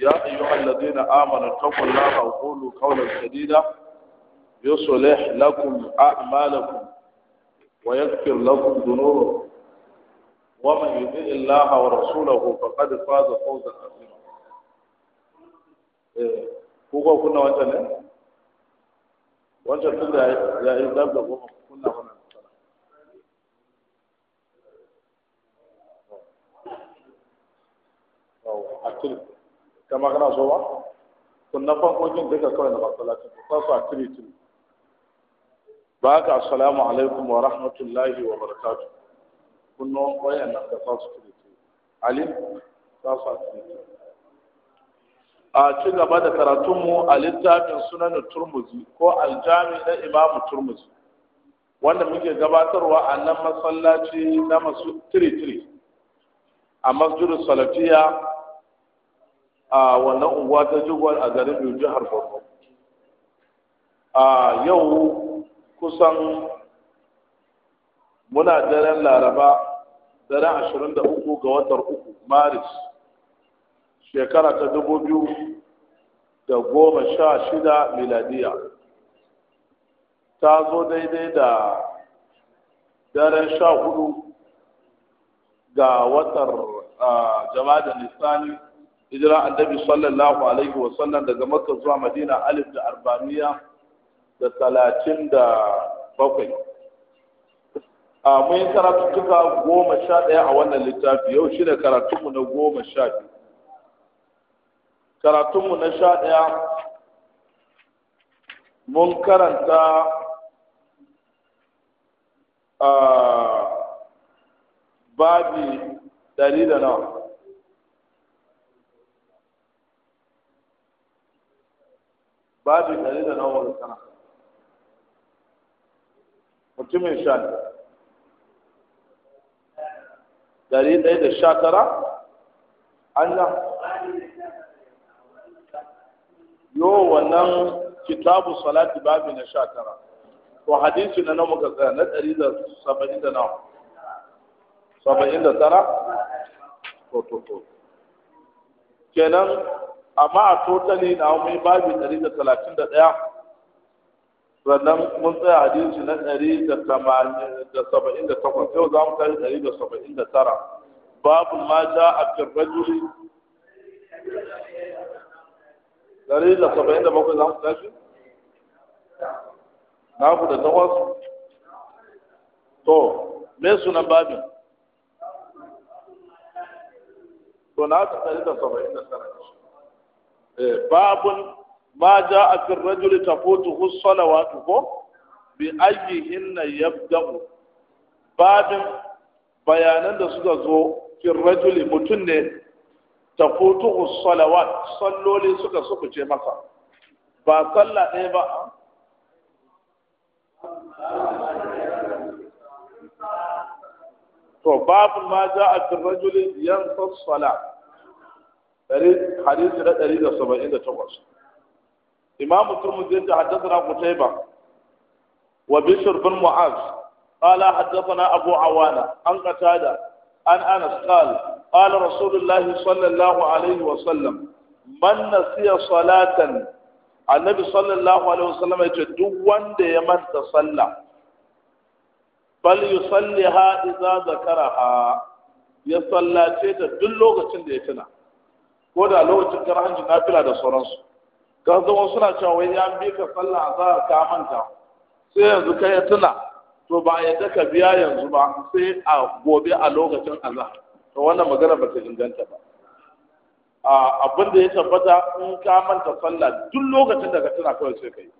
يا أيها الذين آمنوا اتقوا الله وقولوا قولا سديدا يصلح لكم أعمالكم ويغفر لكم ذنوبكم ومن يطع الله ورسوله فقد فاز فوزا عظيما eh هو كنا وانت ne wancan tun da ya yi zab da kama kana so ba to na fankokin daga kawai na masallacin ko sa a tiri tiri ba ka assalamu alaikum wa rahmatullahi wa barakatuh kun no wayan nan ka sa su tiri tiri ali sa su a tiri tiri a ci gaba da karatunmu a littafin sunanin turmuzi ko aljami na imamu turmuzi wanda muke gabatarwa a nan masallaci na masu tiri-tiri a masjidin salafiya a wannan unguwa ta jigwal a garin biyu jihar borno a yau kusan muna daren laraba daren ashirin da ga watan uku maris shekara ta dubu da goma sha shida miladiya ta zo daidai da daren sha hudu ga watar jama'a da nisani hijira annabi sallallahu alaihi wa sallam daga makka zuwa madina alif da arba'amiya da talatin da bakwai a mun yi karatuttuka goma sha ɗaya a wannan littafi yau shi ne karatunmu na goma sha biyu karatunmu na sha ɗaya mun karanta babi ɗari da nawa babu ɗari da nawa da sana mutumin sha ɗari ɗaya da sha tara Allah yo wannan kitabu salati babu na sha tara to hadisi na nan muka tsaya na ɗari da saba'in da tara kenan amma a totali na mai babi 131 sannan mun tsaya hadisi na 178 yau za mu tashi 179 babu ma ja a firrajuli 177 za mu tashi na ku da takwas to me sunan babi to na ta 179 Eh, babun ma ja a fin rajuli tafutuhu salawatu ko bi ayyihinna yabda'u babin bayanan da suka zo fi rajuli mutum ne ta tafutuhu salawat salloli suka ce masa ba sallah ɗaya ba to babu ma za a fi rajuli yan sassala hadisi na ɗari da saba'in da takwas imamu turmuzi da haddasa kutaiba wa bishir bin mu'az قال حدثنا أبو عوانة عن قتادة عن أنس قال قال رسول الله صلى الله عليه وسلم من نسي صلاة النبي صلى الله عليه وسلم يتدون دي من تصلى فليصليها إذا ذكرها يصلى تيتا دلوغة تنديتنا ko da lokacin na fila da sauransu kan zama suna cewa wai ya bi ka sallah azhar ka manta sai yanzu ka ya tuna to ba ya daka biya yanzu ba sai a gobe a lokacin azhar to wannan magana ba ta inganta ba abin da ya tabbata in ka manta sallah duk lokacin da ka tuna kawai sai yi.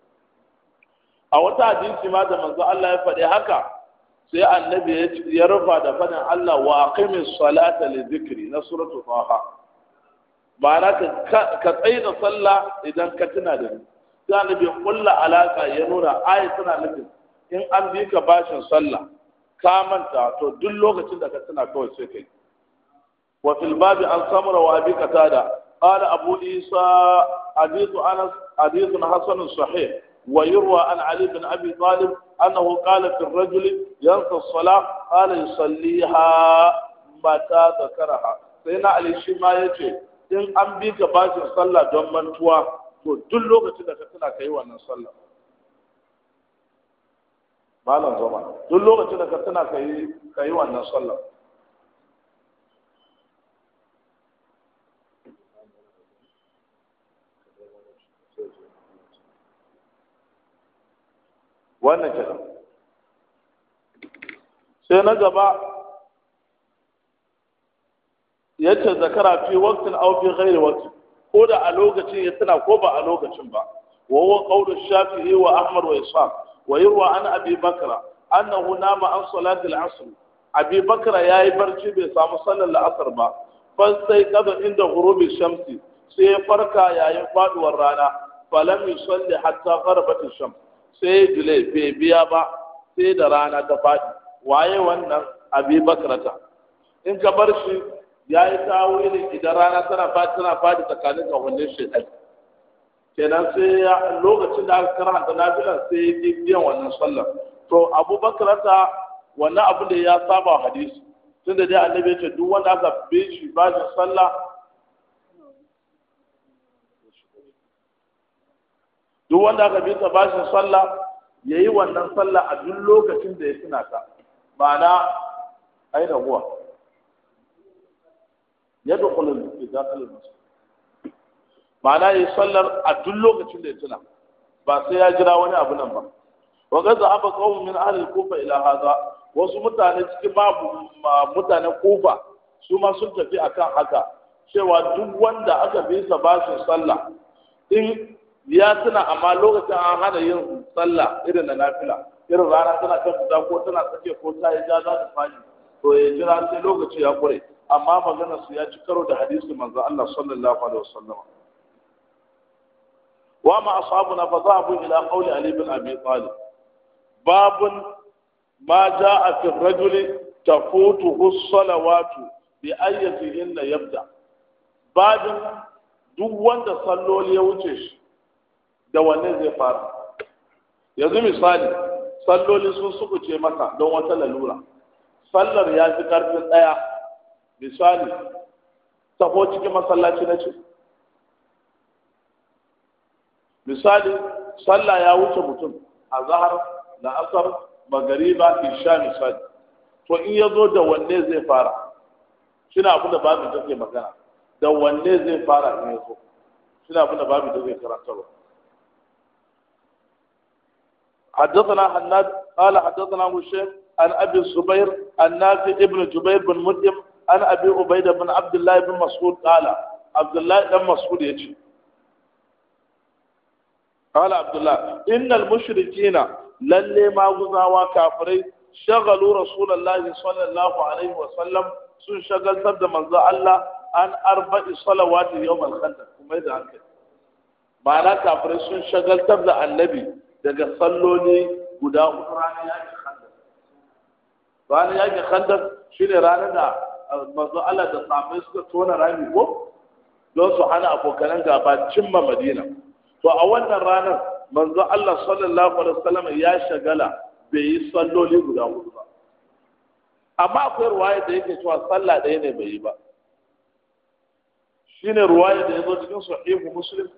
a wata hadisi ma da manzo Allah ya faɗi haka sai annabi ya rufa da fadin Allah wa aqimis salata li dhikri na suratul taha ma'ana ka tsaye da sallah idan ka tuna da ni sai annabi kulla alaƙa ya nuna ayi tana nufin in an bi ka bashin sallah ka manta to duk lokacin da ka tuna kawai sai kai wa fil babi an samura wa abi qatada qala abu isa hadithu anas hadithun hasanun sahih ويروى عن علي بن ابي طالب انه قال في الرجل ينسى الصلاه قال يصليها Sai na Ali علي شيما يجي in an bi ka bashin sallah don mantuwa to duk lokacin da ka tuna ka yi wannan sallah malam zama duk lokacin da ka tuna ka yi wannan sallah wannan kenan sai na gaba yace zakara fi waqtin aw fi ghairi waqtin ko da a lokacin ya tana ko ba a lokacin ba wa huwa qawlu shafi'i wa ahmad wa ishaq wa yurwa an abi bakra annahu nama an salati al-asr abi bakra yayi barci bai samu sallar al-asr ba fa sai kada inda ghurubi shamsi sai farka yayin faduwar rana falam yusalli hatta gharabat ash-shams sai dule bai biya ba sai da rana ta fadi waye wannan abi bakrata in ka bar shi ya yi tawilin idan rana tana fadi tana fadi tsakanin kawannin shaitan kenan sai lokacin da aka karanta nafilan sai ya yi biyan wannan sallar to abubakar ta wannan abu da ya saba wa hadisi tunda dai annabi ya ce duk wanda aka bi shi ba shi sallah duk wanda aka bi ta ba shi sallah ya yi wannan sallah a duk lokacin da ya tuna ta ma'ana ai raguwa yadkhulu fi dakhil masjid ma'ana yi sallar a duk lokacin da ya tuna ba sai ya jira wani abu nan ba wa ga zahaba qawmun min ahli ila hadha wasu mutane cikin babu mutanen kufa su ma sun tafi akan haka cewa duk wanda aka bisa basu bashin sallah in ya tuna amma lokacin an hana yin tsalla irin na nafila irin rana tana kan fita ko tana tsakiya ko ta yi ja za ta to ya jira sai lokaci ya kure amma magana su ya ci karo da hadisi manzo Allah sallallahu alaihi wasallam wa ma asabuna fa dhahabu ila qawli ali bin abi talib babun ma jaa fi ar-rajuli tafutuhu as-salawatu bi ayyati inna yabda babin duk wanda salloli ya wuce shi da wanne zai fara yanzu misali salloli sun ce maka don wata lalura sallar ya fi karfin daya misali taho cikin masallaci na ce misali sallah ya wuce mutum a zahar la'asar magariba isha misali to in ya zo da wanne zai fara Shina abu da babu zai magana da wanne zai fara in ya zo shine abu da babu da zai karantarwa حدثنا حناد قال حدثنا هشام عن ابي الزبير النافي ابن جبير بن مدم an abi ubaida bin abdullahi bin mas'ud qala abdullahi dan mas'ud yace qala abdullahi innal mushrikina lalle maguzawa kafirai shagalu rasulullahi sallallahu alaihi wa sallam sun shagaltar da manzo Allah an arba'i salawati yawm al-khandaq kuma da hankali ma'ana kafirai sun shagaltar da annabi daga salloli guda uku ranar yakin khandaq ranar yakin khandaq shine ranar da manzo Allah da sami suka tona rami ko don su hana abokanan gaba cimma Madina to a wannan ranar manzo Allah sallallahu alaihi wasallam ya shagala bai yi salloli guda hudu ba amma akwai ruwaya da yake cewa sallah ɗaya ne bai yi ba shine ruwaya da yazo cikin sahihu muslim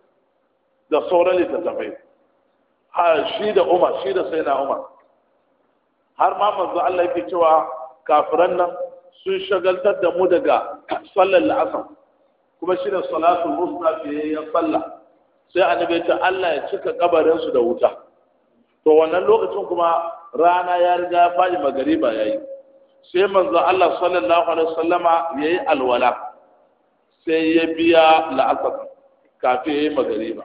da sauran littattafai ha shi da Umar shi da Sayyidina Umar har ma manzo Allah yake cewa kafiran nan sun shagaltar da mu daga sallar la'asar kuma shi ne salatul musta ya sallah sai a ya ta Allah ya cika kabarinsu da wuta to wannan lokacin kuma rana ya riga ya faɗi magariba yi, sai manzo Allah sallallahu alaihi wasallama yayi alwala sai ya biya la'asar kafin yayi magariba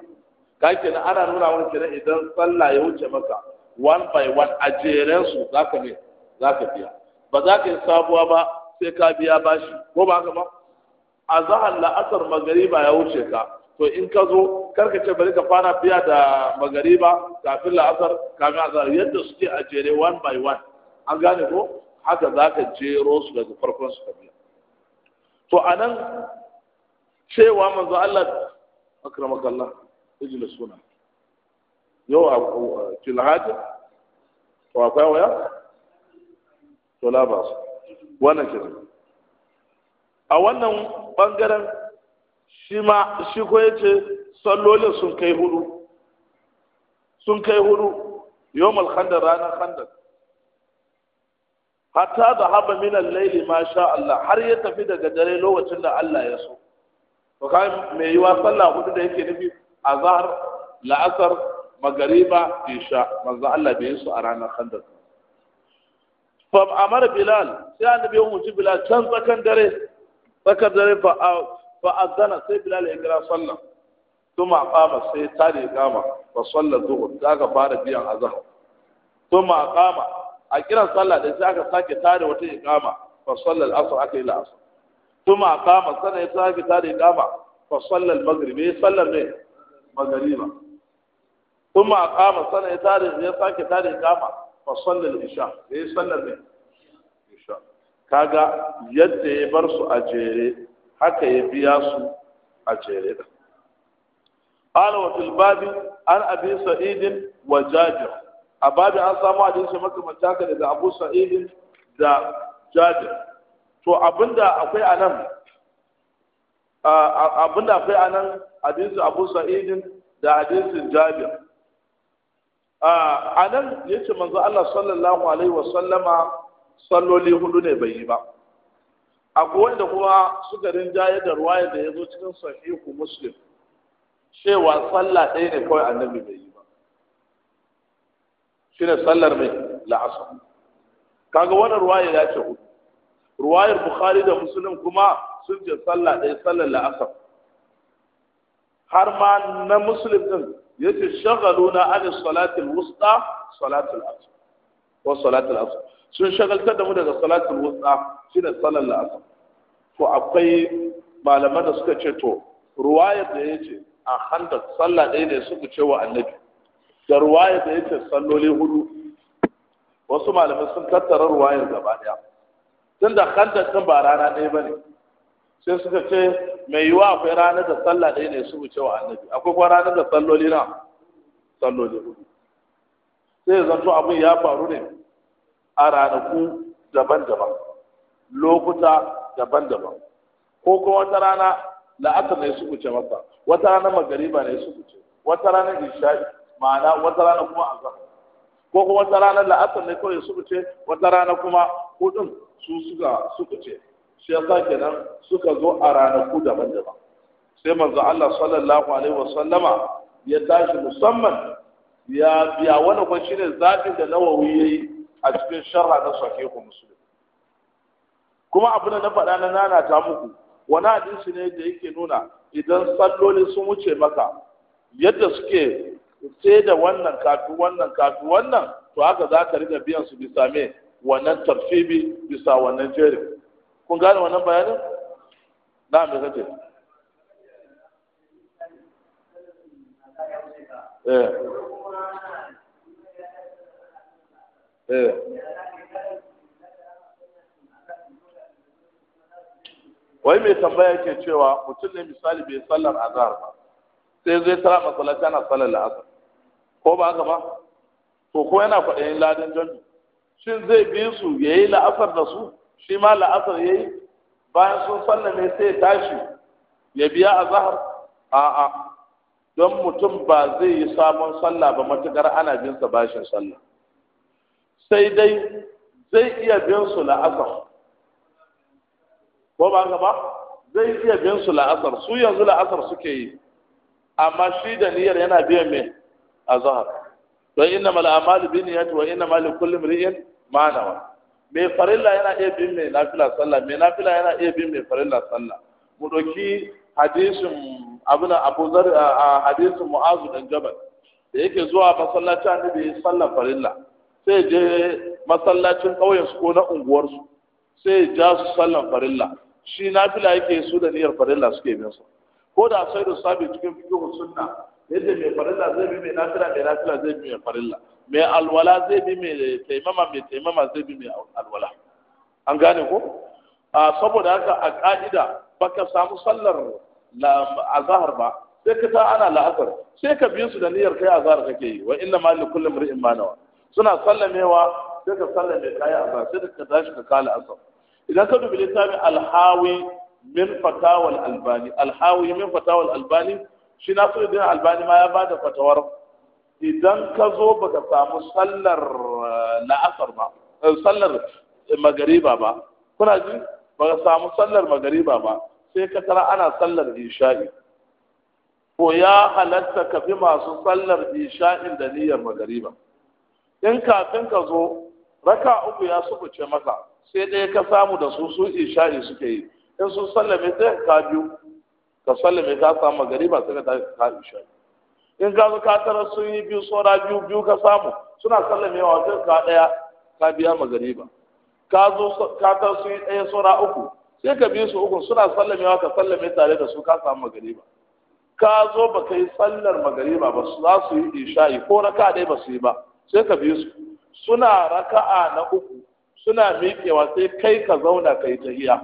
kake na ana nuna wani kenan idan sallah ya wuce maka one by one a jeren su zaka ne zaka biya ba za ka yi sabuwa ba sai ka biya bashi ko ba haka ba a zahar la'asar magariba ya wuce ka to in ka zo karka ce bari ka fara biya da magariba kafin la'asar kafin azhar yadda suke a jere one by one an gane ko haka za ka jero su daga farkon su biya to a nan cewa manzo Allah akramaka Allah suna yau a kilhaji to akwai waya to la ba su wannan kenan a wannan bangaren shi ma shi ko yace sallolin sun kai hudu sun kai hudu yawmal khandar ranar khandar hatta da haba min al-layli ma sha Allah har ya tafi daga dare lokacin da Allah ya so to kai mai yiwa sallah hudu da yake nufi azhar la'asar magariba isha manzo Allah bai yi su a ranar khandar fa amara bilal sai annabi ya umarci bilal can tsakan dare tsakan dare fa fa azana sai bilal ya kira sallah kuma qama sai tare kama fa sallar zuhur aka fara biyan azhar kuma qama a kiran sallah da sai aka sake tare wata iqama fa sallar asr aka yi la'asr kuma qama sana ya sake tare iqama fa sallar maghrib ya sallar ne maghriba kuma qama sana ya tare ya sake tare iqama fa sallal isha da ya sallar ne isha kaga yadda ya bar su a jere haka ya biya su a jere da قال an الباب عن wa سعيد A babi an samu hadisi makamanta ka daga Abu Sa'id da Jabir to abinda akwai anan abinda akwai anan hadisi Abu Sa'id da hadisin Jabir a nan ya ce manzo Allah sallallahu alaihi wa sallama, salloli hudu ne bai yi ba akwai wanda kuma suka jaye da ruwaya da ya zo cikin sahihu muslim cewa sallah ɗaya ne kawai annabi bai yi ba shi ne sallar mai la'asar kaga wannan ruwaya ya ce hudu ruwayar bukhari da muslim kuma sun ce sallah ɗaya sallar la'asar har ma na muslim din yace shagaluna an salatul wusta salatul asr wa salatul sun shagaltar da mu daga salatul wusta shine salar asr to akwai malaman da suka ce to ruwayar da yace a handak sallah ɗaya ne suka ce annabi da ruwayar da yace salloli hudu wasu malamai sun tattara ruwayar gaba daya tunda handak kan ba rana ɗaya bane sai suka ce mai yiwuwa akwai ranar da sallah ɗaya ne su wuce wa annabi akwai kuma ranar da salloli na salloli hudu sai zanto abin ya faru ne a ranaku daban-daban lokuta daban-daban ko kuma wata rana la'asar ne su wuce masa wata rana magariba ne su wuce wata rana isha'i ma'ana wata rana kuma azhar ko kuma wata rana la'asar ne kawai su wuce wata rana kuma hudun su suka su ce. shi ya sa kenan suka zo a ranaku daban-daban sai manzo Allah sallallahu alaihi sallama ya tashi musamman ya biya wani kwan shine zafi da nawawi yayi a cikin sharha na sahihu muslim kuma abu da na faɗa na nana ta muku wani hadisi ne da yake nuna idan salloli sun wuce maka yadda suke sai da wannan katu wannan katu wannan to haka za ka riga biyan su bisa me wannan tarfibi bisa wannan jerin kun gane wannan bayanin na me kace eh eh wai mai tambaya ke cewa mutum ne misali bai sallar azhar ba sai zai tara masallaci ana sallar la'asar ko ba haka ba to ko yana kwaɗayin ladan jami shin zai bi su ya yi la'asar da su shi ma la'asar ya yi bayan sun ne sai ya tashi ya biya a zahar a'a don mutum ba zai yi sabon sallah ba matukar ana bin sa bashin sallah sai dai zai iya bin su la'asar ko ba gaba zai iya bin su la'asar su yanzu la'asar suke yi amma shi da niyyar yana biyan mai a zahar don inna mal amalu bi niyyati wa inna mal kullum imri'in ma mai farilla yana iya bin mai nafila sallah mai nafila yana iya bin mai farilla sallah mu doki hadisin na abu zar a hadisin mu'azu dan jabal da yake zuwa masallaci annabi ya sallar farilla sai je masallacin ƙauyen su ko na unguwarsu sai ja su sallar farilla shi nafila yake su da niyyar farilla suke bin su ko da sai da sabi cikin fiqh sunna yadda mai farilla zai bi mai nafila mai nafila zai bi mai farilla mai alwala zai bi me taimama Me taimama zai bi mai alwala an gane ko a saboda haka a ka'ida baka samu sallar azhar ba sai ka ta ana la'asar sai ka biyu su da niyyar kai azhar kake yi wa inna ma li kulli imrin ma nawa suna sallamewa sai ka sallame kai azhar sai ka tashi ka kala asar idan ka dubi littafin alhawi min fatawal albani alhawi min fatawal albani shi na so idan albani ma ya bada fatawar idan ka zo baka samu sallar eh, la'asar ba eh, sallar magariba ba kuna ji baka samu sallar magariba ba sai ka tara ana sallar isha'i ko ya halatta ka fi masu sallar isha'in da niyyar magariba in kafin ka zo raka uku ya ce maka sai ɗaya ka samu da su su isha'i suke yi in sun sallame sai ka biyu ka sallame ka samu magariba sai ka tafi ka isha'i in ka zo ka tara sun yi biyu tsora biyu biyu ka samu suna sallamewa wajen ka ɗaya ka biya magariba ka zo ka tara sun yi ɗaya tsora uku sai ka biyu su uku suna sallamewa ka sallame tare da su ka samu magariba ka zo ba ka yi sallar magariba ba su za su yi isha'i ko raka dai ba su yi ba sai ka biyu su suna raka'a na uku suna miƙewa sai kai ka zauna ka yi tahiya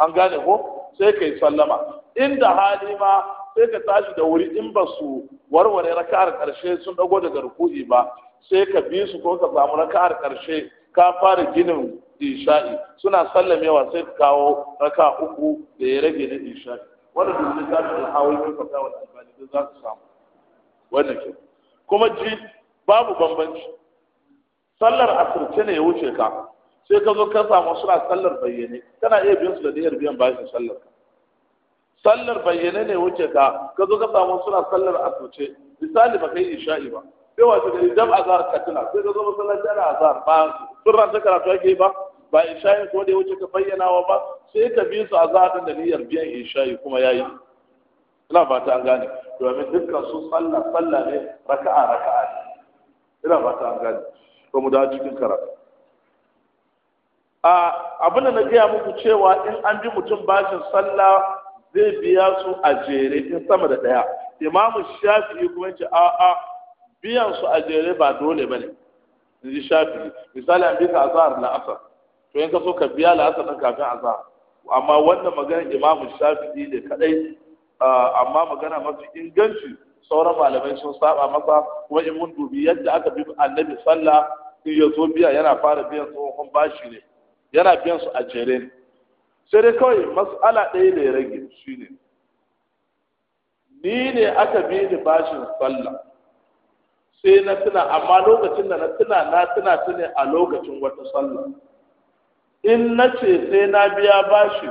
an gane ko sai ka yi sallama inda hali ma sai ka tashi da wuri in ba su warware raka'ar karshe sun dago daga ruku'i ba sai ka bi su ko ka samu raka'ar karshe ka fara ginin isha'i suna sallamewa sai ka kawo raka uku da ya rage na isha'i wanda dole za ta da hawa ko ka kawo albani da za su samu wannan ke kuma ji babu bambanci sallar asirce ne ya wuce ka sai ka zo ka samu suna sallar bayyane kana iya biyan su da niyyar biyan bashin sallar ka sallar bayyane ne wuce ka ka zo ka samu suna sallar asirce misali ba kai isha'i ba sai wato da idan azhar ka tuna sai ka zo masallaci ana azhar ba sun ta karatu ake ba ba isha'i ko da wuce ka bayyana wa ba sai ka bi su azhar din da niyyar biyan isha'i kuma yayi ina ba ta an gane domin dukkan su sallah sallah ne raka'a raka'a ne ina ba ta an gane ko mu da cikin karatu a abin da na gaya muku cewa in an bi mutum bashin sallah zai biya su a jere in sama da ɗaya imamu shafi'i kuma ce a biyan su a jere ba dole ba ne in ji shafi misali an bisa azahar la'asar to in ka so ka biya la'asar ɗin kafin azahar amma wannan maganar imamu shafi'i ne kaɗai amma magana mafi inganci sauran malamai sun saba masa kuma in mun dubi yadda aka bi annabi sallah in ya zo biya yana fara biyan tsohon bashi ne yana biyan su a jere ne sai dai kawai mas'ala ɗaya da ya rage shi ne ni ne aka bi ni bashin sallah sai na tuna amma lokacin da na tuna na tuna su ne a lokacin wata sallah in na ce sai na biya bashi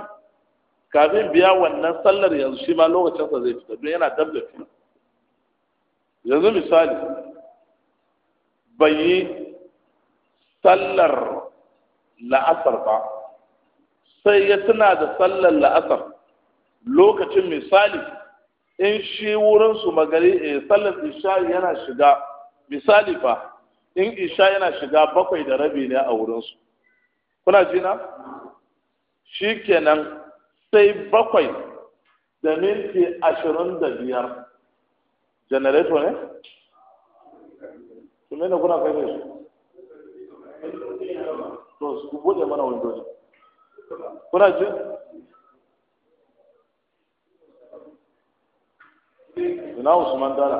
kafin biya wannan sallar yanzu shi ma lokacinsa zai fita don yana dab da yanzu misali bai yi sallar la'asar ba sai ya tuna da sallar la'asar lokacin misali in shi wurinsu magari eh, sallar isha yana shiga misali fa in isha yana shiga bakwai da rabi ne a wurinsu kuna jina shi kenan sai bakwai da minti ashirin da biyar janareto ne? su mena kuna kai ne su? to su buɗe mana wani kuna ji ina usman dala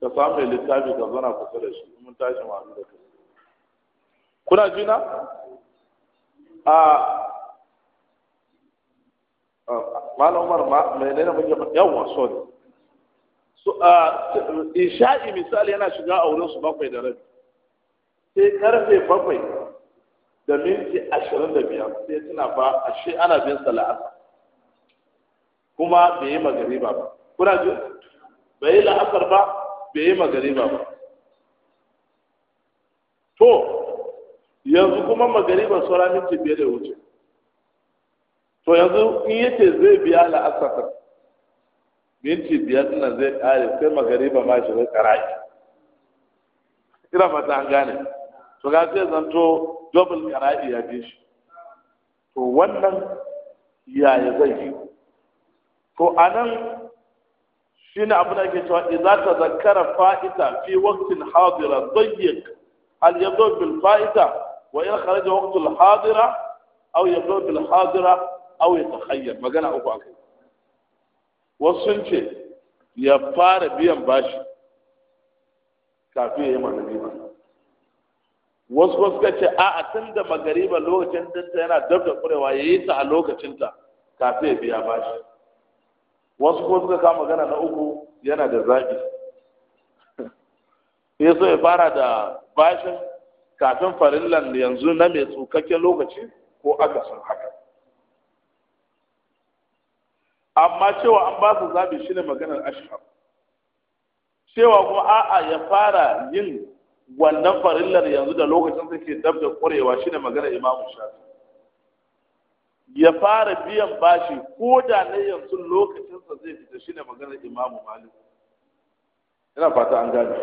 ka samu mai littafi ka zana kusa da shi mun tashi masu da kai kuna ji na a malam umar mai nuna muke yawwa sorry su a isha'i misali yana shiga a wurin su bakwai da rabi sai karfe bakwai da minti ashirin da biyar sai tuna ba shi ana bin sa la'asar kuma bai yi magariba ba kuna ji bai yi la'asar ba bai yi magariba ba to yanzu kuma magariba saura minti biyar da wuce to yanzu in yake zai biya la'asar minti biyar suna zai kare sai magariba ma shi zai karaki ina fata an gane to ga sai zanto double kara'i ya bi shi to wannan yaya zai yi to anan shine abin da ke cewa idza zakara fa'ita fi waqtin hadira dayyiq al yadu bil fa'ita wa in kharaja waqtul hadira aw yadu bil hadira aw yatakhayyar magana uku akai wasu sun ce ya fara biyan bashi kafin ya yi magana wasu wasu suka ce a a tun da magariba lokacin dinta yana dab da kurewa ya yi ta a lokacinta kafin ya biya bashi wasu kuma suka kama magana na uku yana da zaɓi ya so ya fara da bashin kafin farillan yanzu na mai tsukakken lokaci ko sun haka amma cewa an ba su zaɓi ne maganar ashirin. cewa kuma a'a ya fara yin wannan farillar yanzu da lokacin take dab da ƙwarewa shi ne magana imamu shafi ya fara biyan bashi ko da na yanzu lokacinsa zai fita shi ne magana imamu malik ina fata an gane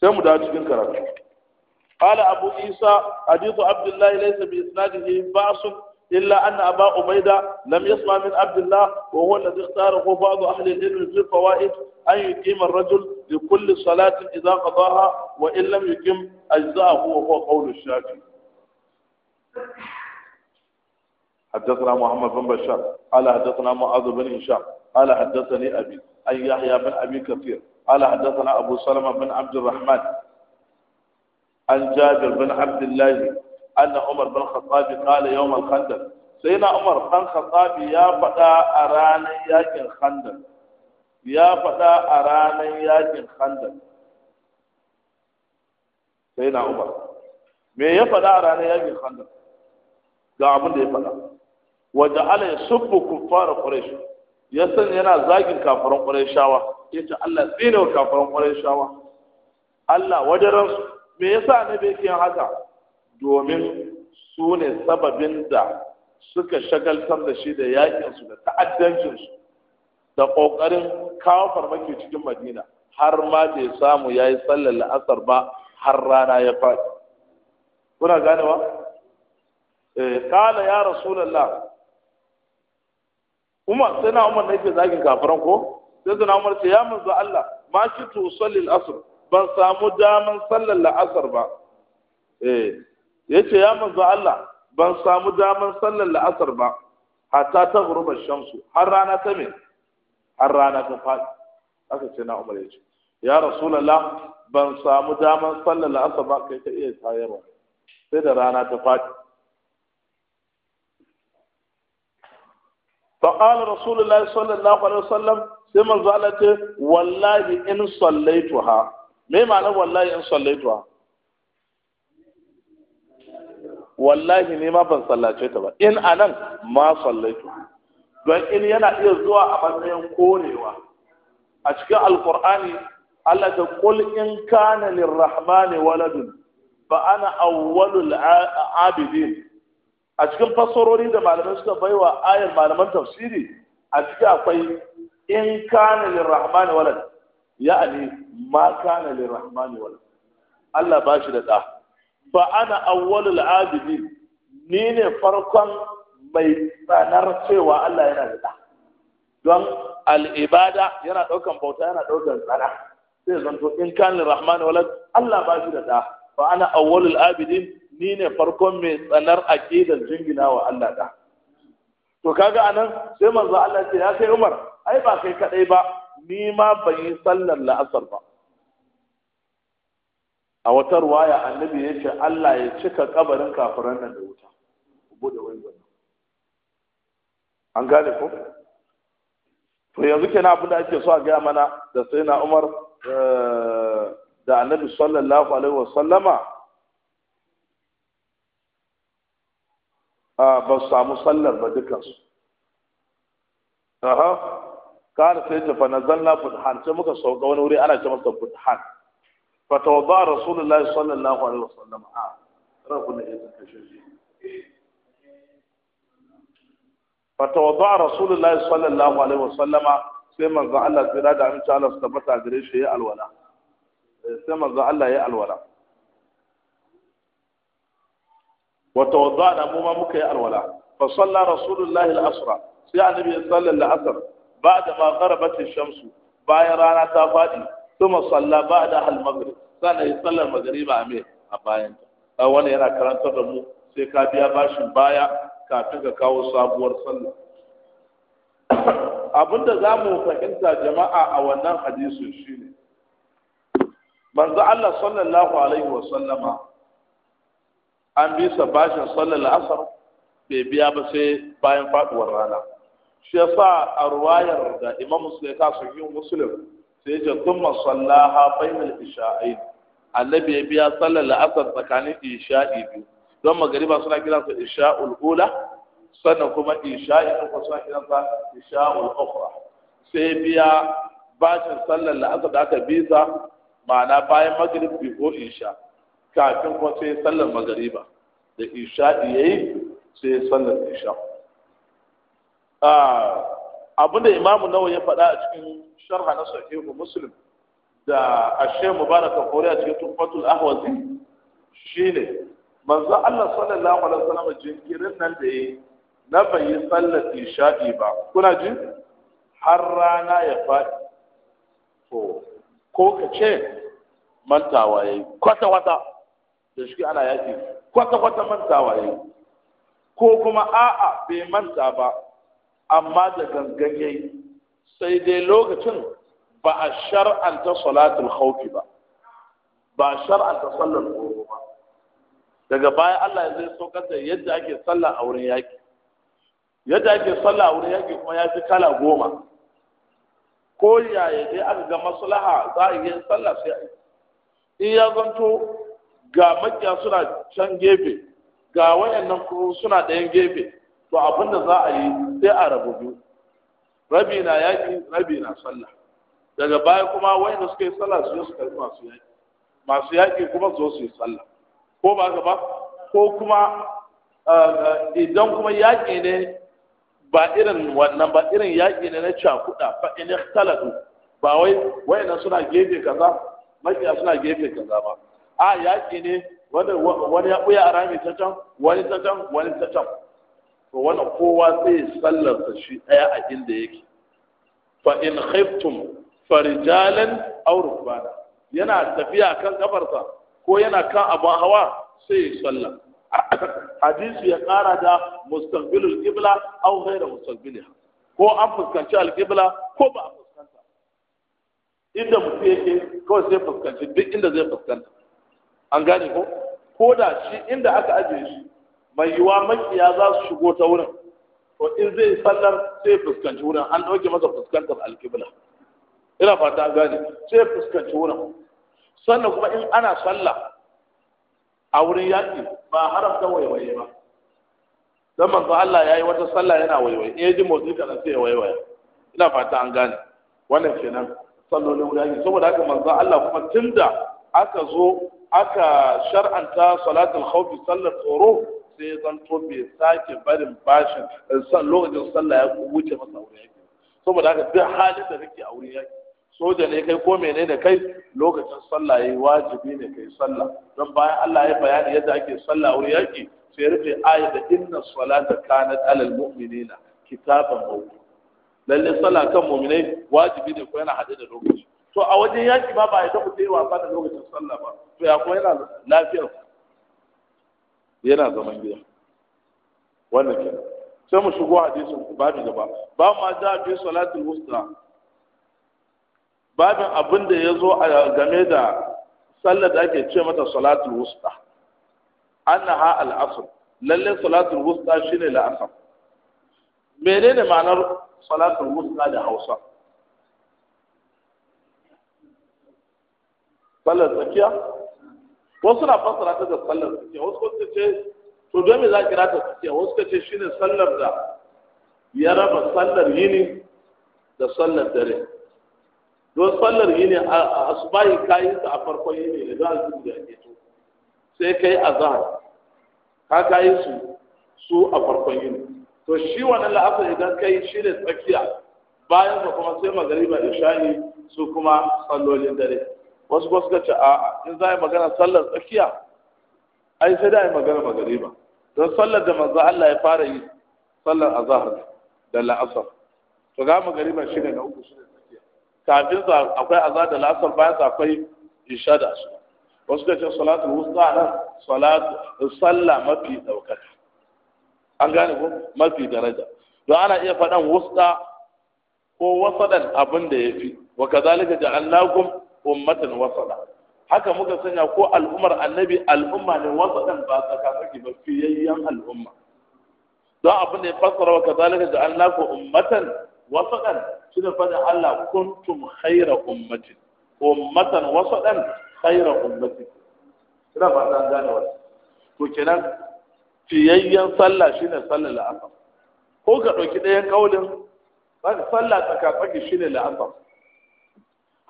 sai mu dawo cikin karatu قال أبو عيسى حديث عبد الله ليس بإسناده بأس إلا أن أبا عبيدة لم يسمع من عبد الله وهو الذي اختاره بعض أهل العلم في الفوائد أن يقيم الرجل لكل صلاة إذا قضاها وإن لم يتم أجزاءه وهو قول الشافعي حدثنا محمد بن بشار قال حدثنا معاذ بن هشام قال حدثني أبي أي يحيى بن أبي كثير قال حدثنا أبو سلمة بن عبد الرحمن عن جابر بن عبد الله أن عمر بن الخطاب قال يوم الخندق سيدنا عمر بن الخطاب يا فدا أراني يا خندق ya faɗa a ranar yakin khandaq sai na umar me ya faɗa a ranar yakin khandaq ga abin da ya faɗa waje ala ya subbu kuffara quraish ya san yana zagin kafaran qurayshawa yace Allah tsine wa kafaran qurayshawa Allah wajaran su me yasa annabi yake yin haka domin su ne sababin da suka shagaltar da shi da yakin su da ta'addancin su da kokarin kawo farmaki cikin madina har ma bai samu ya yi sallar la'asar ba har rana ya faɗi kuna gane wa? kala eh, ya rasulallah umar sai na umar na ke zagin kafiran ko sai suna na umar ce ya manzo Allah ma shi tu salli asr ban samu daman sallar la'asar ba eh yace ya manzo Allah ban samu daman sallar la'asar ba hatta ta gurba shamsu har rana ta mai har rana ta faɗi aka ce na umar ya ce ya rasulallah ban samu daman sallar la'asar ba kai ta iya tayarwa sai da rana ta faɗi فقال رسول الله صلى الله عليه وسلم سيما زالت والله إن صليتها ما معنى والله إن صليتها والله نما بن صلاتها إن أنا ما صليتها don in yana iya zuwa a matsayin korewa a cikin alkur'ani Allah ta kul in kana lirrahmani waladun fa ana awwalul abidin a cikin fassarori da malamai suka baiwa ayar malaman tafsiri a cikin akwai in kana lirrahmani walad ya'ani ma kana lirrahmani walad Allah ba shi da da fa ana awwalul abidin ni ne farkon mai tsanar cewa Allah yana da don al'ibada yana ɗaukan bauta yana ɗaukan tsana sai zanto in kanin rahman walad Allah ba shi da ta ba ana awwalul abidin ni ne farkon mai tsanar aqidar jingina wa Allah ta to kaga anan sai manzo Allah ce ya kai Umar ai ba kai kadai ba ni ma ban yi sallar la'asar ba a wata ruwaya annabi ya ce Allah ya cika kabarin kafiran nan da wuta bude wani an gane ko to yanzu kenan abin da ake so a gaya mana da sai na umar eh, da annabi sallallahu alaihi wasallama ah, ba su samu sallar ba dukansu aha kana sai ta fa nazalna budhan sai muka sauka wani wuri ana ce masa budhan fa tawadda rasulullahi sallallahu alaihi wasallama a ah, rabbuna ya tsaka shi فتوضع رسول الله صلى الله عليه وسلم sai manzo Allah tsira da amince Allah su tabbata gare shi ya alwala eh, sai manzo Allah ya alwala wa tawaddana mu ma muka yi alwala fa salla rasulullah al-asra sai annabi ya salla al-asr ba'da ma gharabat ash-shams bayan rana ta fadi kuma salla ba'da al-maghrib sannan ya salla magriba a a bayan ta yana karantar da mu sai ka biya bashin baya kafin ka kawo sabuwar sallah abinda za mu fahimta jama'a a wannan hadisin shine manzo Allah sallallahu alaihi wa sallama an bi sa bashin sallar asar bai biya ba sai bayan faduwar rana shi yasa a ruwayar da imam muslim ka sun yi muslim sai ya kuma sallaha bainal isha'ain annabi ya biya sallar la'asar tsakanin isha'i biyu don magariba suna kiransa isha'ul ula sannan kuma isha'in ɗin suna kiransa isha'ul ukhra sai biya bashin sallar la'asar da aka bisa ma'ana bayan magrib ko isha kafin kuma sai sallar magariba da isha'i yayi sai sallar isha ah, abinda imamu nawa ya faɗa a cikin sharha na sahihu muslim da ashe mubarakan kore a cikin tufatul ahwazi shine manzo Allah sallallahu alaihi wasallam jinkirin nan da yi na yi sallar isha'i ba kuna ji har rana ya faɗi to ko ka ce mantawa yayi kwata kwata da shi ana yaki kwata kwata mantawa yayi ko kuma a'a bai manta ba amma da gangan yayi sai dai lokacin ba a shar'anta salatul khawfi ba ba a shar'anta sallar ba daga baya Allah zai saukar da yadda ake sallah a wurin yaƙi. yadda ake sallah a wurin yaƙi kuma ya fi kala goma ko yaya dai aka ga maslaha za a yi sallah sai a yi in ya zanto ga makiya suna can gefe ga wayannan suna ɗayan gefe to abin da za a yi sai a rabu biyu rabi na yaƙi, rabi na sallah daga baya kuma wayanda suka yi sallah su yi su karɓi masu yaƙi. masu yaƙi kuma zo su yi sallah ko ba gaba ko kuma eh, eh, idan kuma yaƙi ne ba irin wannan ba irin yaƙi ne na cakuɗa ba in ikhtalatu ba wai wayannan suna gefe kaza makiya suna gefe kaza ba a yaƙi ne wani ya ɓuya a rami ta can wani ta can wani ta can to wannan kowa sai sallarsa shi ɗaya a inda yake fa in khiftum farijalan aw rukbana yana tafiya kan kafarsa ko yana kan abun hawa sai ya sallah hadisi ya kara da mustaqbilul qibla aw ghayra mustaqbilha ko an fuskanci al qibla ko ba a fuskanta inda mutum yake kawai sai fuskanci duk inda zai fuskanta an gane ko ko da shi inda aka ajiye shi mai yiwa makiya za su shigo ta wurin to in zai sallar sai fuskanci wurin an ɗauke masa fuskantar al qibla ina fata gane sai fuskanci wurin sannan kuma in ana sallah a wurin yaƙi ba haramta waiwaye ba don manzo Allah ya yi wata sallah yana waiwaye in yaji motsi kana sai waiwaye ina fata an gane wannan kenan sallolin wurin yaƙi saboda haka manzo Allah kuma tunda aka zo aka shar'anta salatul khawfi sallar tsoro sai ya zanto bai sake barin bashin eh, lokacin sallah ya wuce masa wurin yaƙi saboda haka duk halin da nake a wurin yaƙi soja ne kai ko menene kai lokacin sallah yayi wajibi ne kai sallah don bayan Allah ya bayani yadda ake sallah wurin yaki sai rufe ayat da inna salata kanat alal mu'minina kitaban mawdu lalle sallah kan mu'minai wajibi ne ko yana hade da lokaci to a wajen yaki ba ba ya tabu sai wasa da lokacin sallah ba to ya ko yana lafiyar yana zaman gida wannan kenan sai mu shigo hadisin babu gaba ba ma da bi salatul wusta babin abin da ya zo a game da sallar da ake ce mata salatul wusta annaha al'asr lalle salatul wusta shine la'asar menene ma'anar salatul wusta da Hausa sallar tsakiya wasu na fassara ta da sallar tsakiya wasu kuma ce to don me za ki rata tsakiya wasu ka ce shine sallar da ya raba sallar yini da sallar dare don sallar yini a asubahi kayi ta a farkon yini ne zai zuwa da ake to sai kai za ka kayi su su a farkon yini to shi wannan la'asar idan kai shi ne tsakiya bayan ka kuma sai magariba shayi su kuma sallolin dare wasu kuma suka ce a'a in za a yi magana sallar tsakiya ai sai da a yi magana magariba don sallar da manzo Allah ya fara yi sallar azhar da la'asar to ga magariba shi ne na uku shi kafin sa akwai azar da lasar bayan sa akwai isha da su wasu ka ce salatu wusta nan salatu sallah mafi daukaka an gane ko mafi daraja don ana iya faɗan wusta ko wasadan abin da ya fi wa kazalika ja'alnakum ummatan wasada haka muka sanya ko al'ummar annabi al'umma ne wasadan ba tsakatsaki ba fiyayyen al'umma don abin da ya fassara wa kazalika ja'alnakum ummatan wasaɗan shi ne faɗin Allah kuntum khaira ummatin ummatan wasaɗan khaira ummatin ina ba ta gane wannan to kenan fiyayyen sallah shine sallar la'asar ko ka ɗauki ɗayan kaulin sallah tsaka-tsaki shine la'asar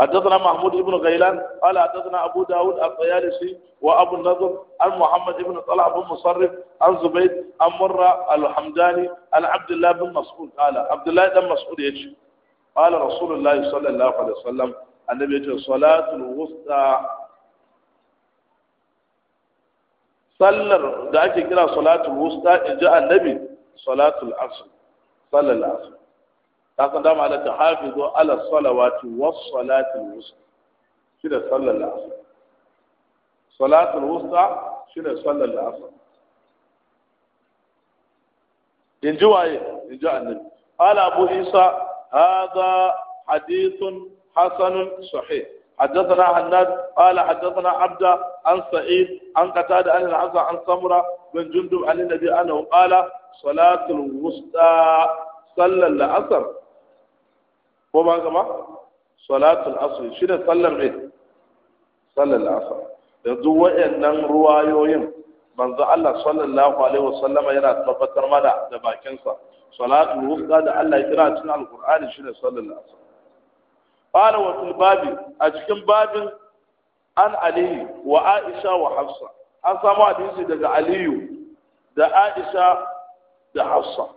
حدثنا محمود بن غيلان قال حدثنا أبو داود الطيالسي وأبو النضر عن محمد بن طلع بن مصرف عن زبيد عن مرة الحمداني عن عبد الله بن مسعود قال عبد الله بن مسعود يجي قال رسول الله صلى الله عليه وسلم النبي يقول صلاة الوسطى صلى ذاك ake kira salatul wusta in ji annabi العصر asr ka dama ala tahafizu ala salawati wa salati wusta shi da sallar la'asar salatul wusta shi da sallar la'asar in ji waye in ji annabi ala abu isa هذا hadithun حسن sahih حدثنا حناد قال حدثنا عبده عن سعيد عن قتادة عن العزة عن سمرة بن جندب عن النبي أنه قال صلاة الوسطى صلى العصر ko ba gaba salatul asr shi da sallar me sallar asr yanzu wayannan ruwayoyin manzo Allah sallallahu alaihi wasallama yana tabbatar mana da bakinsa salatul wusta da Allah ya kira cikin alqur'ani shi da sallar asr qala wa fil babi a cikin babin an aliyu wa aisha wa hafsa an samu hadisi daga aliyu da aisha da hafsa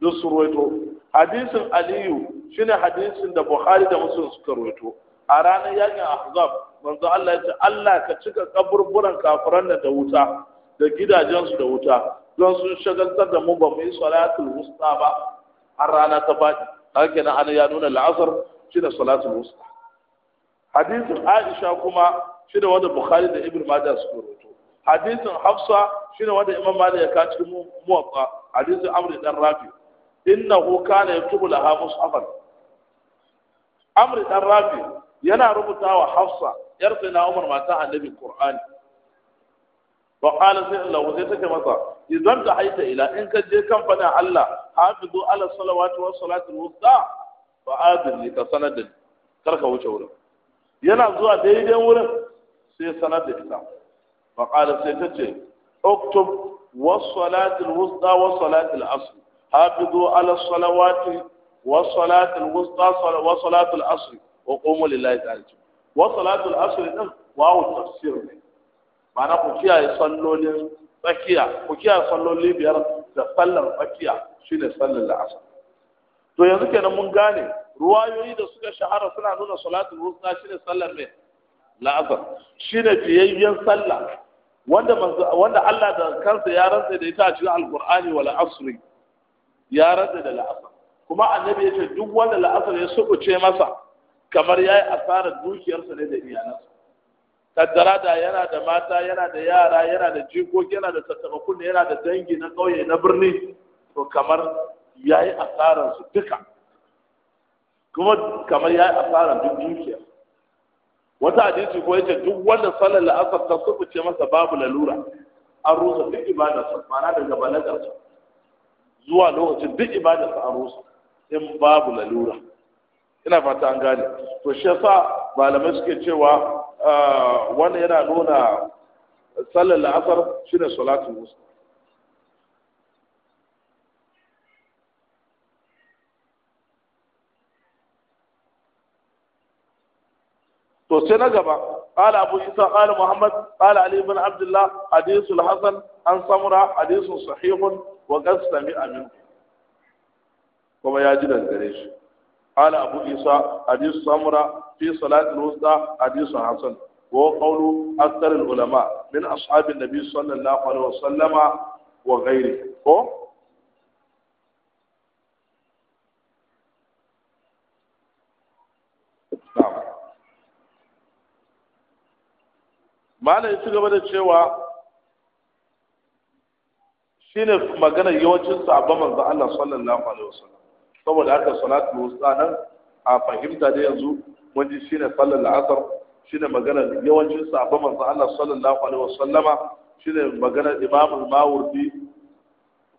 duk su ruwaito hadisin aliyu shine hadisin da bukhari da muslim suka rawaito a ranar yakin ahzab manzo Allah ya ce Allah ka cika kaburburan kafiran da wuta da gidajensu da wuta don sun shagaltar da mu ba mu yi salatul wusta ba har rana ta faɗi haka kenan an ya nuna la'asar shi salatul wusta hadisin aisha kuma shi wanda bukhari da ibnu majah suka rawaito hadisin hafsa shi ne wanda imam malik ya kawo cikin muwatta hadisin amr dan rafi' innahu kana yaktubu laha mushafan amr dan rafi yana rubutawa hafsa yar sayyidina umar mata annabi Kur'ani. wa qala sai Allah sai take masa idan ta haita ila in ka je kan fadan Allah hafizu ala salawati wa salatul wusta fa adil ka sanar da karka wuce wurin yana zuwa daidai wurin sai sanar ita حافظوا على الصلوات wa الوسطى wusta العصر وقوموا لله تعالى qumu العصر ده واو salatul معنى din wawu tafsir ne ma'ana ku kiyaye sallolin tsakiya da sallar tsakiya shine sallar la'asar to yanzu kenan mun gane ruwayoyi da suka shahara suna nuna salatul wusta shine sallar la'asar shine sallah wanda Allah da kansa ya rantsa da ita a cikin alqur'ani wala asri ya rada da la'asar kuma annabi ya ce duk wanda la'asar ya subuce masa kamar ya yi asarar dukiyarsa ne da iyalansa kaddara da yana da mata yana da yara yana da jikoki yana da tattaɓa yana da dangi na ƙauye na birni to kamar ya yi asarar su duka kuma kamar ya yi asarar duk dukiyar. wata hadisi ko yace duk wanda sallar la'asar ta subuce masa babu lalura an rusa duk ibadarsa ma'ana daga balagarsa zuwa lokacin duk ibada sa aro su in babu lalura ina fata an gane to shi yasa malamai suke cewa ah, wani yana nuna sallar la'asar shine salatu wusta to sai na gaba qala abu isa qala muhammad qala ali ibn abdullah hadith al-hasan an samura hadith sahih wa qad sami'a min kuma ya ji daga gare shi qala abu isa hadith samura fi salat al-wusta hadith hasan wa qawlu akthar al-ulama min ashab an-nabi sallallahu alaihi wa sallama wa ghayrihi ko malam ya ci gaba da cewa shi ne magana yawancin sahabban manzo Allah sallallahu alaihi wasallam saboda haka salatul wasu nan a fahimta da yanzu mun ji shine sallar Shi shine magana yawancin sahabban manzo Allah sallallahu alaihi wasallama shine magana imamul mawardi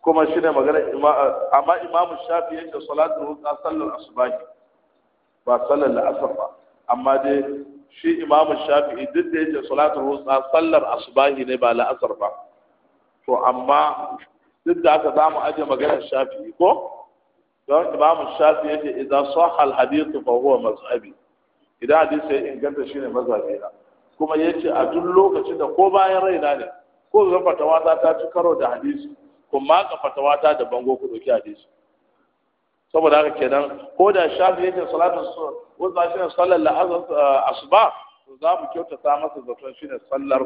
kuma shine magana amma imamu shafi yake salatu wusta sallar asubahi ba sallar la'asar ba amma dai shi imamu shafi'i duk da yake salatul wusta sallar asubahi ne ba la'asar ba to amma duk da aka zamu aje maganar shafi'i ko don imamu shafi'i yake idan sahha al-hadith fa huwa mazhabi idan hadisi ya inganta shine mazhabi na kuma yace a duk lokacin da ko bayan raina ne ko zan fatawa ta ci karo da hadisi kuma ka fatawa ta da bango ku dauki hadisi saboda haka kenan ko da shafi yake salatu su wasu ba shi ne sallar la'azar asuba za mu kyautata masa zaton shi ne sallar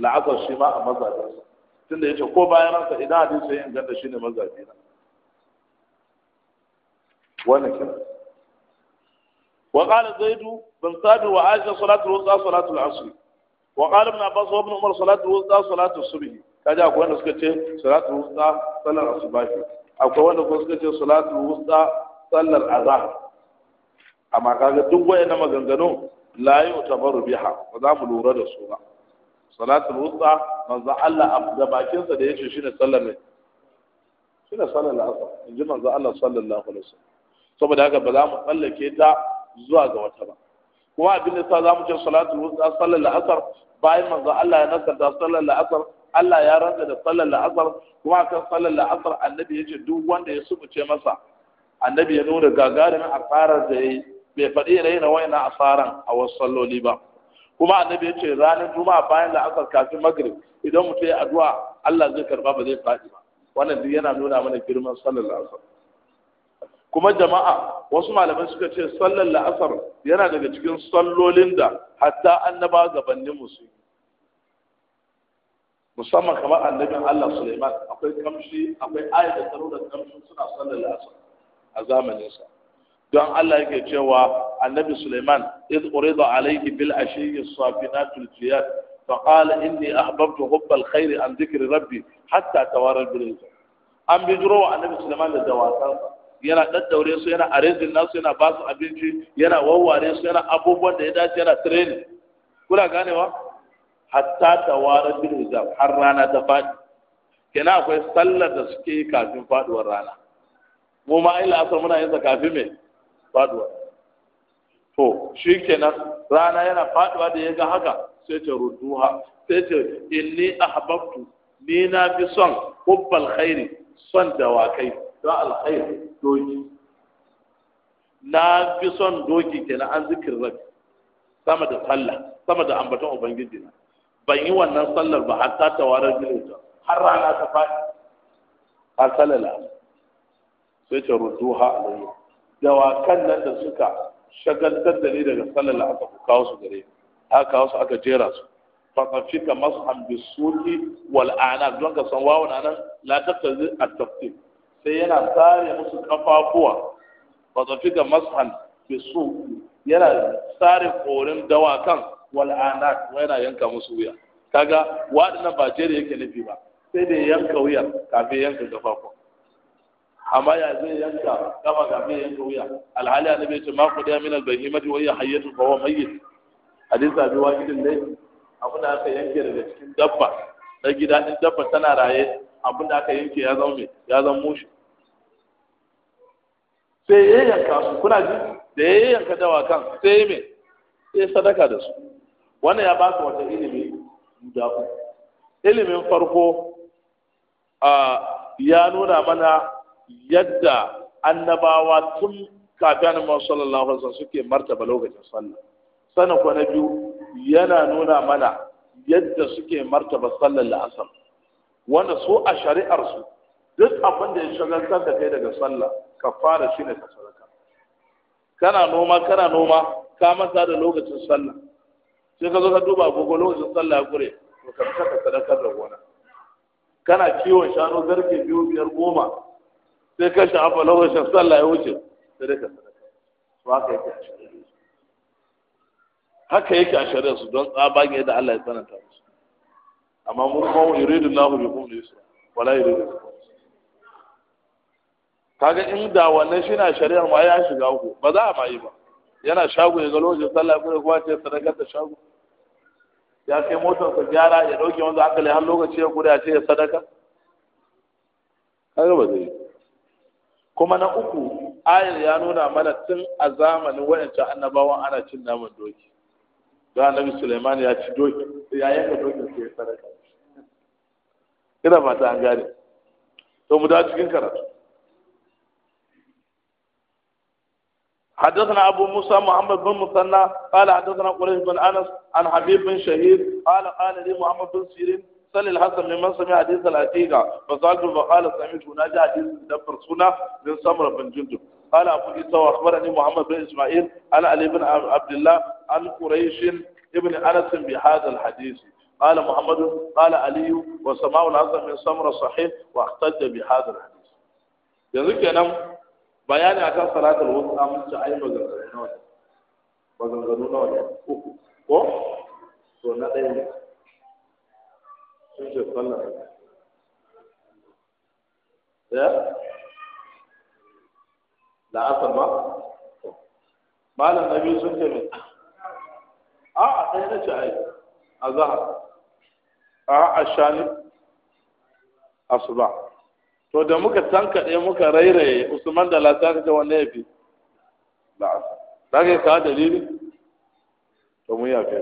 la'azar shi ma a mazajensa tunda ya ce ko bayan ransa idan hadin sai yin ganda shi ne mazaje na wannan kenan wa qala zaidu bin sadu wa aisha salatu wa salatu al-asr wa qala ibn abbas wa ibn umar salatu wa salatu as-subh kaje ko wanda suka ce salatu wa salatu as akwai wanda kuma suka ce salatu wusta sallar azhar amma kaga duk na maganganu la yu'tabaru biha ba za mu lura da su ba salatu wusta manzo Allah da bakin sa da yace shine sallar ne shine sallar azhar inji manzo Allah sallallahu alaihi wasallam saboda haka ba za mu tsallake ta zuwa ga wata ba kuma abin da sa za mu ce salatu wusta sallar azhar bayan manzo Allah ya nasarta sallar azhar Allah ya rantsa da sallar la'asar kuma akan sallar la'asar annabi ya ce duk wanda ya subuce masa annabi ya nuna gagarumin asarar da ya yi bai faɗi raina waina asaran a wasu salloli ba kuma annabi ya ce ranar juma'a bayan la'asar kafin magrib idan mutum ya addu'a Allah zai karba ba zai faɗi ba wannan duk yana nuna mana girman sallar la'asar kuma jama'a wasu malamai suka ce sallar la'asar yana daga cikin sallolin da hatta annaba gabanin musu musamman kamar annabin Allah Suleiman akwai kamshi akwai ayat da taro da kamshi suna sallar asar a zamanin sa don Allah yake cewa annabi Suleiman id urida alayhi bil ashiyyi safinatul jiyad fa qala inni ahbabtu hubbal khairi an dhikri rabbi hatta tawara bil an bijiro wa annabi Suleiman da dawakan yana daddaure su yana arezin nasu yana ba su abinci yana wawware su yana abubuwan da ya dace yana training kuna ganewa hatta tawara bil hijab har rana ta faɗi kenan akwai sallar da suke yi kafin faduwar rana mu ma ai asar muna yin kafin me faduwar to shi kenan rana yana faduwa da ya ga haka sai ta ruduha sai ta inni ahbabtu ni na fi son hubbal khairi son dawakai don alkhairi doki na fi son doki kenan an zikir rabbi sama da sallah sama da ambaton ubangiji na ban yi wannan sallar ba har ta warar gine har rana ta fa ba salala sai ta ruduha alayhi dawakan nan da suka shagaltar da ni daga salala aka kawo su gare aka kawo su aka jera su faƙafika mas'an bi suki wal ana don ka san wawan nan la tafta zai a tafti sai yana sare musu kafafuwa faƙafika mas'an bi suki yana sare korin dawakan wal anat wa yana yanka musu wuya kaga waɗannan ba jere yake nufi ba sai da yanka wuyar kafin yanka gafafun amma ya zai yanka kafa kafin yanka wuya alhali annabi ya ce ma ku da min al-bahimati wa hiya hayyatun fa huwa mayyit hadisi abi waqidin dai abin da aka yanke daga cikin dabba na gida din dabba tana raye abin da aka yanke ya zama ya zama mushi sai ya yanka su kuna ji da ya yanka dawakan sai me sai sadaka da su wannan ya ba su wata ilimi guda uku ilimin farko ya nuna mana yadda annabawa tun kafin annabawa sallallahu alaihi wasallam suke martaba lokacin sallah sana ko na biyu yana nuna mana yadda suke martaba sallar la'asar wanda su a shari'arsu duk abin da ya shagaltar da kai daga sallah ka fara shi ne ka sadaka kana noma kana noma ka masa da lokacin sallah sai ka zo ka duba agogo lokacin sallah gure to ka fita ka sadakar da gona kana kiwon shanu zarge biyu biyar goma sai ka shafa lokacin sallah ya wuce sai dai ka sadaka to haka yake a shari'a haka yake a su don tsabani yadda Allah ya sananta musu amma mun kuma yuridu Allahu bikum yusra wala yuridu kaga in da wannan shi na shari'ar ma ya shiga uku ba za a ma yi ba yana shago ya galo jin sallah kuma kuma ce sadaka ta shago ya kai motar ta gyara ya dauke wanda aka lai har lokaci ya kuda ce ya sadaka kaga ba zai kuma na uku ayar ya nuna mana tun a zamanin wayancin annabawan ana cin naman doki don annabi Sulaiman ya ci doki ya yanka doki sai ya sadaka ina fata an gane to mu da cikin karatu حدثنا أبو موسى محمد بن مثنى قال حدثنا قريش بن أنس عن حبيب بن شهيد قال قال لي محمد بن سيرين سل الحسن ممن سمع حديث العتيقة فسألته فقال سمعت هناك حديث دبر سنة من سمرة بن جندب قال أبو عيسى وأخبرني محمد بن إسماعيل عن علي بن عبد الله عن قريش ابن أنس بهذا الحديث قال محمد قال علي وسماع الحسن من سمرة صحيح واحتج بهذا الحديث yanzu kenan bayani akan salatul wusta mun ci ai maganganu nawa ne maganganu nawa ne ko to na ɗaya ne sun ce sallar ya la'asar ba malam na biyu sun ce min a a ɗaya na ce ai a zahar a a shani asuba to da muka tankaɗe muka rairaye usman da lasa da wani yafi ya ka yi dalili to mu ya fi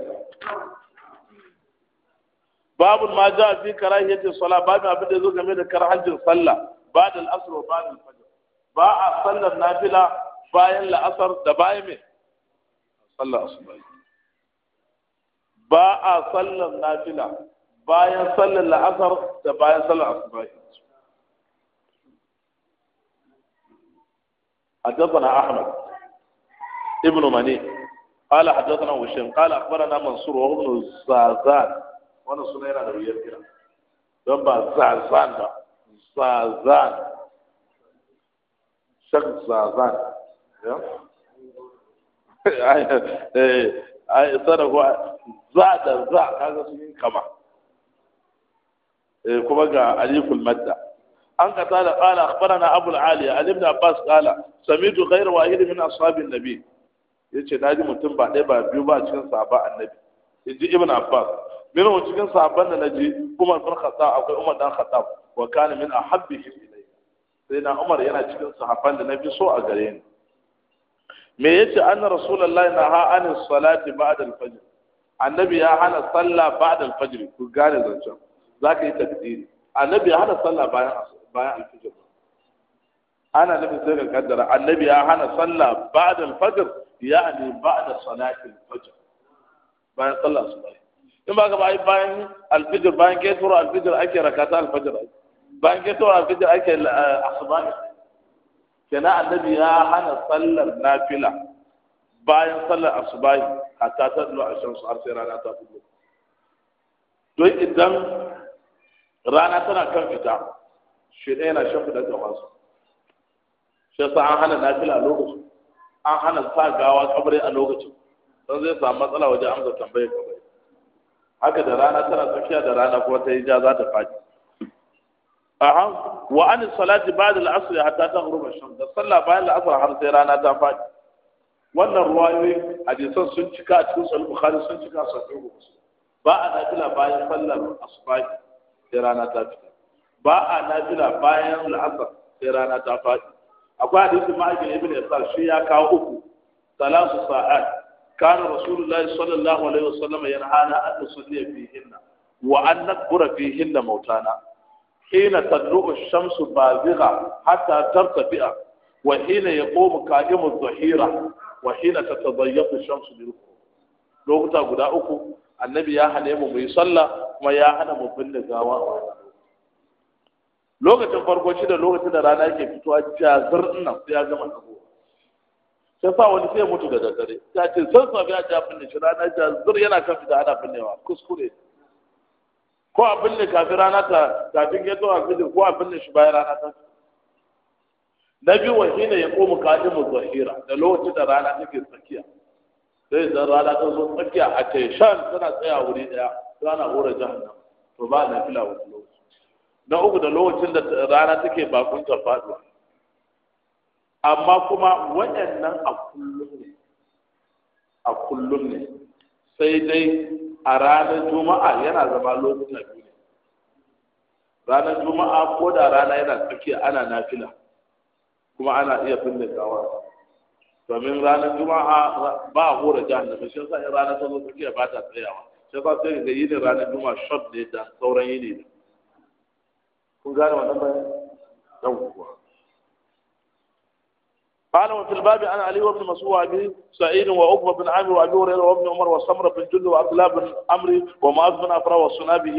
babu ma ja fi karahiyatin sala mai abin da zo game da karahancin sallah ba da al'asar wa ba da alfajr ba a sallar nafila bayan la'asar da bayan mai sallar asubai ba a sallar nafila bayan sallar la'asar da bayan sallar asubai حدثنا احمد ابن مني قال حدثنا وشن قال اخبرنا منصور وابن ابن الزازان وأنا سنين أنا وياه كده يبقى زازان ده زازان شك زازان ai sarrafa za da za kaga sun kama kuma ga alikul madda an قتال قال أخبرنا أبو العالية عن ابن عباس قال سمعت غير واحد من أصحاب النبي yace na ji mutum ba ɗaya ba biyu ba cikin sahabba annabi in ibn abbas min cikin sahabban da na ji umar bin khattab akwai umar dan khattab wa kana min ahabbihim ilayya sai na umar yana cikin sahabban na fi so a gare ni me yace anna rasulullahi naha anin salati ba'da al-fajr annabi ya hana sallah ba'da al-fajr ku gane zancen zaka yi takdiri annabi ya hana sallah bayan asr bayan alfijir ana nufin sai ka kaddara annabi ya hana sallah ba'da alfajr yani ba'da salatil fajr bayan sallah asuba in ba ka bai bayan alfijir bayan ke tura alfijir ake rakata alfajr bayan ke tura alfijir ake asuba kenan annabi ya hana sallar nafila bayan sallar asuba hatta ta dulu a shamsu har sai rana ta fito don idan rana tana kan fita shi ɗaya na shafi da su shi yasa an hana nafila a lokacin an hana sa gawa kabari a lokacin don zai samu matsala wajen amsa tambayar kabari haka da rana tana tsakiya da rana kuma ta yi ja za ta faɗi aha wa an salati ba'da al-asr hatta ta ash-shams da sallah bayan al-asr har sai rana ta faɗi wannan ruwayoyi hadisan sun cika a cikin sahih bukhari sun cika sahih muslim ba a nafila bayan sallar asubahi sai rana ta fita ba a nazila bayan la'asar sai rana ta faɗi akwai hadisi ma'aikin ibn yasar shi ya kawo uku salasu sa'ad kana rasulullahi sallallahu alaihi wasallam yanhana an fi hinna wa an nakbura hinna mautana hina tadru'u shamsu bazigha hatta tartafi'a wa hina yaqumu qa'imu adh-dhahira wa hina tatadayyaqu shamsu bil lokuta guda uku annabi ya hane mu mu yi sallah kuma ya hana mu binne gawa a lokacin farko shi da lokacin da rana yake fitowa zar nan sai ya gama tabo sai sa wani sai mutu da daddare ya ce san sa biya ta binne shi rana jazir yana kan fita ana binnewa kuskure ko a binne kafin rana ta kafin ya zo a gidi ko a binne shi bayan rana ta na biyu wa shi ne ya koma mu zahira da lokacin da rana take tsakiya sai da rana ta zo tsakiya a ce shan tana tsaya wuri ɗaya, rana hura nan to ba na fila wani lokaci na uku da lokacin da rana take bakuntar faɗo. amma kuma waɗannan a kullum ne a kullum ne sai dai a ranar juma'a yana zama lokuta biyu ne ranar juma'a ko da rana yana tsakiya ana nafila kuma ana iya binne gawa domin ranar juma'a ba a hora jahannama shi yasa in ranar tsakiya ba ta tsayawa shi yasa sai ga yini ranar juma'a shaf ne da sauran yini ne kun gane wannan bayan yawwa قال وفي الباب عن علي بن مسعود وابي سعيد وعقبه بن عامر وابي هريره وابن عمر وسمره بن جند وعبد الله بن عمرو ومعاذ بن عفراء والصنابه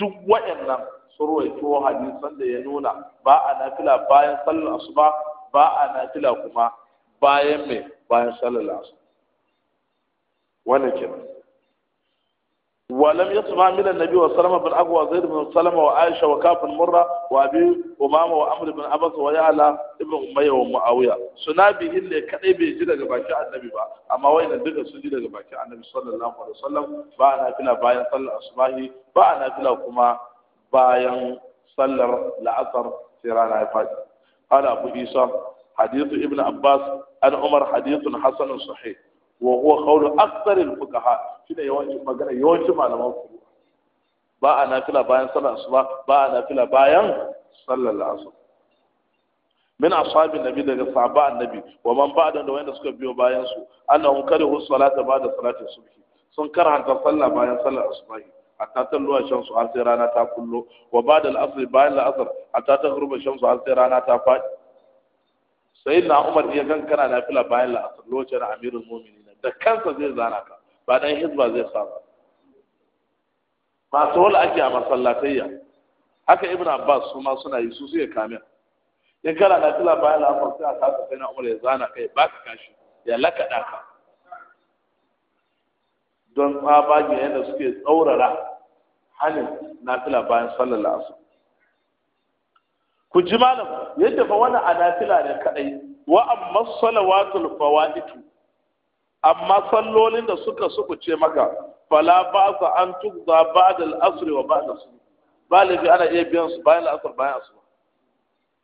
duk waɗannan sun ruwaito hadisan da ya nuna ba a nafila bayan sallar asuba ba a nafila kuma bayan mai bayan sallar asuba wannan kenan ولم يسمع من النبي وسلم بن أقوى زيد بن سلمة وعائشة وكاف مرة وأبي أمامة وأمر بن أبس ويعلى ابن أمية ومعاوية سنابي إلا كأي بيجي لك باكي النبي بقى أما وين الدقة سجي لك باكي النبي صلى الله عليه وسلم بعنا فينا باين صلى الأصباح بعنا فينا كما باين صلى لأثر سيرانا يفاجئ قال أبو عيسى حديث ابن عباس أن عمر حديث حسن صحيح وهو قول أكثر الفقهاء da yawancin magana yawancin malaman furu ba a nafila bayan sallar asuba ba a nafila bayan sallar lasu min ashabin nabi daga sahaba annabi wa man ba'da da wanda suka biyo bayan su annahum karihu salata ba'da salati subhi sun karhanta sallah bayan sallar asubahi hatta talluwa shamsu har sai rana ta kullo wa ba'da al-asr bayan al-asr hatta taghruba shamsu har sai rana ta fadi sai na umar ya gan kana nafila bayan al-asr lokacin amirul mu'minin da kansa zai zana ka ba dan hizba zai samu masu wala ake a masallatayya haka ibn abbas su ma suna yi su su ya in kana na tila bayan la'afar sai a kasa sai na umar ya zana kai ba ka kashi ya lakaɗa ka don ba tsabagen yadda suke tsaurara hannun na tila bayan sallar la'asar ku ji malam yadda fa wani a nafila ne kadai wa amma salawatul fawaitu amma sallolin da suka ce maka fala ba sa an tukza ba da asr wa da su ba bi ana iya biyan su bayan al-asr bayan asuba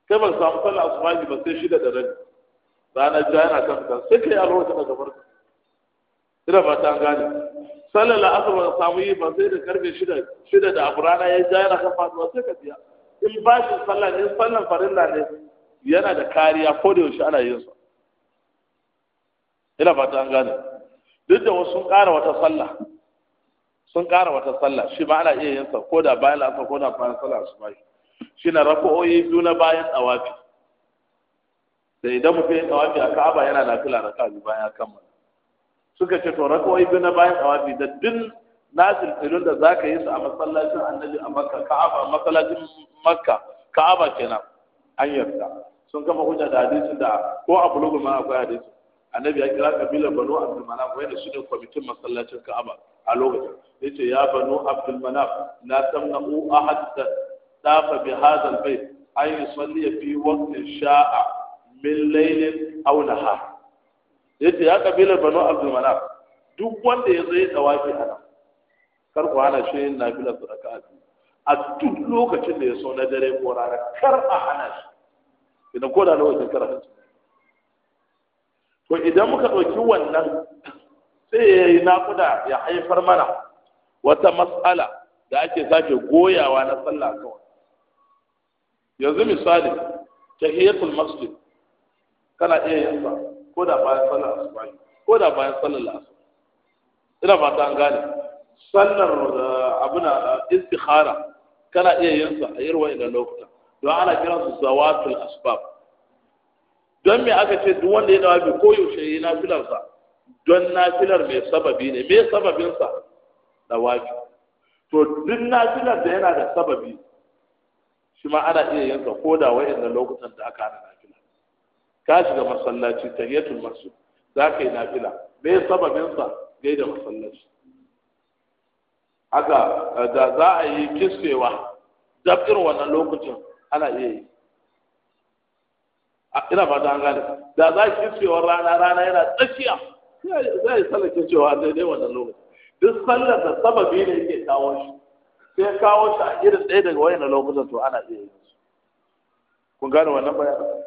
kai ba samu sallar asuba ba sai shida da rani. ranar jiya yana kan ka sai kai alwata daga farko ina ba ta gane sallar la'asar ba samu yi ba sai da karfe shida shida da abu rana ya ja yana kan faduwa sai ka biya in ba shi sallah ne sallan farilla ne yana da kariya ko da yaushe ana yin sa ina fata an gane duk da wasu sun ƙara wata sallah sun ƙara wata sallah shi ba ana iya yin sa ko da bayan la'asar ko da bayan sallah su ba shi na rako'o'i biyu na bayan tsawafi da idan mu ya tsawafi a ka'aba yana da fila raka kaji bayan kammala suka ce to rako'o'i biyu na bayan tsawafi da duk nasir irin da zaka yi su a masallacin annabi a makka ka'aba masallacin makka ka'aba kenan an yarda sun kama hujja da hadisin da ko a bulugul ma akwai hadisin annabi ya kira kabila banu abdul manaf wanda su ne kwamitin masallacin ka'aba a lokacin ce ya banu abdul manaf la tamna'u ahadan dafa bi hadha albayt an yusalli fi waqtin sha'a min laylin aw nahar yace ya kabila banu abdul manaf duk wanda ya zai dawafi a nan kar ku hana shi yin nafilar sadaka a duk lokacin da ya so na dare ko rana kar a hana shi idan ko da lokacin karatu to idan muka ɗauki wannan sai ya yi naƙuda ya haifar mana wata matsala da ake sake goyawa na sallah kawai yanzu misali ta tahiyatul masjid kana iya yin sa ko da bayan sallar asuba ko da bayan sallar lasu ina fata an gane sallar eh, abuna eh, istikhara kana iya yin sa a yirwa ila lokuta don ana kiransu zawatul asbab don me aka ce duk wanda ya dawa bi ko yaushe yi nafilarsa don nafilar mai sababi ne me sababinsa wafi to duk nafilar da yana da sababi shi ma ana iya yanka ko da da lokutan da aka ana nafila ka shiga masallaci tahiyatul masjid za ka yi nafila me sababinsa gai da masallaci haka da za a yi kiskewa Dabtar wannan lokacin ana iya yi ina ba an gane da za ki cewa rana rana yana tsakiya zai yi sallar cewa dai wannan lokaci duk sallar da sababi ne yake kawo shi sai kawo shi a irin ɗaya daga wayannan lokutan to ana iya yi kun gane wannan bayanin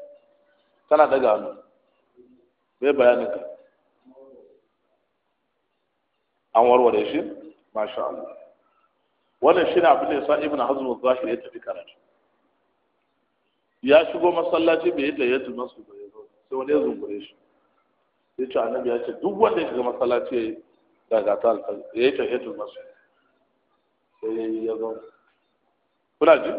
kana daga hannu me bayanin ka an warware shi masha Allah wannan shi ne abin da ya sa ibn hazm zahiri ya tafi karatu ya shigo masallaci bai yi ya tuna su bai zo sai wani ya zungure shi ya ce annabi ya ce duk wanda ya shiga masallaci ya yi gagata alfajir ya yi tayyatul masjid sai ya zo kuna ji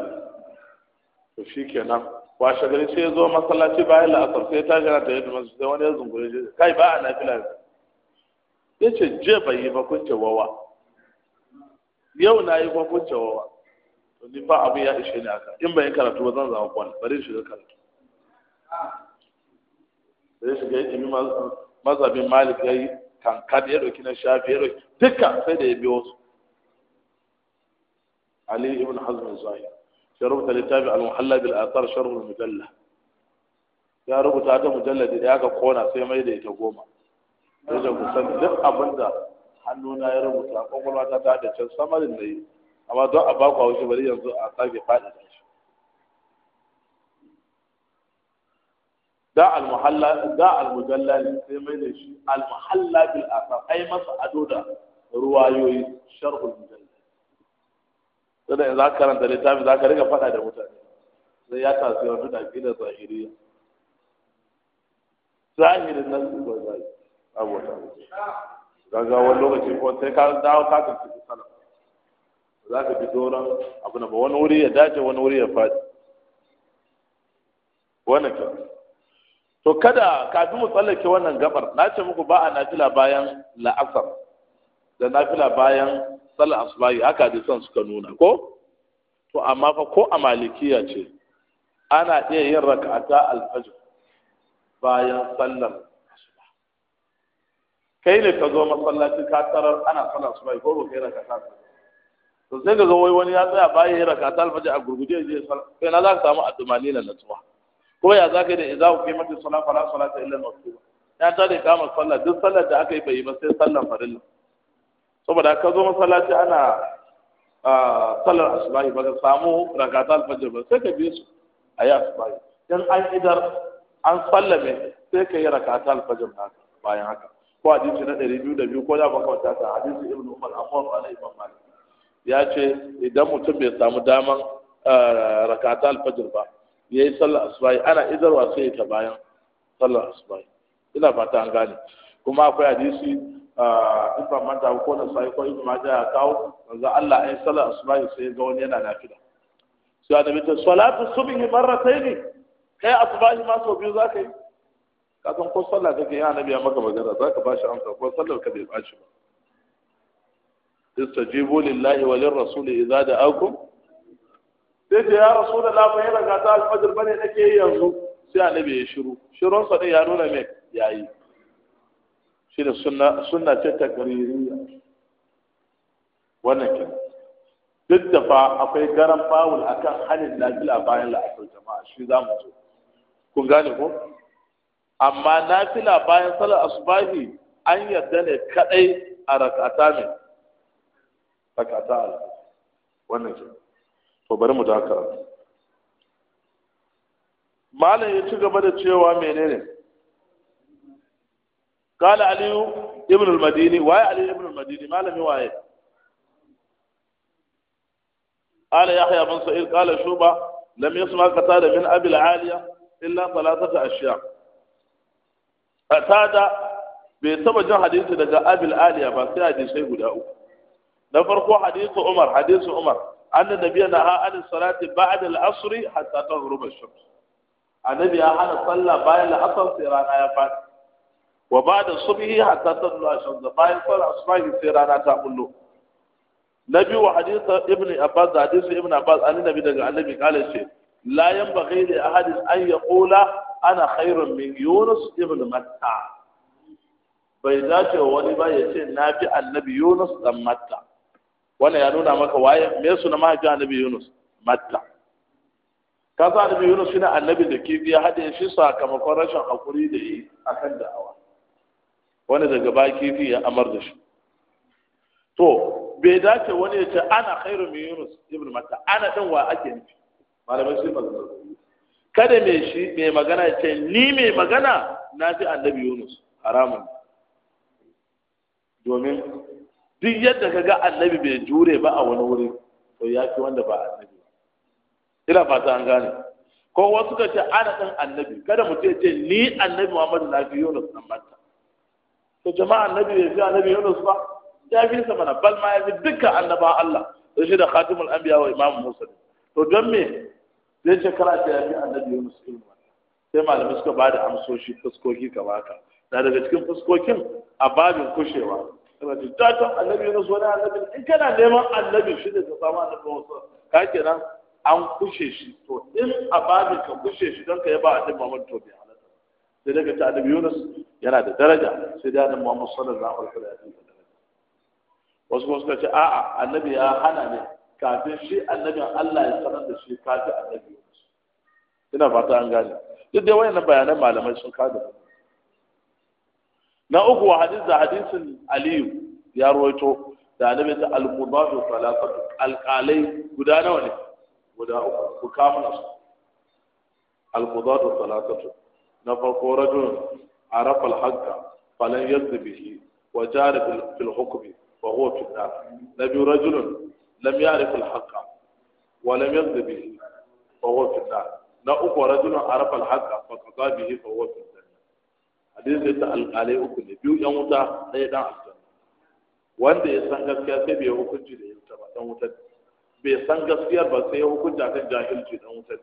to kenan. Wa shagari sai ya zo masallaci bayan la'asar sai ta jira ta tuna su. sai wani ya zungure shi kai ba a lafi ya ce je bai yi ba kun wawa yau na yi ba kun wawa to ni ba abu ya ishe ni haka in ban yi karatu ba zan zama kwan bari shiga karatu bari shiga ilimi mazhabin malik ya yi kankan ya ɗauki na shafi ya ɗauki dukkan sai da ya biyo su ali ibn hazm zahir ya rubuta littafi al-muhalla bil athar sharh al-mujalla ya rubuta ta mujalladi da aka kona sai mai da ita goma sai da kusan duk abinda hannuna ya rubuta kwakwalwa ta ta da can samarin da yi amma don a baku haushi bari yanzu a sake faɗi da shi da almuhalla da almujalla ne sai mai da shi almuhalla bil asar ai masa ado da ruwayoyi sharhul mujalla sai da za ka karanta littafi za ka riga faɗa da mutane sai ya duk da aqidar zahiriya zahirin nan su ba zahiri abota. ta gaga wani lokaci ko sai ka dawo ka tafi salaf za ka bi doron abu na ba wani wuri ya dace wani wuri ya faɗi Wani kyau. to kada kafin mu tsallake wannan gabar na ce muku ba a nafila bayan la'asar da nafila bayan sallar asubahi haka da son suka nuna ko to amma fa ko a malikiya ce ana iya yin raka'ata alfajr bayan tsallar kai ne ka zo masallaci ka tarar ana tsallar asubahi ko ba kai raka'ata to sai ga zo wai wani ya tsaya baya ya raka ta alfaji a gurguje je sala kai na za ka samu addumani na natsuwa ko ya za ka yi da idza ku mata sala fala salata illa nasuwa ya ta da kama sallah duk sallar da aka yi bai ba sai sallar farilla saboda ka zo masallaci ana sallar asubahi ba ka samu rakata alfaji ba sai ka bi su a yi asubahi in an idar an sallame sai ka yi rakata alfajir bayan haka ko hadisi na ɗari biyu da biyu ko da baka wata ta hadisi ibnu umar amma wani ala malik ya ce idan mutum bai samu daman eh, rakata alfajir ba ya yi sallar asubahi ana idarwa sai ta bayan sallar asubahi ina fata an gane kuma akwai hadisi eh, a ba manta ko na sai ko ibnu majah ya kawo manzo Allah ai sallar asubahi sai ga wani yana nafila sai annabi ta salatu subhi marratayn kai asubahi ma so biyu zakai yi ka san ko sallah kake ya annabi ya maka magana zaka bashi amsa ko sallar ka bai bashi ba istajibu lillahi wa lirrasuli idza da'akum sai ce ya rasulullah fa yana gata alfajr bane nake yi yanzu sai annabi ya shiru shirun sa dai ya nuna me yayi shi da sunna sunna ta takririya wannan kenan duk da fa akwai garan bawul akan halin lafiya bayan la'asar jama'a shi za mu zo kun gane ko amma lafiya bayan salar asubahi an yarda ne kadai a rakata ne haka ta al wannan ke to bari mu da karatu malam ya ci gaba da cewa menene قال علي ابن المديني واي علي ابن المديني مالمي واي قال يحيى بن سعيد قال شوبة لم يسمع قتادة من أبي العالية إلا ثلاثة أشياء قتادة بيتبع جن حديث دقاء أبي العالية بس يا دي شيء قد أقول da farko hadisu umar hadisu umar annan anna nabiyya naha an salati ba'da al-asr hatta taghrub ash-shams annabi ya hana sallah bayan al-asr sai rana ya fadi wa ba'da subhi hatta tadlu ash-shams bayan sallah asbahi sai rana ta bullo nabi wa hadisa ibn abbas da hadisi ibn abbas an nabi daga annabi kala ce la yanbaghi li ahad an yaqula ana khairun min yunus ibn matta bai dace wani ba ya ce na fi annabi yunus dan matta wannan ya nuna maka waye me su na mahaifin annabi Yunus matta ka sa annabi Yunus shine annabi da kifi ya hade shi sakamakon rashin haƙuri da yi akan da'awa wani daga ba kifi ya amar da shi to bai dace wani ya ce ana khairu min Yunus ibn matta ana dan wa ake nufi malamai sai magana kada mai shi mai magana ya ce ni mai magana na fi annabi Yunus haramun domin duk yadda ka ga annabi bai jure ba a wani wuri to ya fi wanda ba annabi ba ina fata an gane ko wasu ka ce ana ɗan annabi kada mu ce ce ni annabi muhammadu na fi yunus nan banta to jama'a annabi bai fi annabi yunus ba ya fi sa mana bal ma ya fi dukkan annaba allah da shi da khatimul anbiya wa imamu musa to don me zai ce kara ta ya fi annabi yunus ilmu sai malamai suka ba da amsoshi fuskoki kamar haka na daga cikin fuskokin a babin kushewa tattacin annabi na wani annabi in kana neman annabi shi ne ka samu annabi wasu ka kenan an kushe shi to in a babin ka kushe shi don ka yaba annabi Muhammad to bai halatta sai daga ta annabi Yunus yana da daraja sai da annabi Muhammad sallallahu alaihi wasallam da daraja wasu wasu ka ce a'a annabi ya hana ne kafin shi annabi Allah ya sanar da shi kafin annabi Yunus ina fata an gane duk dai wayannan bayanan malamai sun kada mu نا اوغو حديث حديث علي يا رويتو دالبي القضاه ثلاثه القالي غدانا ولي غدا اوغو كافن القضاه ثلاثه نفر قرج عرف الحق فلن يذب به وجارب في الحكم فهو في النار نبي رجل لم يعرف الحق ولم يذب به وهو في النار نا رجل عرف الحق فقضى به فهو في النار hadisi ta alƙalai uku ne biyu yan wuta ɗaya dan aljanna wanda ya san gaskiya sai bai hukunci da yin wuta ba dan wuta bai san gaskiya ba sai ya hukunta kan jahilci dan wuta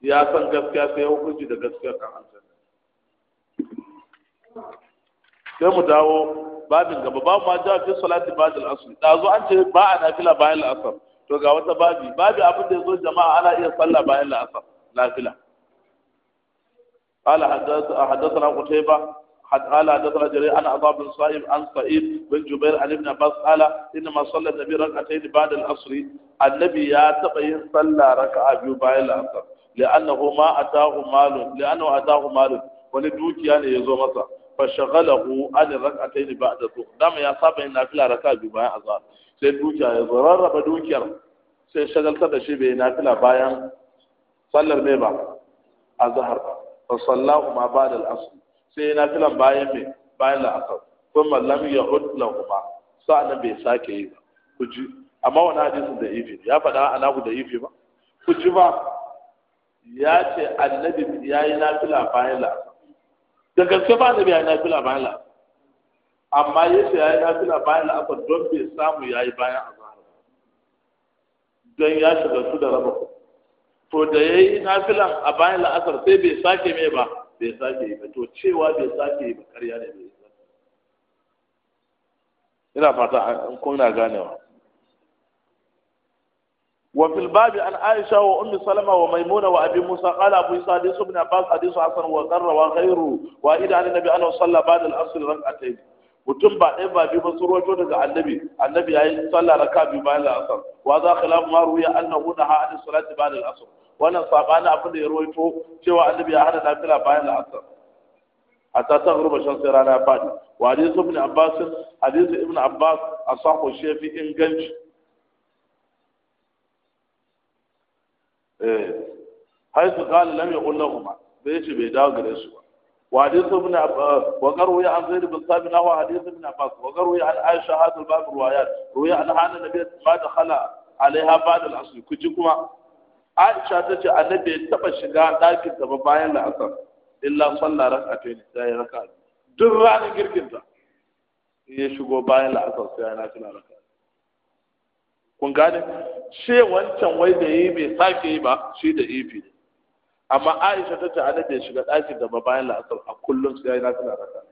ya san gaskiya sai ya hukunci da gaskiya kan aljanna sai mu dawo babin gaba babu ma ja fi salati ba'd al-asr da zo an ce ba a nafila bayan al-asr to ga wata babi babi abin da yazo jama'a ana iya sallah bayan al-asr nafila قال حدثنا قتيبة قال حدثنا جرير عن عطاء بن صائب عن صائب بن جبير عن ابن عباس قال انما صلى النبي ركعتين بعد العصر النبي يا تقي صلى ركعه بيو العصر لانه ما اتاه مال لانه اتاه مال wani dukiya ne ya zo masa fa shaghalahu an rak'atayn ba'da dhuhr dama ya saba yin nafila raka biyu bayan azhar sai dukiya ya rarraba dukiyar sai shagaltar da shi bai bayan sallar mai ba azhar ba fa sallahu ma ba'da al-asr sai na filan bayan me bayan al-asr kuma lam ya'ud lahuma sa'an bai sake yi ba ku ji amma wani hadisin da ifi ya faɗa ana ku da ifi ba ku ji ba ya ce annabi ya yi nafila bayan la da gaske ba annabi ya yi nafila bayan la amma yace ya yi nafila bayan la don bai samu ya yi bayan azhar don ya shiga su da raba to da ya yi nafilan a bayan la'asar sai bai sake mai ba bai sake yi to cewa bai sake yi ba karya ne bai ina fata an kuna ganewa wa fil babi an aisha wa ummu salama wa maimuna wa abi musa qala abu isa da ibn abbas hadithu hasan wa qarra wa ghayru wa ida an nabi an salla ba'da al asr rak'atayn mutum ba ɗaya ba biyu ba su rojo daga annabi annabi ya yi sallah raka biyu bayan da asar wa za a khilafu ma ruwa annahu da ha'adin salati bayan da asar wannan sabani abin da ya rawaito cewa annabi ya hada lafiya bayan la'asar a tasar ruba shan sai rana ya fadi wa hadisu ibn abbas hadisu ibn abbas a sahu shefi inganci eh, haisu kala lamya ƙullar kuma zai ce bai dawo gare su ba wa hadisu ibn abbas wa garu ya an zaidu bin sami wa hadisu ibn abbas wa garu ya an aisha hadu babu ruwayat ruwaya an hana nabiya ba da khala alaiha ba da lasu kuji kuma Aisha ta ce annabi ya taba shiga ɗakin gaba bayan la'asar illa sallah rak'atayn sai ya raka duk ranar girgin ta ya shigo bayan la'asar sai ya nafila raka kun gane ce wancan wai da yi bai sake yi ba shi da ifi e amma Aisha ta ce annabi ya shiga ɗakin gaba bayan la'asar a kullum sai ya nafila raka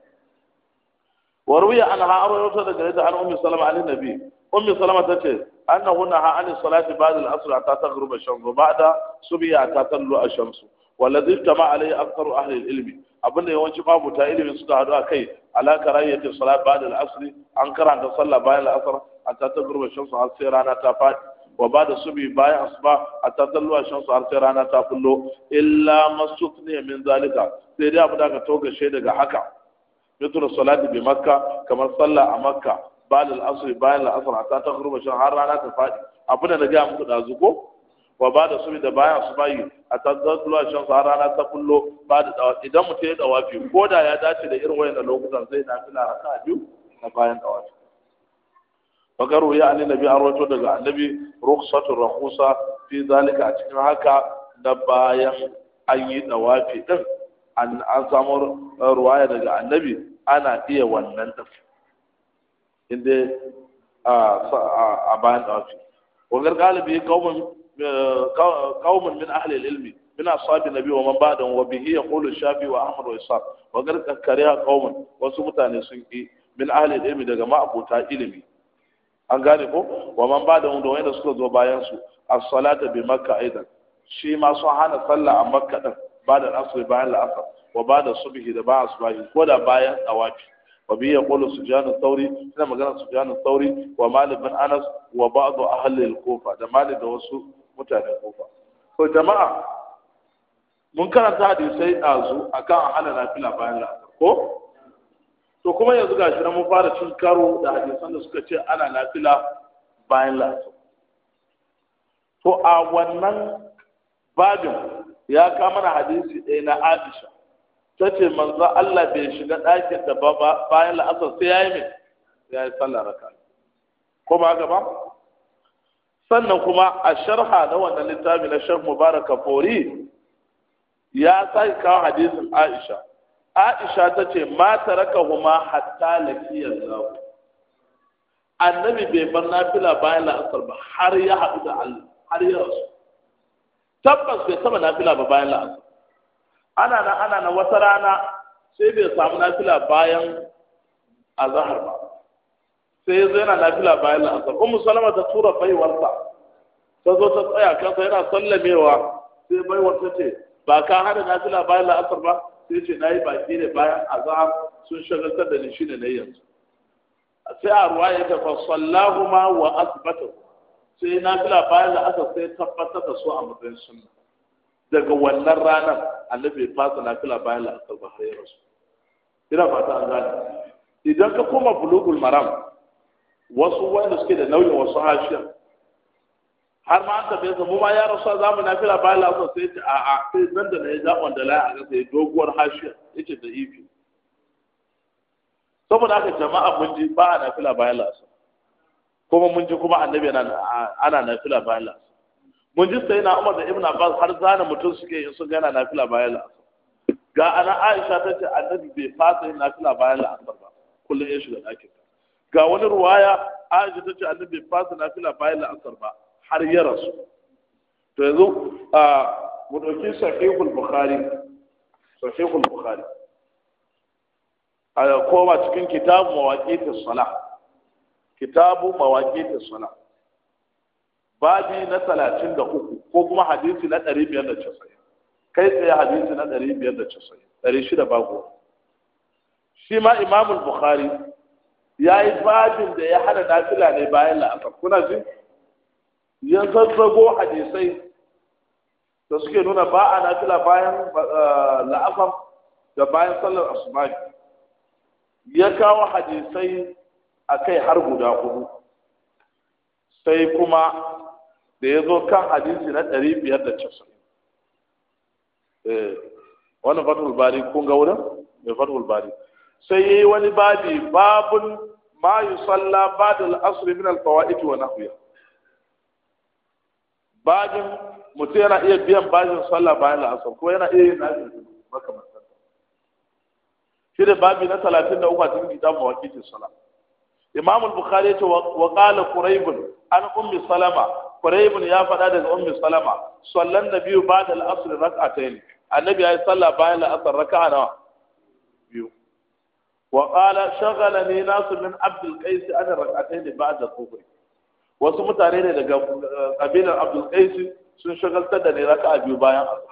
وروي عنها أروي تدريت عن أم سلمة عن النبي أم سلمة تتي أنه نهى عن الصلاة بعد العصر حتى تغرب الشمس وبعد صبي حتى تطلع الشمس والذي اجتمع عليه أكثر أهل العلم abin da yawanci babu ta ilimin suka hadu a kai ala karayyati salat ba'da al-asr an karanta sallah bayan al-asr hatta tagruba shamsu har sai rana ta fadi wa ba'da subi bayan asuba hatta talluwa shamsu har sai rana ta kullo illa masufni min zalika sai dai abu da ka toga daga haka mithlu salati bi makka kamar sallah a makka ba'da al-asr bayan al-asr hatta taghruba shan har rana ta fadi abin da na ga muku dazu ko wa ba da subi da bayan su bayi a tattattula shan sa rana ta kullo ba da dawa idan mutum ya dawafi ko da ya dace da irin wayan lokutan zai na fila raka biyu na bayan dawafi bakaru ya ani nabi an rawaito daga annabi rukhsatu rahusa fi zalika a cikin haka da bayan an yi dawafi din an an samu ruwaya daga annabi ana iya wannan da inda a bayan da ɗafi wagar galibi kaumin eh, min ahli ilmi من أصحاب النبي ومن بعدهم وبه يقول الشافعي وأحمد وإسحاق وقد wasu mutane sun سنكي min أهل العلم daga ma'abuta ilimi an gane ko wa man ba da wanda da suka zo bayan su as-salata bi makka aidan shi ma sun hana sallah a makka din ba da asr bayan la'asar wa ba da subihi da ba a subahi ko da bayan awafi wa bi yaqulu su al sauri, suna magana su al sauri, wa malibin anas wa ba'd a halin kofa. da malik da wasu mutanen kofa. to jama'a mun karanta hadisai dazu a hana nafila bayan la'asar ko to kuma yanzu shi na mun fara cin karo da hadisan da suka ce ana nafila bayan la'asar to a wannan babin ya kama na hadisi ɗaya na aisha ta ce manzo Allah bai shiga ɗakin da ba bayan la'asar sai ya yi mai ya yi sallar raka ko ba gaba sannan kuma a sharha na wannan littafi na shan mubarak kafori ya sake kawo hadisin aisha aisha ta ce ma raka kuma hatta lafiyar zawo annabi bai bar nafila bayan la'asar ba har ya haɗu da Allah har ya rasu tabbas bai saba nafila ba bayan la'asar ana na ana na wata rana sai bai samu nafila bayan azahar ba sai ya yana nafila bayan la'asar ummu salama ta tura baiwarsa ta zo ta tsaya kansa yana sallamewa sai baiwar ta ce ba ka hada nafila bayan la'asar ba sai ce na yi baki ne bayan azahar sun shagaltar da ni shi ne na yanzu sai a ruwa ya tafa ma wa asbata sai nafila bayan la'asar sai tabbatar da su a matsayin sunna daga wannan ranar annabi bai fasa nafila bayan la'asar ba sai ya rasu ina fata an gane idan ka koma bulugul maram wasu wanda suke da nauyin wasu hashiya har ma an tafiye sa mu ma ya rasu a zamu na nafila bayan la'asar sai ce a a sai nan da na yi ja wanda laya a gasa ya doguwar hashiya yake da ifi saboda haka jama'a mun ji ba a nafila bayan la'asar kuma mun ji kuma annabi ana nafila bayan la'asar mun ji sai na Umar da Ibn Abbas har zana mutum suke yin sun gana nafila bayan la'asar ga ana Aisha ta ce annabi bai fasa yin nafila bayan la'asar ba kullum ya shiga ɗakin ga wani ruwaya Aisha ta ce annabi bai fasa nafila bayan la'asar ba har ya rasu to yanzu mu ɗauki sahihul bukhari sahihul bukhari a koma cikin kitabu mawaqitis salah kitabu mawaqitis salah babi na talatin da uku ko kuma hadisi na ɗari biyar da casa'in kai tsaye hadisi na ɗari biyar da casa'in ɗari shida ba goma shi ma imamul bukhari ya yi babin da ya hada nafila ne bayan la'asar kuna ji ya zazzago hadisai da suke nuna ba a nafila bayan eh, la'asar da bayan sallar asubahi ya kawo hadisai a kai har guda hudu sai kuma da ya zo kan hadisi na ɗari biyar da casa'in eh, wani fatul bari kun ga wurin mai fatul bari sai yayi wani babi babun ma yusalla ba'da al-asr min al-fawaid wa nahwiha bajin mutu yana iya biyan bajin sallah bayan la'asar kuma yana iya yin nafil makamantan shi da babi na talatin da uku a cikin kitab mawaqitis salah imam al-bukhari ya ce wa qala quraib an ummi salama quraybun ya faɗa daga ummi salama sallan nabiyyu ba'da al-asr rak'atayn annabi ya yi sallah bayan al rak'a nawa biyu wa ne shaghalani nasu min ana rak'a qais an rak'atayn ba'da dhuhr wasu mutane ne daga eh, kabilar abdul qais sun shagaltar da ni raka'a biyu bayan asr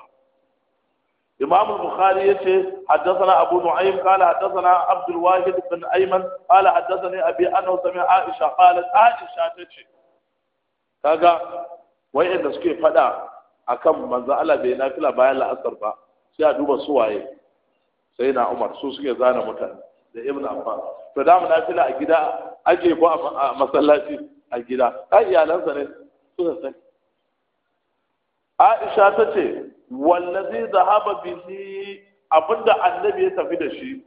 إمام البخاري يشي حدثنا أبو نعيم قال حدثنا عبد الواحد بن أيمن قال حدثني أبي أنه Aisha, عائشة قالت عائشة ce. kaga wayanda suke fada akan manzo Allah bai nafila bayan la'asar ba sai a duba su waye sai na Umar su suke zana mutane da Ibn Abba, to da mu nafila a gida ake ko a masallaci a gida ai iyalansa ne suka sani Aisha ta ce wallazi zahaba bihi abinda annabi ya tafi da shi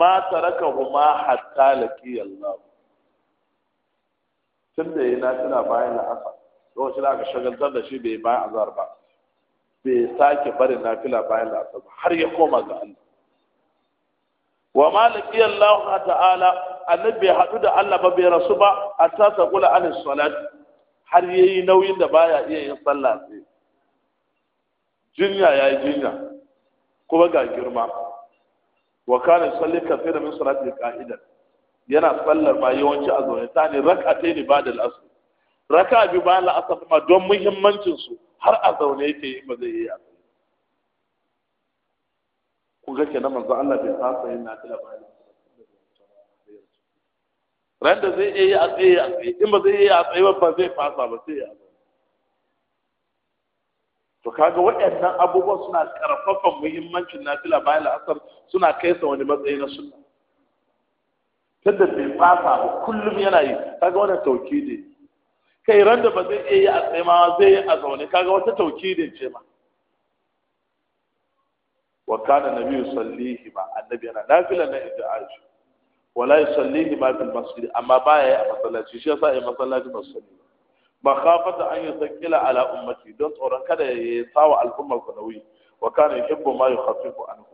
ma taraka huma hatta laqiya Allah tun da ya lafiya bayan la'asar lokacin da aka shagaltar da shi bai bayan azar ba bai sake barin fila bayan asa ba har ya koma ga Allah wa maliki Allah ta'ala annabi bai hadu da Allah ba bai rasu ba a ta kula an salat har yayi nauyin da baya iya yin sallah sai jinya yayi jinya kuma ga girma wa kana salli kafiran min salati qa'idan yana sallar ma yawanci a zaune sani rak'atai ne ba da al'asr raka bi ba la'asar kuma don muhimmancin su har a zaune yake yi ba zai yi a zaune kun ga kenan manzo Allah bai sasa yin na tila bayan ran da zai iya yi a tsaye a tsaye in ba zai iya a tsaye ba zai fasa ba sai ya zaune to kaga waɗannan abubuwan suna karfafa muhimmancin nafila bayan la'asar suna kai sa wani matsayi na sunna tunda bai fasa ba kullum yana yi kaga tauki ne kai ran da ba zai iya yi a tsaye ma zai yi a zaune kaga wata ne ce ma wa kana nabiyyu sallihi ma annabi yana nafila na aji. wala yusallihi ma fil masjid amma baya yi a masallaci shi yasa yi masallaci masallaci makhafata an yusakkila ala ummati don tsoron kada ya yi sawa al'ummar ku nauyi wa kana yuhibbu ma yukhaffifu anhu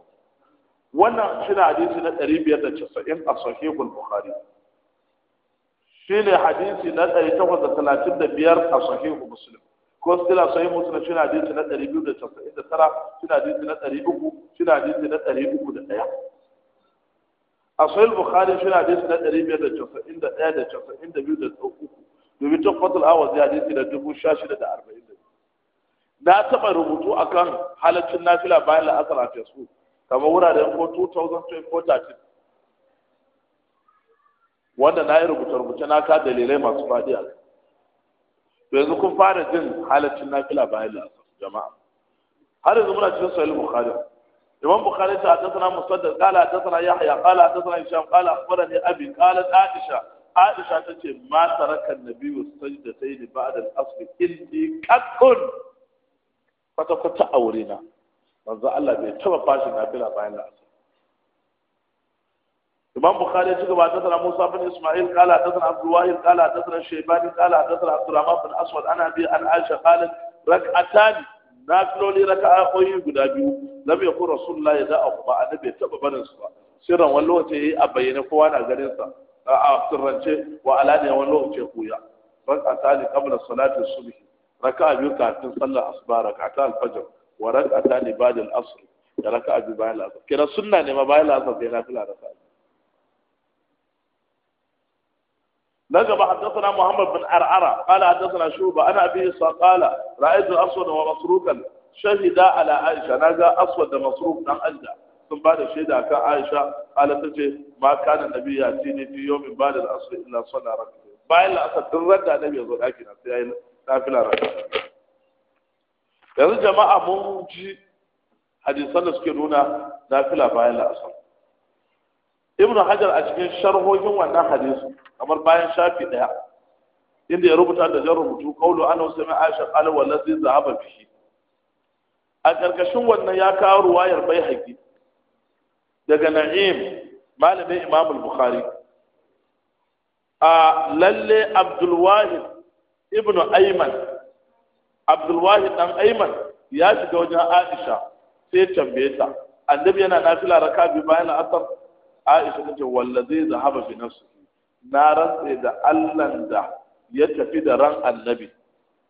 wannan shine hadisi na 590 a sahihul bukhari ne hadisi na 835 a sahihul muslim ko sila sahih muslim hadisi na 299 shine hadisi na 300 shine hadisi na 301 a sahih bukhari hadisi na 591 da 92 da 3 domin tukfatul awaz ya hadisi na 1640 na taɓa rubutu akan halaccin nafila bayan la'asar a facebook kamar wuraren ko 2012 ko wanda na yi rubuce-rubuce na ka dalilai masu faɗi a to yanzu kun fara jin halaccin kila bayan lasa jama'a har yanzu muna cikin sahih bukhari imam bukhari ta sana musaddad qala hadathana yahya qala hadathana hisham qala akhbarani abi qala aisha aisha ta ce ma taraka an-nabi sajdatayn ba'da al-asr illi qatkun kwata kwata wurina. manzo Allah bai taba fashi na fila bayan da asa Imam Bukhari ya ci gaba da sanar Musa bin Ismail qala da sanar Abdul Wahid qala da sanar Shayban qala da sanar Abdul Rahman bin Aswad ana bi an Aisha qalat rak'atan nafiloli raka'a koyi guda biyu lam yaku rasulullahi da abu ba annabi taba barin su ba sirran wani lokaci yayi a bayyane kowa na garin sa a sirrance wa alani wani lokaci kuya rak'atan qabla salati subhi raka'a biyu kafin sallar asuba raka'atan alfajr wa rak'ata li ba'd al-asr da raka'a bi bayan al-asr kira sunna ne ma bayan al-asr sai na fila raka'a نجب حدثنا محمد بن عرعرة قال حدثنا شوبة أنا أبي قال رأيت أسود ومسروقا شهد على عائشة نجا أسود مسروق عن أجدع sun ba da shaida kan Aisha ala ta ce ma kana nabi ya ce ne fi yomin ba da asr illa sala bayan la'asar tun radda nabi ya zo daki na sai yayi nafila yanzu jama'a mun ji hadisan da suke nuna na fila bayan la'asar ibnu hajar a cikin sharhohin wannan hadisi kamar bayan shafi ɗaya. inda ya rubuta da jan rubutu kaulu ana wasu mai aisha kala wallazi zahaba a karkashin wannan ya kawo ruwayar bai haƙi daga na'im malamin Imamul bukhari a lalle abdulwahid ibn ibnu ayman abdulwahid dan aiman ya shiga wajen aisha sai ya tambaye ta annabi yana nafila raka bi bayan asar aisha ta ce wallazi zahaba bi nafsi na rantsa da allan da ya tafi da ran annabi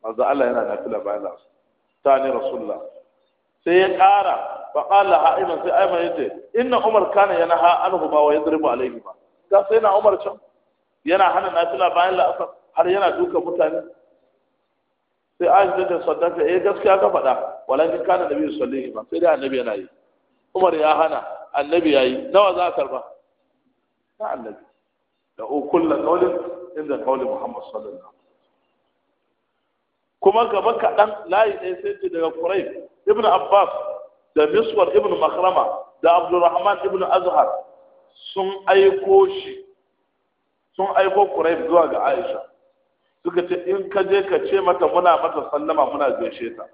manzo Allah yana nafila bayan asar tani rasulullah sai ya ƙara fa qala ha aiman sai aiman yace inna umar kana yanha anhu ba wa yadribu alayhi ba ka sai na umar can yana hana nafila bayan la'asar har yana duka mutane sai aisha ta saddaka eh gaskiya ka faɗa walakin kana nabi sallallahu ba sai dai annabi yana yi umar ya hana annabi ya yi, nawa za a karba na annabi da kullu kaulin inda kaulin muhammad sallallahu alaihi kuma gaba kaɗan layi ɗaya sai ce daga kurai ibn abbas da miswar ibn makrama da abdulrahman ibn azhar sun aiko shi sun aiko kurai zuwa ga aisha suka ce in ka je ka ce mata muna mata sallama muna gaishe ta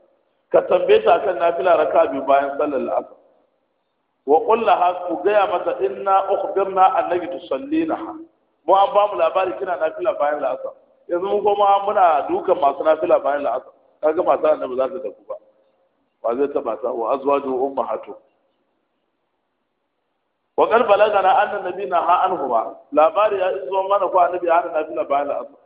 ka tambaye ta kan nafila raka bi bayan sallar asar wa kulla ha ku gaya mata inna ukhbirna na tusallinaha mu an ba mu labari kina nafila bayan la'asar yanzu mun kuma muna dukan masu nafila bayan la'asar kaga mata annabi za ta tafi ba wa zai taba ta wa azwaju ummahatu wa qad balagana anna nabina ha anhuma labari ya izo mana ko annabi ya hana nafila bayan la'asar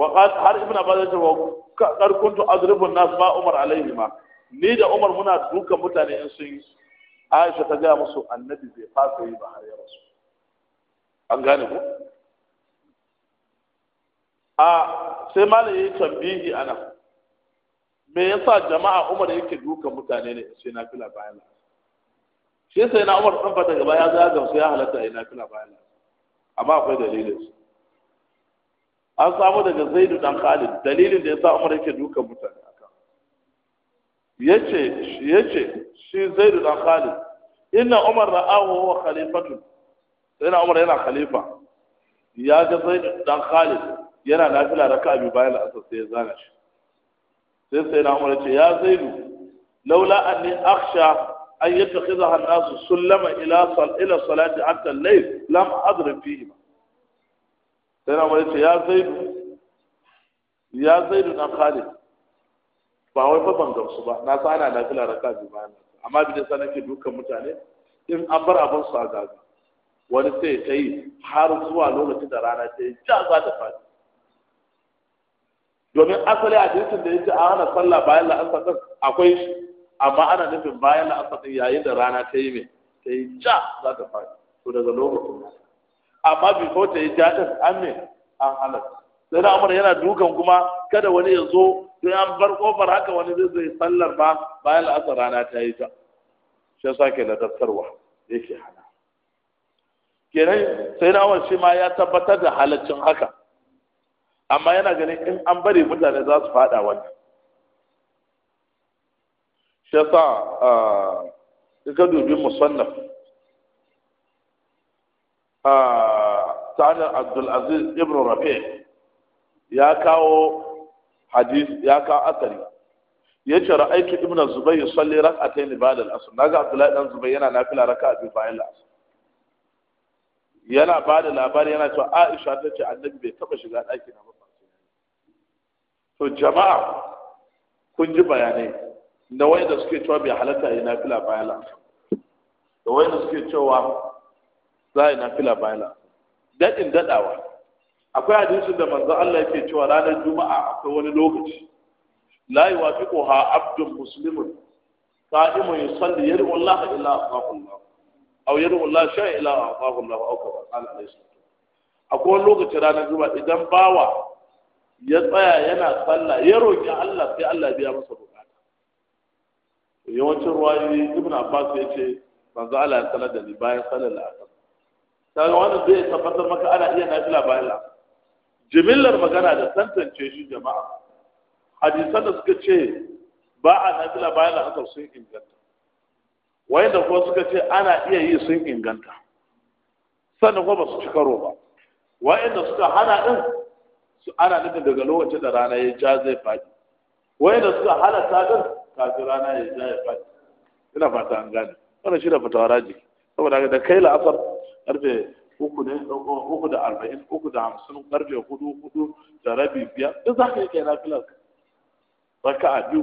وقال har ibn abbas ya kar kuntu azribu nas ba umar alaihi ma ni da umar muna dukan mutane in sun yi aisha ta gaya musu annabi bai fasa yi ba har ya rasu an gane ku a sai malam yayi tambihi ana me yasa jama'a umar yake dukan mutane ne sai na fila bayan shi sai na umar dan fata gaba ya zaga sai ya halatta ina fila bayan amma akwai dalilin an samu daga zaidu dan khalid dalilin da ya sa umar yake duka mutane yace yace shi zaidu dan khalid inna umar ra'ahu wa khalifatu ina umar yana khalifa ya ga zaidu dan khalid yana nafila raka'a bi bayan asar sai ya zana shi sai sai na umar yace ya zaidu laula anni akhsha an yattakhidha an nas sullama ila sal ila salati hatta al-layl lam adrib fihi sai na wani ce ya zaidu ya zaidu na khalid ba wai fa ban gamsu ba na sa ana fila raka bi bayan amma bi da sa nake dukkan mutane in an bar abin su a gaza wani sai ta yi har zuwa lokacin da rana ta yi ja za ta fadi domin asali a jinsin da ya ce yake hana sallah bayan la'asar din akwai shi amma ana nufin bayan la'asar din yayin da rana ta yi mai ta yi ja za ta fadi to daga lokacin amma before ta yi jaɗin an ne an halatta sai na amur yana dukan kuma kada wani ya zo sai an bar kofar haka wani zai zai sallar ba bayan la'asar rana ta yi ta shi yasa ke ya ke hana kenan sai na shi ma ya tabbatar da halaccin haka amma yana ganin in an bari mutane za su faɗa wani, shi sa ah, in ka dubi musannaf sa'ad abdulaziz Ibrahim rafi ya kawo hadis ya kawo asari ya ce ra'aitu ibn zubayr salli rak'atayn ba'da al-asr naga abdullahi dan zubayr yana nafila raka'a biyu bayan al-asr yana ba da labari yana cewa aisha ta ce annabi bai taba shiga ɗaki na ba to jama'a kun ji bayanai da wayanda suke cewa bai halatta yi nafila bayan al-asr da wayanda suke cewa za a yi nafila bayan la'asar daɗin daɗawa akwai hadisin da manzo Allah yake cewa ranar juma'a akwai wani lokaci la ha abdun muslimun qa'imun yusalli yari Allah ila aqahu Allah aw yad'u Allah shay'a ila au ka aw kama qala alayhi akwai wani lokaci ranar juma'a idan bawa ya tsaya yana sallah ya roki Allah sai Allah biya masa bukata yawancin ruwayoyi ibn Abbas yace manzo Allah ya sanar da ni bayan sallar kaga wannan zai tabbatar maka ana iya nafila bayan la jimillar magana da tantance shi jama'a hadisan da suka ce ba a nafila bayan la haka sun inganta wayanda kuma suka ce ana iya yi sun inganta sannan kuma ba su ci karo ba wayanda suka hana din su ana nufin daga lokacin da rana ya ja zai faɗi wayanda suka halatta din kafin rana ya ja ya faɗi ina fata an gane wannan shi da fatawa raji saboda da kai la'asar karfe uku ne uku da arba'in uku da hamsin karfe hudu hudu da rabi biyar duk za ka yi kai nafilar a biyu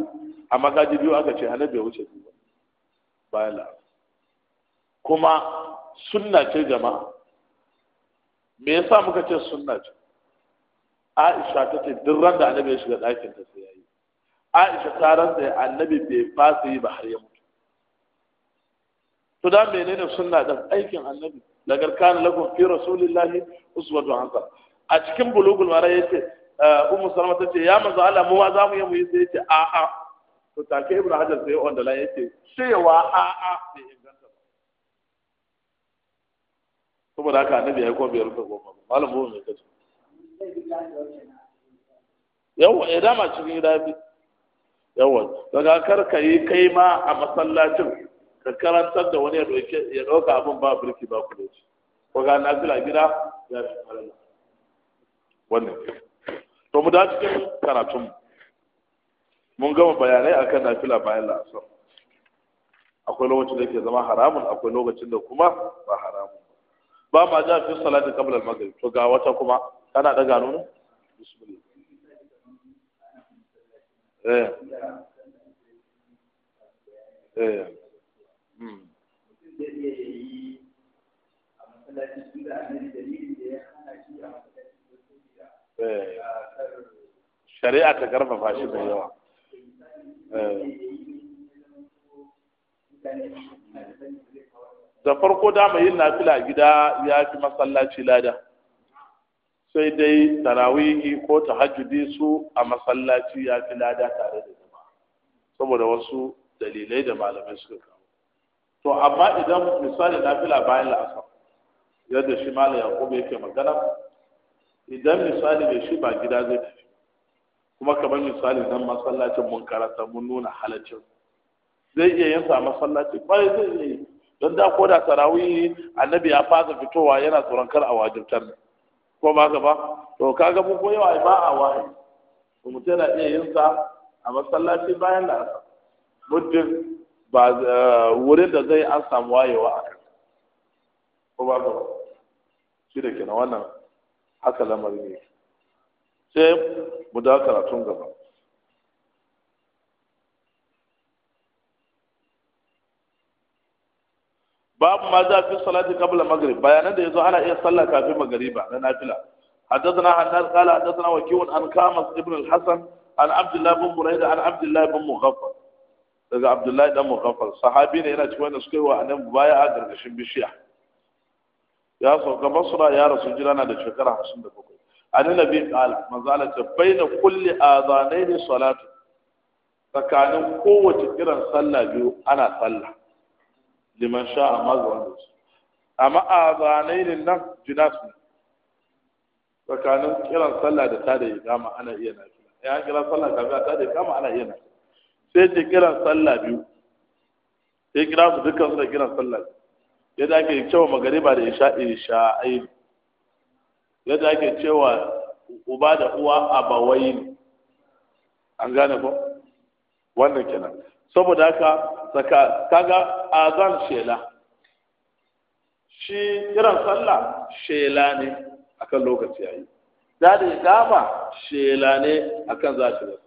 amma kaji biyu aka ce annabi bai wuce biyu bayan la kuma sunna ce jama'a me yasa muka ce sunna ce Aisha ta ce duk ran da annabi ya shiga ɗakin ta sai yayi Aisha ta rantsa annabi bai fasa yi ba har ya mutu to da menene sunna ɗan aikin annabi lagar kan lakum fi rasulillahi uswatu hasan a cikin bulugul mara yace eh, ummu salama tace ya manzo Allah mu wa yi mu yi sai yace a a to take ibnu hajar sai on da la yace cewa a a sai inganta ba saboda haka annabi ya ko bai rufe goma malam mu ne kace yawa ya eh, dama cikin gida bi yawa daga kar ka yi kai ma a masallacin ka karantar da wani ya ɗauka abin ba birki ba ku dace ko ga na fila gida ya fi falala wannan to mu dace cikin karatun mun gama bayanai akan nafila bayan la'asar akwai lokacin da ke zama haramun akwai lokacin da kuma ba haramun ba ma ja fi salati qabla al-maghrib to ga wata kuma kana daga nono bismillah eh eh Hmm. Eh. Ah, shari'a ta karfafa shi da yawa da farko dama yin nafila a gida ya fi masallaci lada sai dai tarawihi ko ta tahajjudi su a masallaci ya fi lada tare da jama'a saboda wasu dalilai da malamai suka kawo to amma idan misali na fila bayan la'asar yadda shi malam yakubu yake magana idan misali mai shi ba gida zai tafi kuma kamar misali nan masallacin mun karanta mun nuna halaccin zai iya yin sa masallaci kwarai zai iya yi don da ko da tarawih annabi ya fasa fitowa yana tsoron kar a wajibtar ne ko ba gaba? to kaga mun ko yawa ba a wahayi mutum yana iya yin sa a masallaci bayan da muddin ba eh, wurin da zai an samu wayewa a kan ko ba ba shi da kenan wannan haka lamarin ne sai mu da karatun gaba باب ما جاء في الصلاة قبل المغرب بيان da yazo ana iya صلاة كافي magriba na nafila حدثنا حناد قال حدثنا وكيع عن كامس ابن الحسن عن عبد الله بن بريدة عن عبد الله بن مغفر daga abdullahi dan mughaffal sahabi ne yana cikin wanda suka yi wa anan baya a gargashin bishiya ya sauka basra ya rasu jira na da shekara 57 annabi qala manzo Allah ta baina kulli azanaini salatu tsakanin kowace irin sallah biyu ana sallah liman sha sha'a su. amma azanaini nan ne. tsakanin kiran sallah da tada ya gama ana iya nafila ya eh, kira sallah kafin a tada ya gama ana iya nafila sai ce kiran sallah biyu sai kira su dukkan su da kiran sallah yadda ake cewa magariba da isha isha ayin yadda ake cewa uba da uwa abawayin an gane ko wannan kenan saboda haka saka kaga azan shela shi kiran sallah shela ne akan lokaci yayi da da dama shela ne akan za da sallah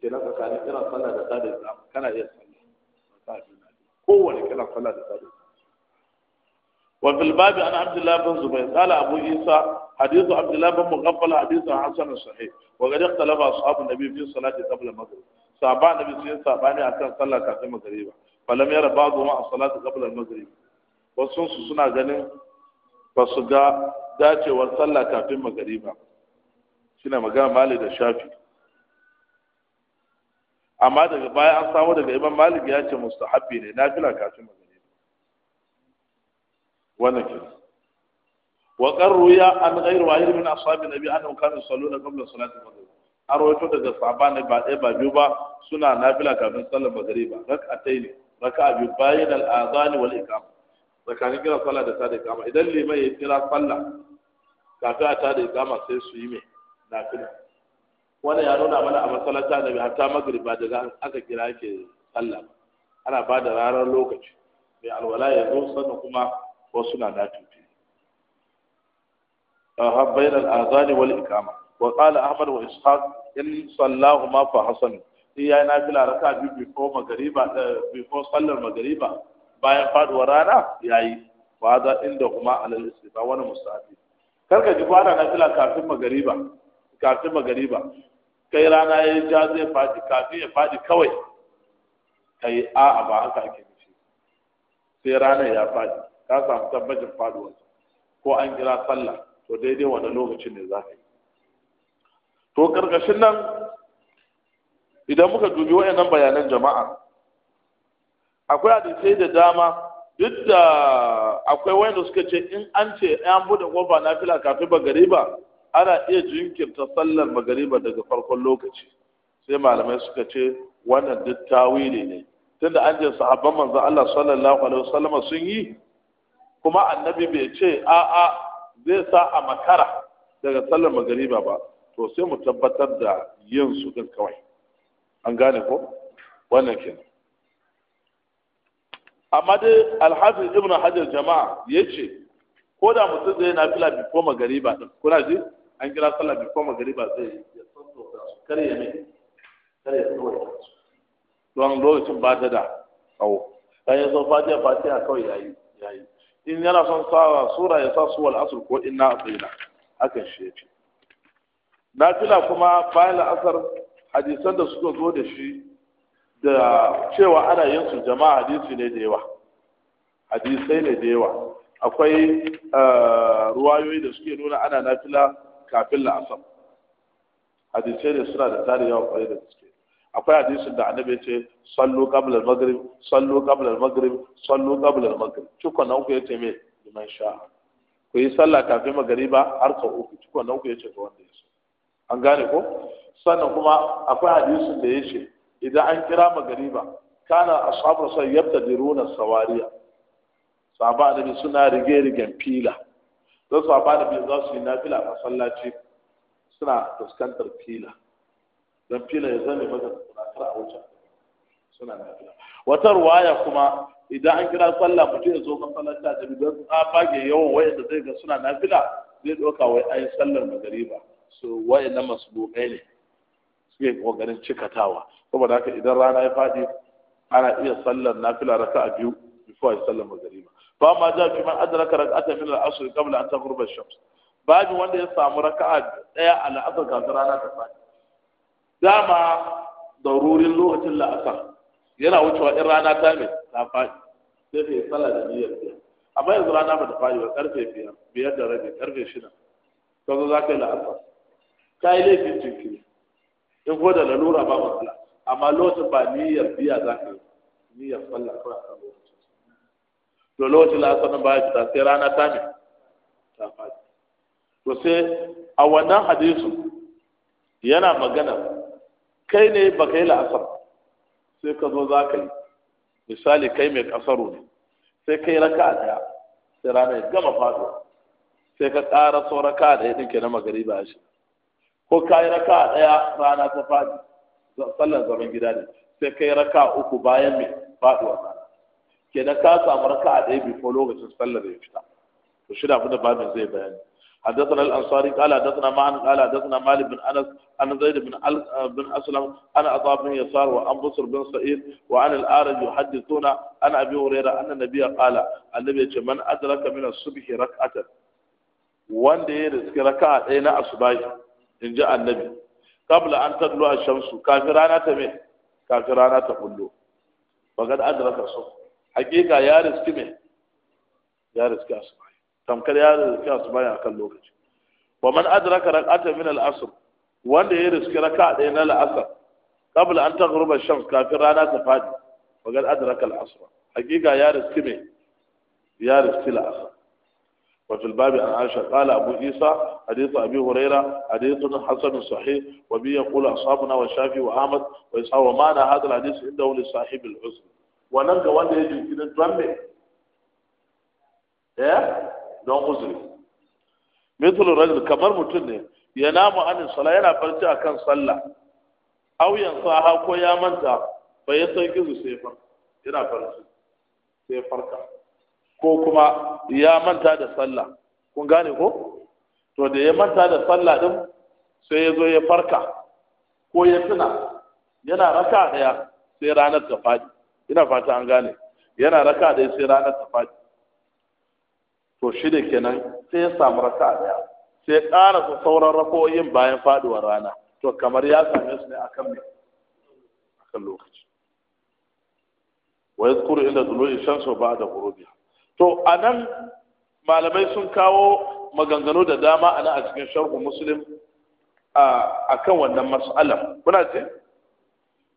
ke nan ka ni kira sallah da tsari da kana iya sallah ka juna kowane kira sallah da tsari wa fil babi an abdullah bin zubair qala abu isa hadithu abdullah bin muqaffal hadithu hasan sahih wa gadi ikhtalafa ashabu nabiy fi salati qabla maghrib sahaba nabi sai sabani akan sallah kafin maghrib fa lam yara ba'du ma salati qabla maghrib wasu su suna ganin ba su ga dacewar sallah kafin maghrib shine magana malik da shafi'i amma daga baya an samu daga imam malik ya ce mustahabbi ne nafila kafin magani wannan ke wa qarru ya an ghayr wahid min ashabin nabi annahum kanu yusalluna qabla salati maghrib an rawaito daga sahaba ne ba ɗaya ba biyu ba suna nafila kafin sallar maghrib rak'atayn raka'a bi bayan al-adhan wal iqama tsakanin kira sallah da tada iqama idan liman ya kira sallah kafin a tada iqama sai su yi mai nafila wannan ya nuna mana a masalata da hatta magriba daga aka kira ke sallah ana ba da ranar lokaci mai alwala ya zo sannan kuma wasu na dafi wa الآذان والإقامة وقال أحمد وإسحاق إن صلاهما ya yi na fila raka biyu before magariba eh, before sallar magariba bayan faduwar rana yayi ba za inda kuma alal istifa wani musafi karka ji ana na fila kafin magariba kafin ba kai rana ya ja zai fadi kafin ya fadi kawai kai a'a ba haka ake nufi sai ranar ya fadi ka samu tabbacin faduwar ko an kira sallah to daidai wani lokacin ne za ka yi to karkashin nan idan muka dubi wayannan bayanan jama'a akwai hadisai da dama duk da akwai wayanda suka ce in an ce an bude kofa na fila kafin ba gari ba ana iya jinkirta sallar magariba daga farkon lokaci sai malamai suka ce wannan duk tawili ne tunda an je sahabban manzon Allah sallallahu alaihi wasallam sun yi kuma annabi bai ce a a zai sa a makara daga sallar magariba ba to sai mu tabbatar da yin su din kawai an gane ko wannan kenan amma dai Alhaji ibn hajar jama'a yace ko da mutum zai na fila bifo magariba din kuna ji an kira sallah bi ko ba zai ya sassauta su kare ya mai kare ya tsawaita don lokacin ba ta da kawo kan ya so fatiha fatiha kawai yayi yayi in yana son sawa sura ya sa su wal asr ko inna asila hakan shi na nafila kuma bayan asar hadisan da suka zo da shi da cewa ana yin su jama'a hadisi ne da yawa hadisai ne da yawa akwai eh, ruwayoyi da suke nuna ana nafila kafin la'asar hadisai ne suna da tare yawa kwarai da suke akwai hadisin da annabi ya ce sallu qabla al-maghrib sallu qabla al-maghrib sallu qabla al-maghrib cikon nan ku yace me liman sha ku yi sallah kafin magariba har sau uku cikon nan ku yace ga wanda ya so an gane ko sannan kuma akwai hadisin da ya ce idan an kira magariba kana ashabu sai yabtadiruna sawariya sahaba annabi suna rige rigen fila don su ba da biyu za su yi nafila a masallaci suna fuskantar fila don fila ya maza da tunatar a wuce suna nafila wata ruwaya kuma idan an kira sallah mutum ya zo masallaci a jami don ga yawan wayanda zai ga suna nafila zai ɗauka wai an yi sallar magariba so masu bukai ne suke ƙoƙarin cikatawa saboda haka idan rana ya faɗi ana iya sallar nafila a biyu before yi sallar magariba ba ma ja fi man adraka rak'ata min al-asr qabla an taghrub ash-shams babu wanda ya samu raka'a daya a la'asar kafin rana ta fadi dama darurin lokacin la'asar yana wucewa in rana ta mai ta fadi sai ka yi sallah da niyyar biyar amma yanzu rana ba ta fadi ba karfe biyar biyar da rabi karfe shida ka za ka yi la'asar ka yi laifin jinkiri in goda da lalura ba matsala amma lokacin ba niyyar biya za ka yi niyyar sallah kawai a kan to lokacin la'asar nan baya fita sai rana ta ne ta faɗi to sai a wannan hadisu yana magana kai ne baka yi la'asar sai ka zo za ka yi misali kai mai kasaro ne sai kai raka a ɗaya sai rana ya gama faɗo sai ka ƙara so raka a ɗaya ɗin ke na magariba a shi ko ka yi raka a ɗaya rana ta faɗi sallar zaman gida ne sai kai raka uku bayan mai faɗuwar rana kenan ka samu raka'a ɗaya bifo lokacin sallar ya fita to shi da abinda babin zai bayani حدثنا الأنصاري قال حدثنا معن قال حدثنا مالك بن أنس عن زيد بن بن أسلم عن عطاء بن يسار وعن بصر بن سعيد وعن الأعرج يحدثون عن أبي هريرة أن النبي قال النبي من أدرك من الصبح ركعة وان دي رزق ركعة أين أصباي إن جاء النبي قبل أن تطلع الشمس كافرانا تمه كافرانا تقول فقد أدرك الصبح hakika ya riski me ya riski asubai tamkar ya riski asubai kan lokaci wa man adraka rak'atan min al-asr wanda ya riski raka'a ɗaya na al-asr qabla an taghruba shams kafin rana ta fadi wa qad adraka al-asr hakika ya riski me ya riski al-asr وفي الباب عن عائشة قال أبو عيسى حديث أبي هريرة حديث حسن صحيح وبه يقول أصحابنا والشافعي وأحمد وإسحاق ومعنى هذا الحديث عنده wannan ga wanda ya jinkiri don me eh don uzuri mithlu rajul kamar mutum ne ya namu an sala yana barci akan sallah aw yansa ha ko ya manta ba ya san kizu sai fa yana barci sai farka ko kuma ya manta da sallah kun gane ko to da ya manta da sallah din sai ya zo ya farka ko ya tuna yana raka daya sai ranar ta faɗi ina fata an gane yana raka ɗaya sai ranar ta faɗi to shi da kenan sai ya samu raka ɗaya sai ƙara su sauran rakoyin bayan faɗuwar rana to kamar ya same su ne akan me akan lokaci wa yadhkuru inda dulu'i shamsu ba'da ghurubiha to anan malamai sun kawo maganganu da dama ana a cikin sharhu muslim a kan wannan mas'alar kuna ce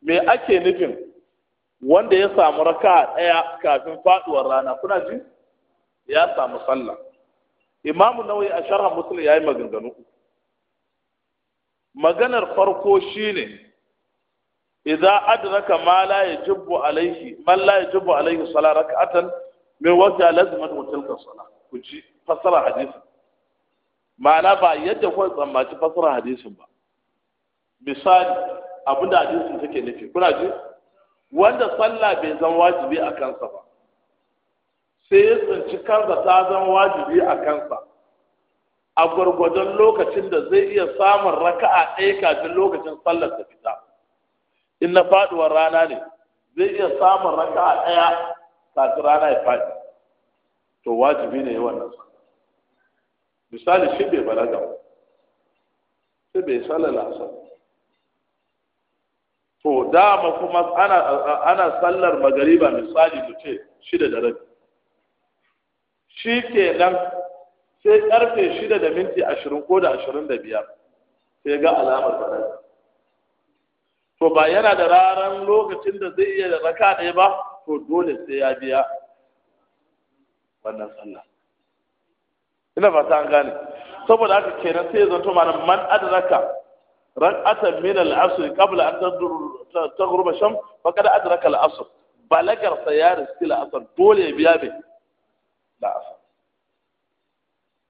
me ake nufin wanda ya samu raka ɗaya kafin faɗuwar rana kuna ji ya samu sallah imamu nawai a sharhan ya yi maganganu maganar farko shine idan adraka ma la yajibu alayhi man la yajibu alayhi salat rak'atan min waqti lazimat wa tilka salat ku ji fasara hadisin ma'ana ba yadda kuka tsammaci fasara hadisin ba misali abinda hadisin take nufi kuna ji wanda sallah bai zan wajibi a kansa ba sai ya tsinci kansa ta zan wajibi a kansa a gwargwadon lokacin da zai iya samun raka'a ɗaya kafin lokacin sallar ta fita in na faɗuwar rana ne zai iya samun raka'a ɗaya kafin rana ya faɗi to wajibi ne wannan misali shi bai balaga sai bai sallar asar to dama kuma ana ana sallar magariba misali mu ce shida da rabi shi ke nan sai karfe shida da minti ashirin ko da ashirin da biyar sai ga alamar magariba to ba yana da raran lokacin da zai iya raka ɗaya ba to dole sai ya biya wannan sallah ina ta an gane saboda haka kenan sai ya zanto mana man adraka rak'atan min al-asr qabla an taghrub shams faqad adraka al-asr balagar sa ya riski al dole ya biya bai da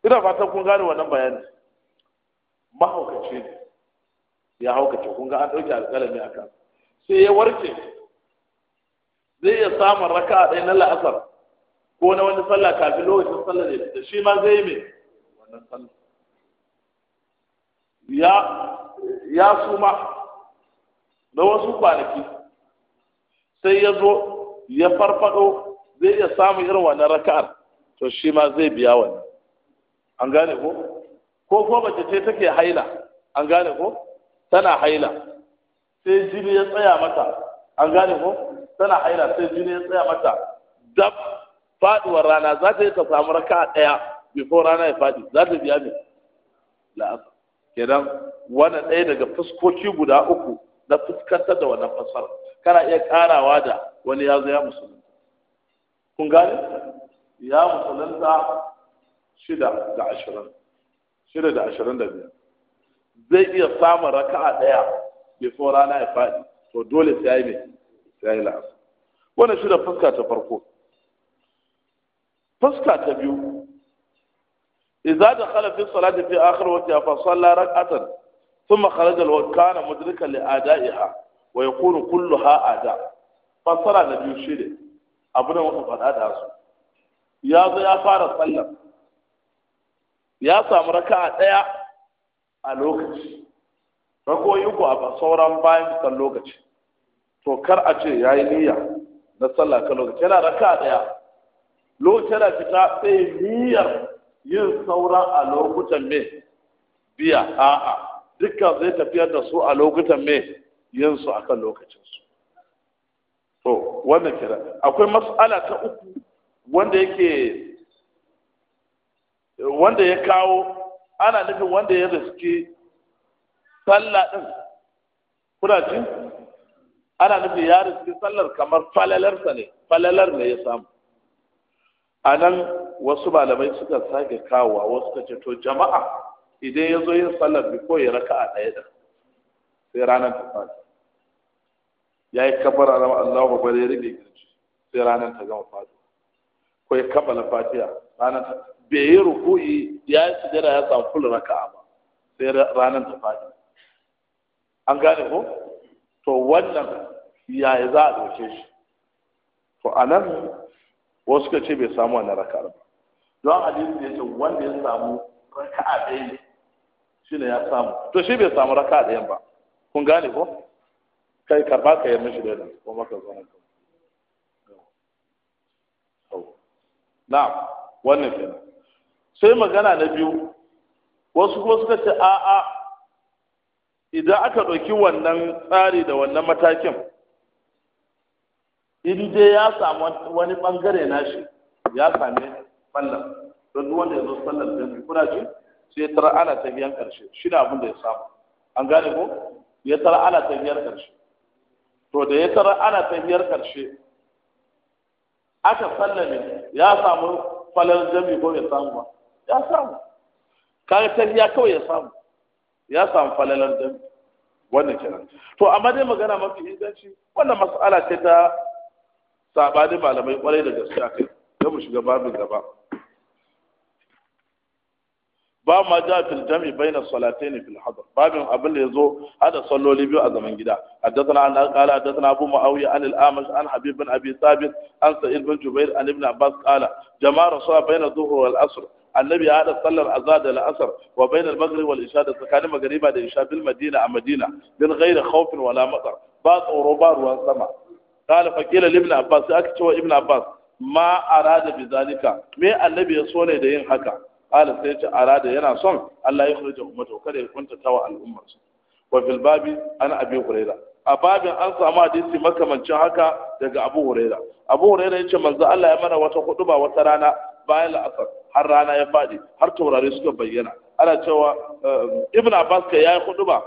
ina fatan kun gane wannan bayani mahaukaci ne ya haukace kun ga an dauke alƙalami akan sai ya warke zai iya samun raka'a ɗaya na la'asar ko na wani sallah kafin lokacin sallah ne da shi ma zai yi mai wannan sallah ya ya suma na wasu kwanaki sai ya zo ya farfado zai iya samun irin wannan raka'ar to shi ma zai biya wannan an gane ko ko ko mace ce take haila an gane ko tana haila sai jini ya tsaya mata an gane ko tana haila sai jini ya tsaya mata dab faduwar rana za ta yi ta samu raka'a daya before rana ya fadi za ta biya mai la'asa kenan wannan ɗaya daga fuskoki guda uku na fuskantar da wannan fasara kana iya karawa da wani ya zo ya musulunta kun gane ya musulunta shida da ashirin shida da ashirin da biyar zai iya samun raka'a ɗaya before rana ya faɗi to dole sai ya yi mai sai ya yi la'asa wannan shida fuska ta farko fuska ta biyu إذا دخل في الصلاة في آخر وقتها فصلى ركعة ثم خرج الوقت كان مدركا لأدائها ويكون كلها أداء فصلى نبي شيري أبنا وقف أداء يا ضياء فارة صلى يا سام ركعة ɗaya الوقت ركو rakoyi بصورا باين sauran bayan fitar lokaci to kar a ce ya yi niyya na sallah kan lokaci yana raka ɗaya lokaci yana fita sai niyyar yin saura a lokutan me biya a'a duka zai tafiyar da su a lokutan me yin su akan lokacin su to wannan kira akwai mas'ala ta uku wanda yake wanda ya kawo ana nufin wanda ya riski sallah din kuna ji ana nufin ya riski sallar kamar falalarsa ne falalar ne ya samu a nan wasu malamai suka sake kawowa wasu ka ce to jama'a idan ya zo yin sallar bi ko ya raka a ɗaya da sai ranar ta fara ya yi kabar alama Allahu bar ya rige girci sai ranar ta gama fata ko ya kabbala fatiha ranar ta bai yi ruku'i ya yi sujada ya samu kul raka'a ba sai ranar ta fata an gane ko to wannan yaya za a ɗauke shi to a nan wasu suka ce bai samu wannan raka'ar ba don hadisi ne ce wanda ya samu raka'a ɗaya ne shi ne ya samu to shi bai samu raka'a ɗaya ba kun gane ko kai karba ka yi shi da ko maka zauna ka Na, wannan kenan sai magana na biyu wasu ko suka ce a'a idan aka ɗauki wannan tsari da wannan matakin in dai ya samu wani bangare na shi ya same sallar don wanda ya zo sallar da kuna shi sai tara ana ta biyan karshe shi da abin da ya samu an gane ko ya tara ana ta biyar karshe to da ya tara ana ta biyar karshe aka sallame ya samu falar jami ko ya samu ba ya samu kaga ta biya kawai ya samu ya samu falalar jami wannan kenan to amma dai magana mafi inganci wannan mas'ala ce ta sabani malamai kwarai da gaske akai sai mu shiga babin gaba ba ma ja fil jami baina salatayn fil hadar babin abin da yazo hada salloli biyu a zaman gida haddathana an qala haddathana abu muawiya an al amash an habib bin abi thabit an sa'id bin jubair an ibn abbas qala jama'a rasul baina dhuhr wal asr annabi ya hada sallar azhar da al'asr wa baina al maghrib wal isha da tsakanin magriba da isha bil madina a madina bin ghairi khawfin wala matar ba tsoro ba ruwan sama qala fa qila ibn abbas sai aka cewa ibn abbas ma arada bi zalika me annabi ya so ne da yin haka qala sai ce arada yana son Allah ya khurja ummata kada ya kunta tawa al'ummar su wa fil babi ana abi huraira a babin an samu hadisi makamancin haka daga abu huraira abu huraira yace manzo Allah ya mana wata huduba wata rana bayan la'asar har rana ya faɗi har taurari suka bayyana ana cewa ibn abbas ka yayi huduba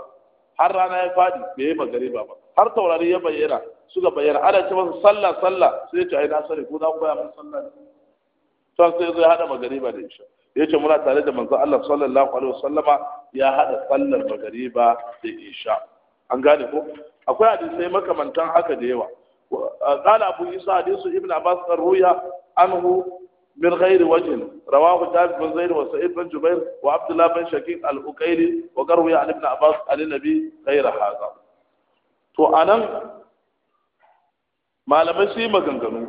har rana ya faɗi bai yi magariba ba har taurari ya bayyana suka bayyana ana ce masa sallah sallah sai ya ce ai na sani ko za ku koya min sallah ne to sai zai hada magariba da isha ya ce muna tare da manzon Allah sallallahu alaihi wasallama ya hada sallar magariba da isha an gane ko akwai hadisai makamantan haka da yawa قال أبو إيسى حديث ابن عباس روي عنه من غير وجه رواه جابر بن زيد وسعيد بن جبير وعبد الله بن شقيق الأكيلي وقروي عن ابن عباس عن النبي غير هذا تو أنا malamai su yi maganganu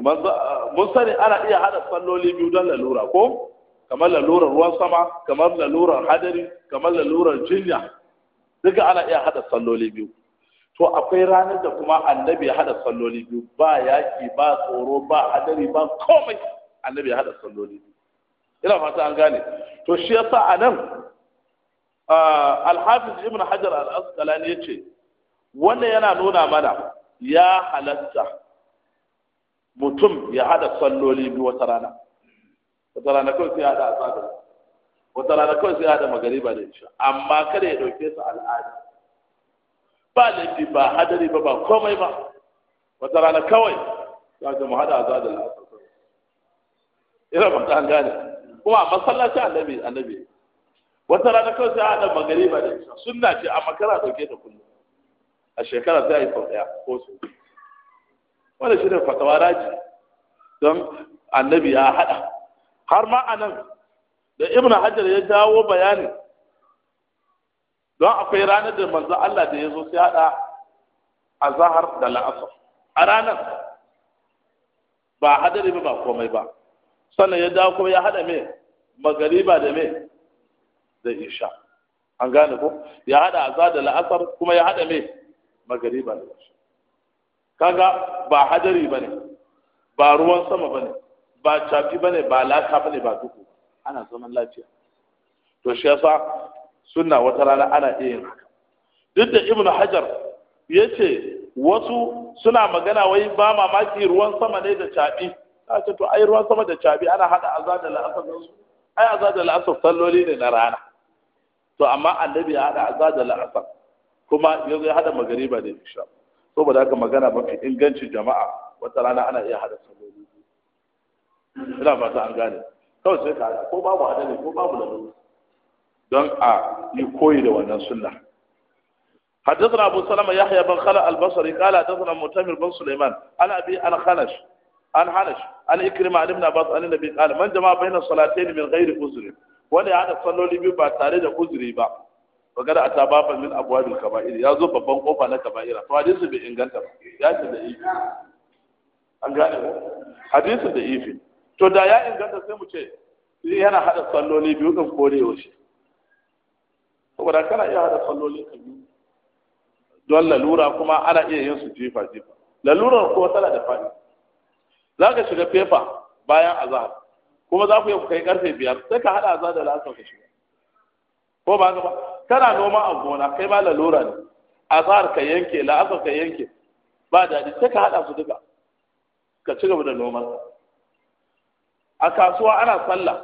mun sani ana iya hada salloli biyu don lalura ko kamar lalurar ruwan sama kamar lalurar hadari kamar lalurar jinya duka ana iya hada salloli biyu to akwai ranar da kuma annabi ya hada salloli biyu ba yaki ba tsoro ba hadari ba komai annabi ya hada salloli biyu ina fata an gane to shi yasa a nan alhafiz ibn hajar al-asqalani yace wannan yana nuna mana ya halatta mutum ya hada salloli biyu wata rana wata rana kawai sai ya hada asada wata rana kawai sai ya haɗa magariba da isha amma kada ya dauke su al'ada ba laifi ba hadari ba ba komai ba wata rana kawai za ta mu hada azada al'asar ina ba ta gane kuma a masallaci annabi annabi wata rana kawai sai hada magariba da isha sunna ce amma kana dauke da kullum a shekara sai a yi sau ɗaya ko su wanda shi ne fatawa raji don annabi ya haɗa har ma anan da ibn hajar ya jawo bayani. don akwai ranar da manzo Allah da ya zo sai haɗa a zahar da la'asar a ranar ba hadari ba ba komai ba sannan ya dawo kuma ya haɗa mai magariba da mai da isha an gane ko ya haɗa zahar da la'asar kuma ya haɗa mai magariba da isha kaga ba hadari bane ba ruwan sama bane ba cafi bane ba laka bane ba duku ana zaman lafiya to shi yasa sunna wata rana ana iya yin haka duk da ibnu hajar yace wasu suna magana wai ba mamaki ruwan sama ne da cafi ta ce to ai ruwan sama da cafi ana hada da la'asar ai da la'asar salloli ne na rana to amma annabi ya hada da la'asar kuma yanzu ya hada magariba da isha saboda haka magana mafi ingancin jama'a wata rana ana iya hada salloli ina fata an gane kawai sai ka ko babu adali ko babu lalura don a yi koyi da wannan sunna حدثنا أبو سلمة يحيى بن خلع البصري قال حدثنا مؤتمر بن سليمان عن أبي عن خنش عن حنش عن إكرمة عن ابن عباس عن النبي قال من جمع بين الصلاتين من غير أزر ولا عاد صلوا لي بعد تاريخ أزري بعد wa kada ata baban min abwabil kaba'ir ya zo babban kofa na kaba'ira to hadisu bai inganta ba ya ce da ifi an gane ko Hadisu da ifi to da ya inganta sai mu ce yana hada salloli biyu din kore yaushe saboda kana iya hada salloli biyu don lalura kuma ana iya yin su jifa jifa lalurar ko tana da fadi za ka shiga fefa bayan azahar. kuma za ku yi kai karfe biyar sai ka hada azahar da lasar ka shiga ko ba ka ba kana noma a gona kai ma lalura ne A zahar ka yanke la'asar ka yanke ba daɗi sai ka haɗa su duka ka ci gaba da noman a kasuwa ana sallah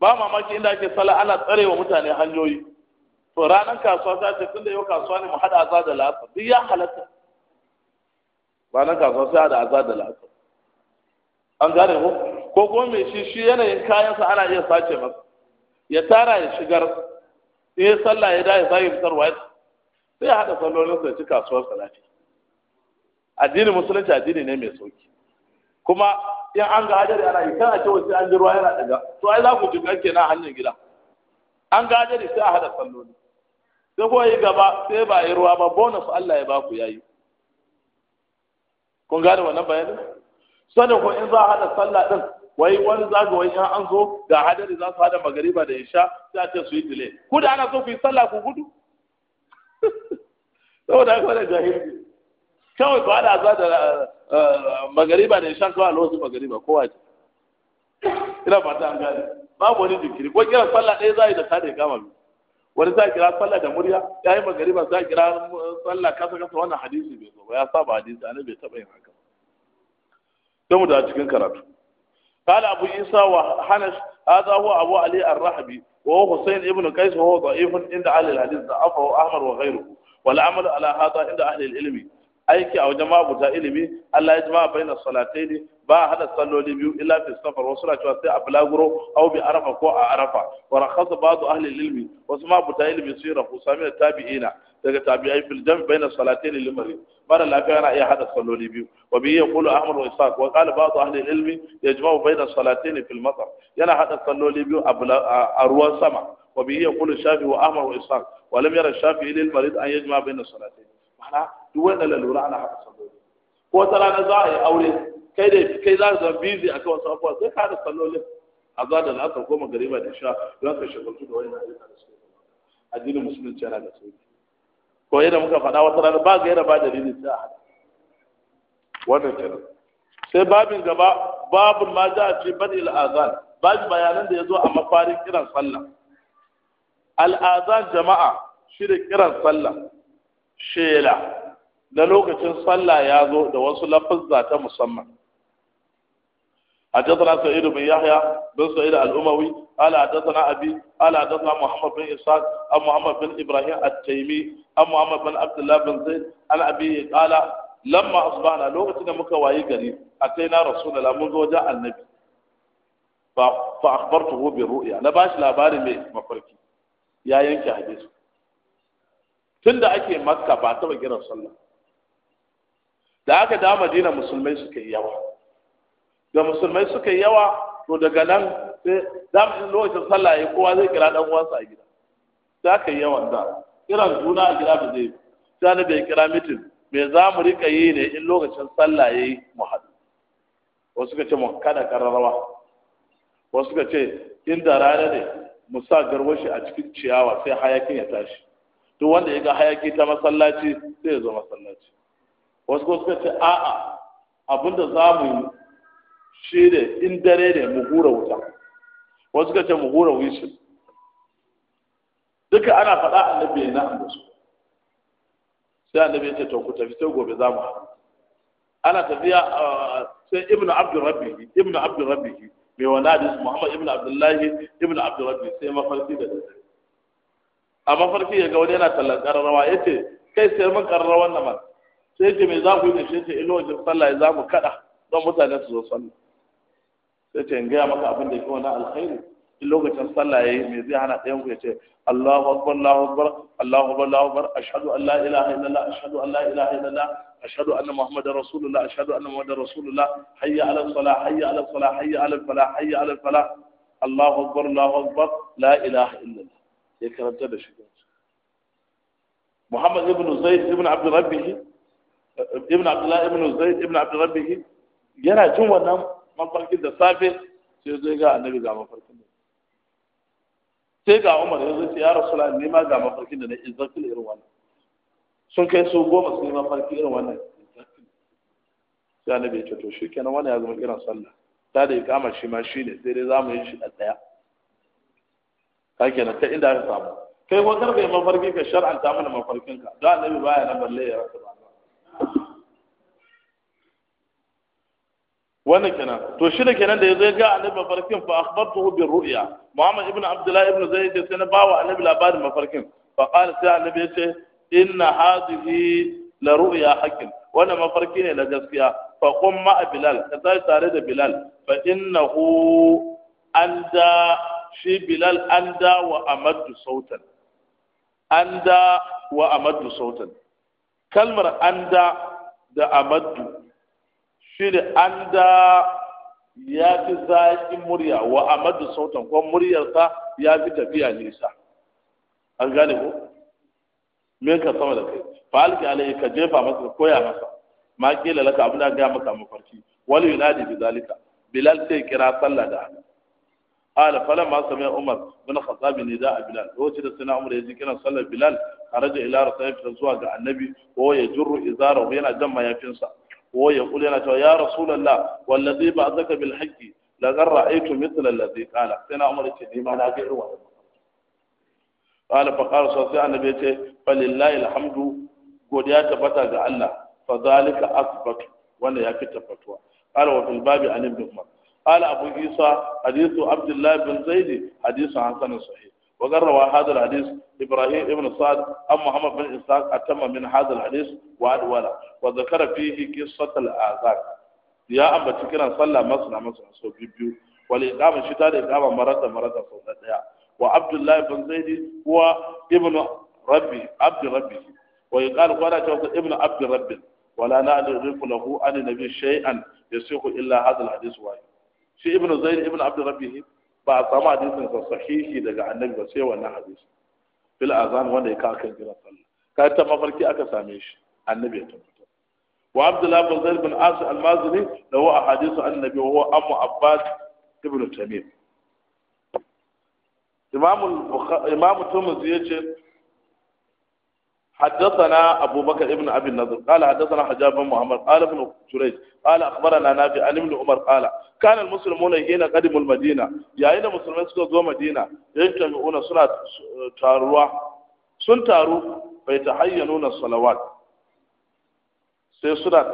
ba mamaki inda ake sallah ana tsare wa mutane hanyoyi to ranar kasuwa ce tun da yau kasuwa ne mu haɗa azhar da la'asar duk ya halatta ranar kasuwa sai haɗa azhar da la'asar an gane ko ko kuma mai shi shi yanayin kayansa ana iya sace masa ya tara ya shigar sai ya sallah ya da ya sake fitarwa sai ya haɗa sallolin sa ci kasuwar Salafi. addinin musulunci addini ne mai sauki kuma in an ga hajjari ana yi a cewa sai an ji ruwa yana daga to ai za ku ji kanke na hanyar gida an ga hajjari sai a haɗa salloli sai ko yi gaba sai ba yi ruwa ba bonus Allah ya baku yayi kun gane wannan bayanin sanin ko in za a haɗa sallah ɗin wai wani zaga wai sha an zo ga hadari za su hada magariba da isha sai a ce su yi dile ku da ana so ku yi sallah ku gudu saboda haka wani jahilci kawai ku hada za da eh, magariba da isha kawai a lokacin magariba kowa ce ina fata an gane babu wani jinkiri ko kiran sallah ɗaya za a yi da tada ya gama mu wani za a kira sallah da murya ya yi magariba za a kira eh, sallah kasa kasa wannan hadisi bai zo ba ya saba hadisi annabi bai taɓa yin haka sai mu da cikin karatu قال أبو عيسى وحنش هذا هو أبو علي الرحبي وهو حسين ابن قيس وهو ضعيف عند أهل الحديث ضعفه أحمد وغيره والعمل على هذا عند أهل العلم aiki a wajen mabuta ilimi Allah ya jima bai na salatai ne ba a hada salloli biyu illa fi safar wasu na cewa sai a bulaguro au bi arafa ko a arafa wa rakhasa ba'du ilmi wasu mabuta ilimi sun rafu sami da tabi'ina daga tabi'ai fil jam' bayna salatayn lil marid mara la kana iya hada salloli bi wa bi yaqulu ahmad wa isaq wa qala ba'd ahli al ilm yajma'u bayna salatayn fil matar yana hada salloli bi a ruwan sama wa bi yaqulu shafi wa ahmad wa isaq wa lam yara shafi lil marid an yajma' bayna salatayn mana duk la lura ana hada salloli ko tala na za a yi aure kai da kai za ka bizi busy akan wasu sai ka da sallolin azza da la'asar ko magariba da sha don ka shagaltu da wani ayyuka da suke addinin musulunci yana da sauki ko yadda muka faɗa wata rana ba ga yadda ba dalilin sai a hada wannan kenan sai babin gaba babin ma za a ce bari al'azan babin bayanan da ya zo a mafarin kiran sallah al'azan jama'a shi da kiran sallah shela na lokacin sallah ya zo da wasu lafazza ta musamman حدثنا سعيد بن يحيى بن سعيد الأموي قال حدثنا أبي قال حدثنا محمد بن إسحاق أم محمد بن إبراهيم التيمي أم محمد بن عبد الله بن زيد عن أبي قال لما أصبحنا لغتنا مكواي قريب أتينا رسول الله منذ وجاء النبي فأخبرته بالرؤيا أنا باش لاباري مي مفركي يا ينكي حديث tunda ake makka ba taɓa kiran sallah da aka da madina musulmai سكي يا yawa Da musulmai suka yi yawa to daga nan sai zamu lokacin sallah ya kowa zai kira dan uwansa a gida za ka yi yawan da kira juna a gida ba zai yi sai bai kira mitin me za mu rika yi ne in lokacin sallah ya yi mu haɗu wasu suka ce mu kada kararrawa wasu suka ce inda rana ne mu sa garwashi a cikin ciyawa sai hayakin ya tashi duk wanda ya ga hayaki ta masallaci sai ya zo masallaci wasu suka ce a'a abinda za mu yi shi ne in dare ne mu hura wuta wasu ka ce mu hura wuta duka ana faɗa annabi ya na da su sai annabi ya ce to ku tafi sai gobe za mu ana tafiya ah, sai Ibnu abdul rabbi Ibnu abdul rabbi mai wani hadis muhammad Ibnu abdullahi Ibnu abdul rabbi sai mafarki da dare a mafarki ya ga wani yana tallan kararrawa ya ce kai sai mun wannan nan sai ce me za ku yi da shi ce ilo wajen sallah ya za mu kaɗa don mutane su zo sallah sai ce in gaya maka abin da yake wani alkhairi in lokacin sallah yayi me zai hana ɗayan ku ya ce Allahu akbar Allahu akbar Allahu akbar Allahu akbar ashhadu an la ilaha illallah ashhadu an la ilaha illallah ashhadu anna muhammadar rasulullah ashhadu anna muhammadar rasulullah hayya ala salah hayya ala salah hayya ala falah hayya ala falah Allahu akbar Allahu akbar la ilaha illallah ya karanta da shi Muhammad ibn Zaid ibn Abd Rabbih ibn Abdullah ibn Zaid ibn Abd Rabbih yana jin wannan mafarkin da safe sai zai ga annabi ga mafarkin da sai ga umar ya zai ya rasu ne nema ga mafarkin da na izakil irin wannan sun kai su goma su yi mafarki irin wannan sai annabi ya ce to shi kenan wannan ya zama kiran sallah ta da ikama shi ma shi ne sai dai za mu yi shi a ɗaya ka kenan ta inda aka samu kai ko karfe mafarki ka shar'anta mana mafarkinka don annabi baya na balle ya rasu ba wannan kenan to shi da kenan da yazo ya ga annabi mafarkin fa akhbartuhu bi ru'ya muhammad ibn abdullah ibn zaid sai na bawa annabi labarin mafarkin fa qala sai annabi ya ce inna hadhihi la ru'ya haqqin wannan mafarki ne na gaskiya fa qum ma bilal ka sai tare da bilal fa innahu anda shi bilal anda wa Amadu sautan anda wa Amadu sautan kalmar anda da Amadu. shine an da ya fi zaƙin murya wa amadu sautan ko muryarsa ya fi tafiya nisa an gane ko me ka sama da kai fa alki alai ka jefa masa koya masa ma kila laka abin da ga maka mafarki wal yunadi bi zalika bilal sai kira sallah da haka قال فلما سمع عمر بن الخطاب نداء بلال لوجد سنا عمر يجي كان صلى بلال خرج الى رسول الله صلى الله عليه وسلم وهو يجر ازاره yana jan mayafinsa ko ya kula yana cewa ya rasulullah wallazi ba'athaka bil haqqi la ra'aytu mithla allazi qala sai na umar ce na ga irin wannan قال فقال صلى الله عليه وسلم فلله الحمد godiya tabbata ga Allah fa zalika asbat wanda ya fi tabbatuwa qala wa fil babi an umar qala abu isa hadithu abdullah bin zaid hadithu hasan وقد روى هذا الحديث إبراهيم ابن الصاد أم محمد بن إسحاق أتم من هذا الحديث وعد ولا وذكر فيه قصة الآذان يا أم بتكنا صلى مصنع مصنع سو بيبيو والإقامة شتاء الإقامة مرة مرة صلى الله وعبد الله بن زيد هو ابن ربي عبد ربي ويقال ولا جوز ابن عبد ربي ولا نعرف له عن النبي شيئا يسوق إلا هذا الحديث واحد في ابن زيد ابن عبد ربه ba a samu hadisin sa sahihi daga annabi ba sai wannan hadisi fil azan wanda ya kawo kan kiran sallah ka ta mafarki aka same shi annabi ya tabbatar wa abdullah bin zaid bin as al-mazini da wa ahadisu annabi wa Amma amu abbas ibn tamim imam imam tumzi yace حدثنا أبو بكر ابن أبي النضر قال حدثنا حجاب بن محمد قال ابن جريج قال أخبرنا نافع عن ابن عمر قال kana musulmuna ina qadimul madina yayin da musulmai suka zo madina yajtami'una suna taruwa sun taru bai nuna salawat sai suna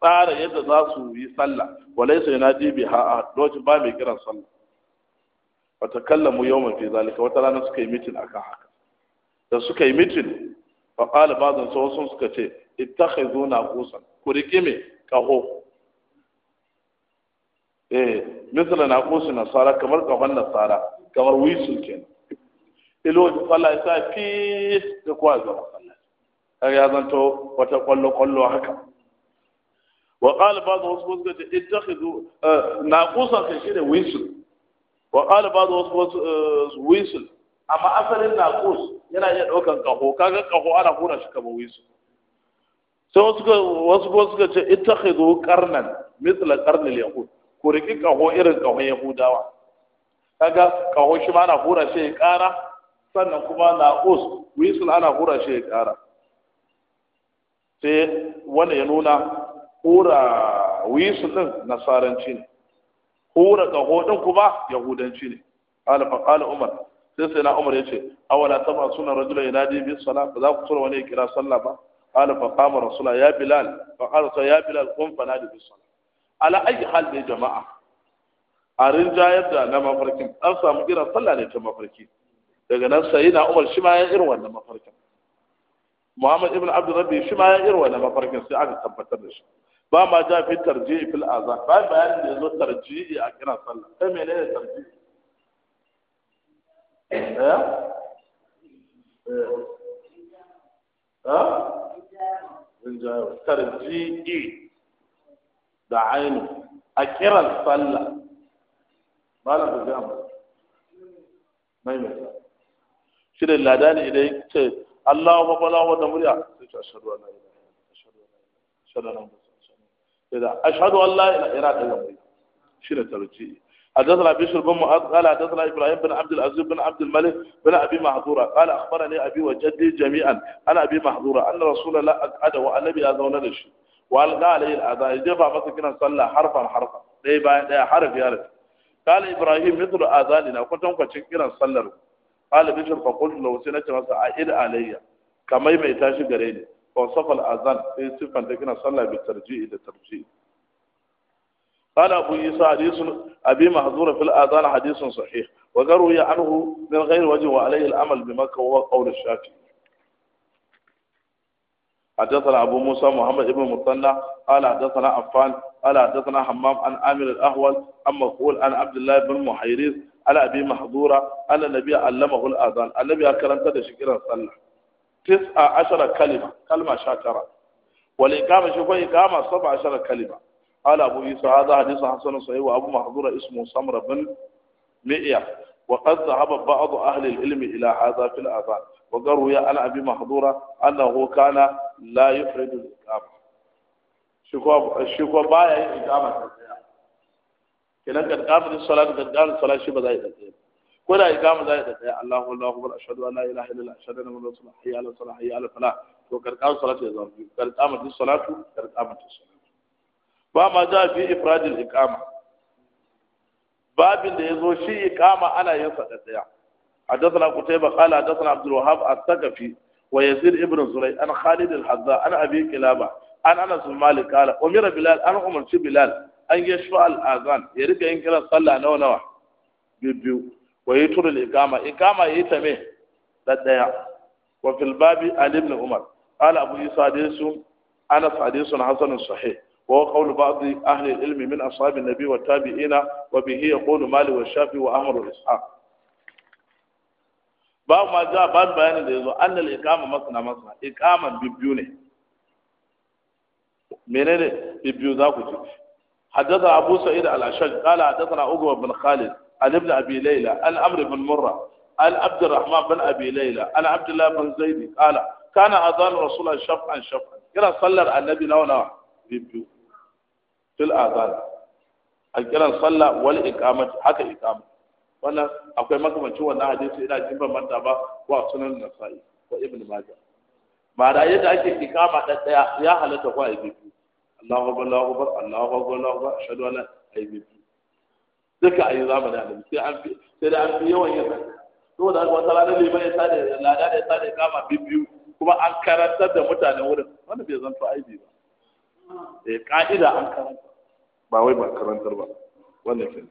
tsara yadda za su yi sallah walai sai na ji biha a lokacin ba mai kiran sallah wata kallamu yau mafi zalika wata rana suka yi mitin aka haka da suka yi mitin fa qala ba'dun sun suka ce ittakhizuna qusan ku rike me kaho إيه، مثل ناقوس النصارى كمر كمان النصارى كمر ويسل كين إلو فلا إسا بيس تقوازا وقال أي هذا أنتو وتقولوا قلوا هكا وقال بعض وصفوز قد اتخذوا آه، ناقوسا كشير ويسل وقال بعض وصفوز آه، ويسل أما أصل الناقوس ينا يدعوكا قهو كاكا قهو أنا هنا شكبه ويسل سوزك وصفوز قد اتخذوا كرنا مثل كرن اليهود ku riƙi ƙaho irin ƙahon yahudawa kaga ƙaho shi ma ana hura shi ya ƙara sannan kuma na us wisul ana hura shi ya ƙara sai wanda ya nuna hura wisul ɗin nasaranci ne hura ƙaho ɗin kuma yahudanci ne alfaƙal umar sai sai na umar ya ce awala ta ba suna rajula yana ji bi sala ba za ku tura wani ya kira sallah ba alfaƙamar rasula ya bilal faƙar ya bilal kun fana da bi sala ala ayi hal da jama'a a rinjayar da na mafarkin an samu irin sallah ne ta mafarki daga nan sai na umar shi ma ya irin wannan mafarkin muhammad ibn abdul rabbi shi ma ya irin wannan mafarkin sai aka tabbatar da shi ba ma ja fi tarji'i fil azan ba bayanin da yazo tarji'i a kiran sallah kai menene tarji'i eh eh ha rinjayar tarji'i دعاني أكرا الفلة ما لك جامعة ما يمتع شير الله داني إليك اللهم بلا ودمريا أشهد أن لا إله إلا أشهد أن لا إله إلا أشهد أن لا إله إلا أشهد أن لا إله إراد الأمر شير ترجي حدثنا بشر بن مؤاد قال حدثنا ابراهيم بن عبد العزيز بن عبد الملك بن ابي محظورة قال اخبرني ابي وجدي جميعا انا ابي محظورة ان رسول الله اقعد وانا ابي اذون walga alayhi al'adha idafa masa kiran sallah harfan harfan dai bayan daya harfi harfi kala ibrahim mithlu azalina kwatan kwacin kiran sallar kala bishr fa qultu law sinata masa a'id alayya kamai mai tashi gare ni fa safal azan sai sifan da kiran sallah bi tarji'i da tarji'i قال أبو يسا حديث أبي محذور في الأذان حديث صحيح وقروا عنه من غير وجه وعليه الأمل بمكة وهو قول الشافعي حدثنا أبو موسى محمد بن مثنى قال حدثنا عفان قال حدثنا حمام عن عامر الأهول عن مقول عن عبد الله بن محيريز على أبي محظورة أن النبي علمه الأذان النبي أكرم تدى شكرا صلى تسعة عشر كلمة كلمة شاكرة والإقامة شوفوا إقامة سبع عشر كلمة قال أبو عيسى هذا حديث حسن صحيح وأبو محظورة اسمه سمر بن مئة وقد ذهب بعض أهل العلم إلى هذا في الأذان وقال روي عن أبي محظورة أنه كان لا يفرد الإقامة شكوى باية إقامة kenan kan kafirin salat kan kafirin salat shi ba za a yi da ko da ikama za a yi da tsaye Allahu Allahu akbar ashhadu an la ilaha illallah ashhadu anna muhammadan rasulullah hayya ala salah hayya ala falah to karkamu salat ya zama biyu karkamu din salatu karkamu din salatu ba ma za fi babin da ya zo shi ikama ana yin da حدثنا قتيبة قال حدثنا عبد الوهاب الثقفي ويزيد ابن زري انا خالد الحذاء انا أبي كلابة انا أنس بن مالك قال أمير بلال أنا شي بلال أن يشفع الآذان يريد إن كان صلى نوى نوى بيبيو ويتر الإقامة إقامة يتمه لديا وفي الباب علي بن عمر قال أبو عيسى حديث انا حديث حسن صحيح وهو قول بعض أهل العلم من أصحاب النبي والتابعين وبه يقول مالك والشافعي وأحمد وإسحاق باب ما جاء بعد بيان da أن الإقامة مصنع مصنع إقامة ببيونة منين ببيو ذاك bibbiyu حدثنا أبو سعيد على شج قال حدثنا أقوى بن خالد عن ابن أبي ليلى عن عمرو بن مرة عن عبد الرحمن بن أبي ليلى عن عبد الله بن زيد قال كان أذان رسول الله شفعا شفعا كنا صلى النبي نوع ببيو في الأذان الكلام صلى والإقامة حتى إقامة wannan akwai makamancin wannan hadisi ina jin ban manta ba wa sunan nasa'i ko ibnu majah ba da yadda ake ikama da daya ya halatta ko ai bibi Allahu akbar Allahu akbar Allahu akbar Allahu akbar shahadu an la ilaha illallah duka ayi zamani annabi sai an fi sai da an fi yawan yin to da wata rana ne bai sa da lada da sai da kama bibiyu kuma an karantar da mutanen wurin wannan bai zanto aibi ba eh ka'ida an karanta ba wai ba karantar ba wannan kenan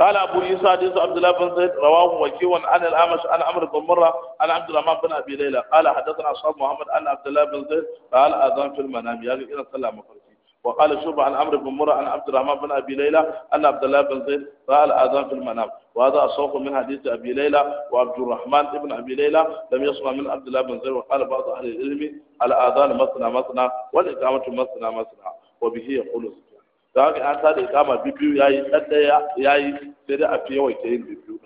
قال أبو عيسى حديث عبد الله بن زيد رواه وكيع عن الأعمش عن عمرو بن مرة عن عبد الرحمن بن أبي ليلى قال حدثنا أصحاب محمد عن عبد الله بن زيد قال أذان في المنام يعني إلى صلى مفرسي وقال شوب عن عمرو بن مرة عن عبد الرحمن بن أبي ليلى أن عبد الله بن زيد قال أذان في المنام وهذا الصوت من حديث أبي ليلى وعبد الرحمن بن أبي ليلى لم يسمع من عبد الله بن زيد وقال بعض أهل العلم الأذان مثنى مثنى والإقامة مثنى مثنى وبه يقول da haka an tada ikama bibiyu ya yi ɗan ɗaya ya yi sai dai a fi ke yin bibiyu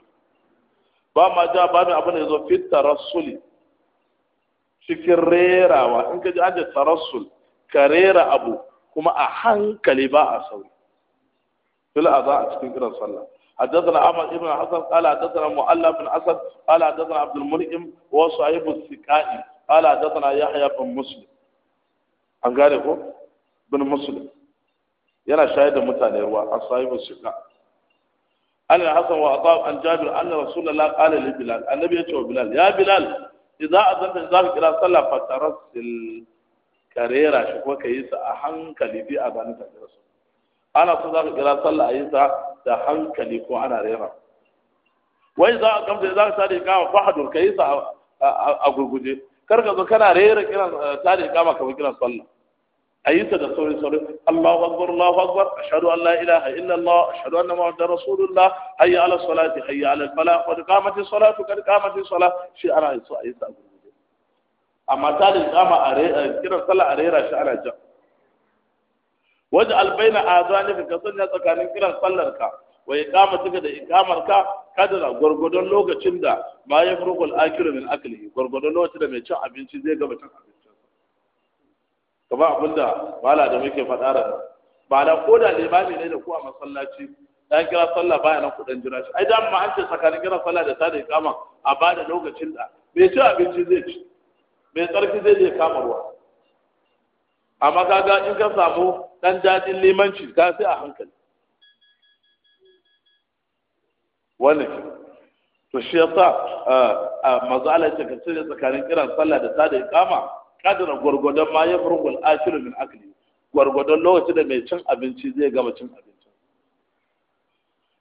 ba ma ja ba mai abin da ya zo fi tarasuli cikin rerawa in ka ji an tarassul ka rera abu kuma a hankali ba a sauri fil aza a cikin kiran sallah حدثنا عمر بن حسن قال حدثنا مؤلف بن اسد قال حدثنا عبد الملئم وصاحب السكائي قال حدثنا يحيى بن مسلم عن قال بن مسلم yana shayar da mutane ruwa a sahibu shika an hasan wa atab an jabir anna rasulullah qala li bilal annabi ya ce wa bilal ya bilal a azanta idza ka kira sallah fatarasil karera shi ko yi sa a hankali bi a zanin ta rasul ana so za ka kira sallah ayi sa da hankali ko ana rera wai za ka kamta idza ka sadi kama fahadur yi sa a gurguje kar ka zo kana rera kiran tare eh, kama kamar kiran sallah ayi ta da sauri sauri Allahu akbar Allahu akbar ashhadu an la ilaha illa Allah ashhadu anna muhammadar rasulullah hayya ala salati hayya ala falah qad qamati salatu qad qamati salat shi ana so ayi ta amma ta da kama a kiran sallah a rera shi ana ja waje albaina azani ka sanya tsakanin kiran sallar ka wa iqamatuka da iqamarka kadara gurgudon lokacin da ma ya furqul akiru min aklihi gurgudon lokacin da mai cin abinci zai gaba cin abinci kamar abinda mala da muke faɗa da ba da ko da limami ne da ku a masallaci ya kira sallah baya nan kuɗin jira shi ai da ma an ce tsakanin kira sallah da ta da kama a ba da lokacin da bai ci abinci zai ci bai tsarki zai je kama ruwa amma ga in ka samu dan dadin limanci ka sai a hankali wannan to shi yasa eh, a Allah ya ce tsakanin kiran sallah da ta da kama? kadara gwargwadon ma ya furgul ashiru min akli gwargwadon lokaci da mai cin abinci zai gama cin abinci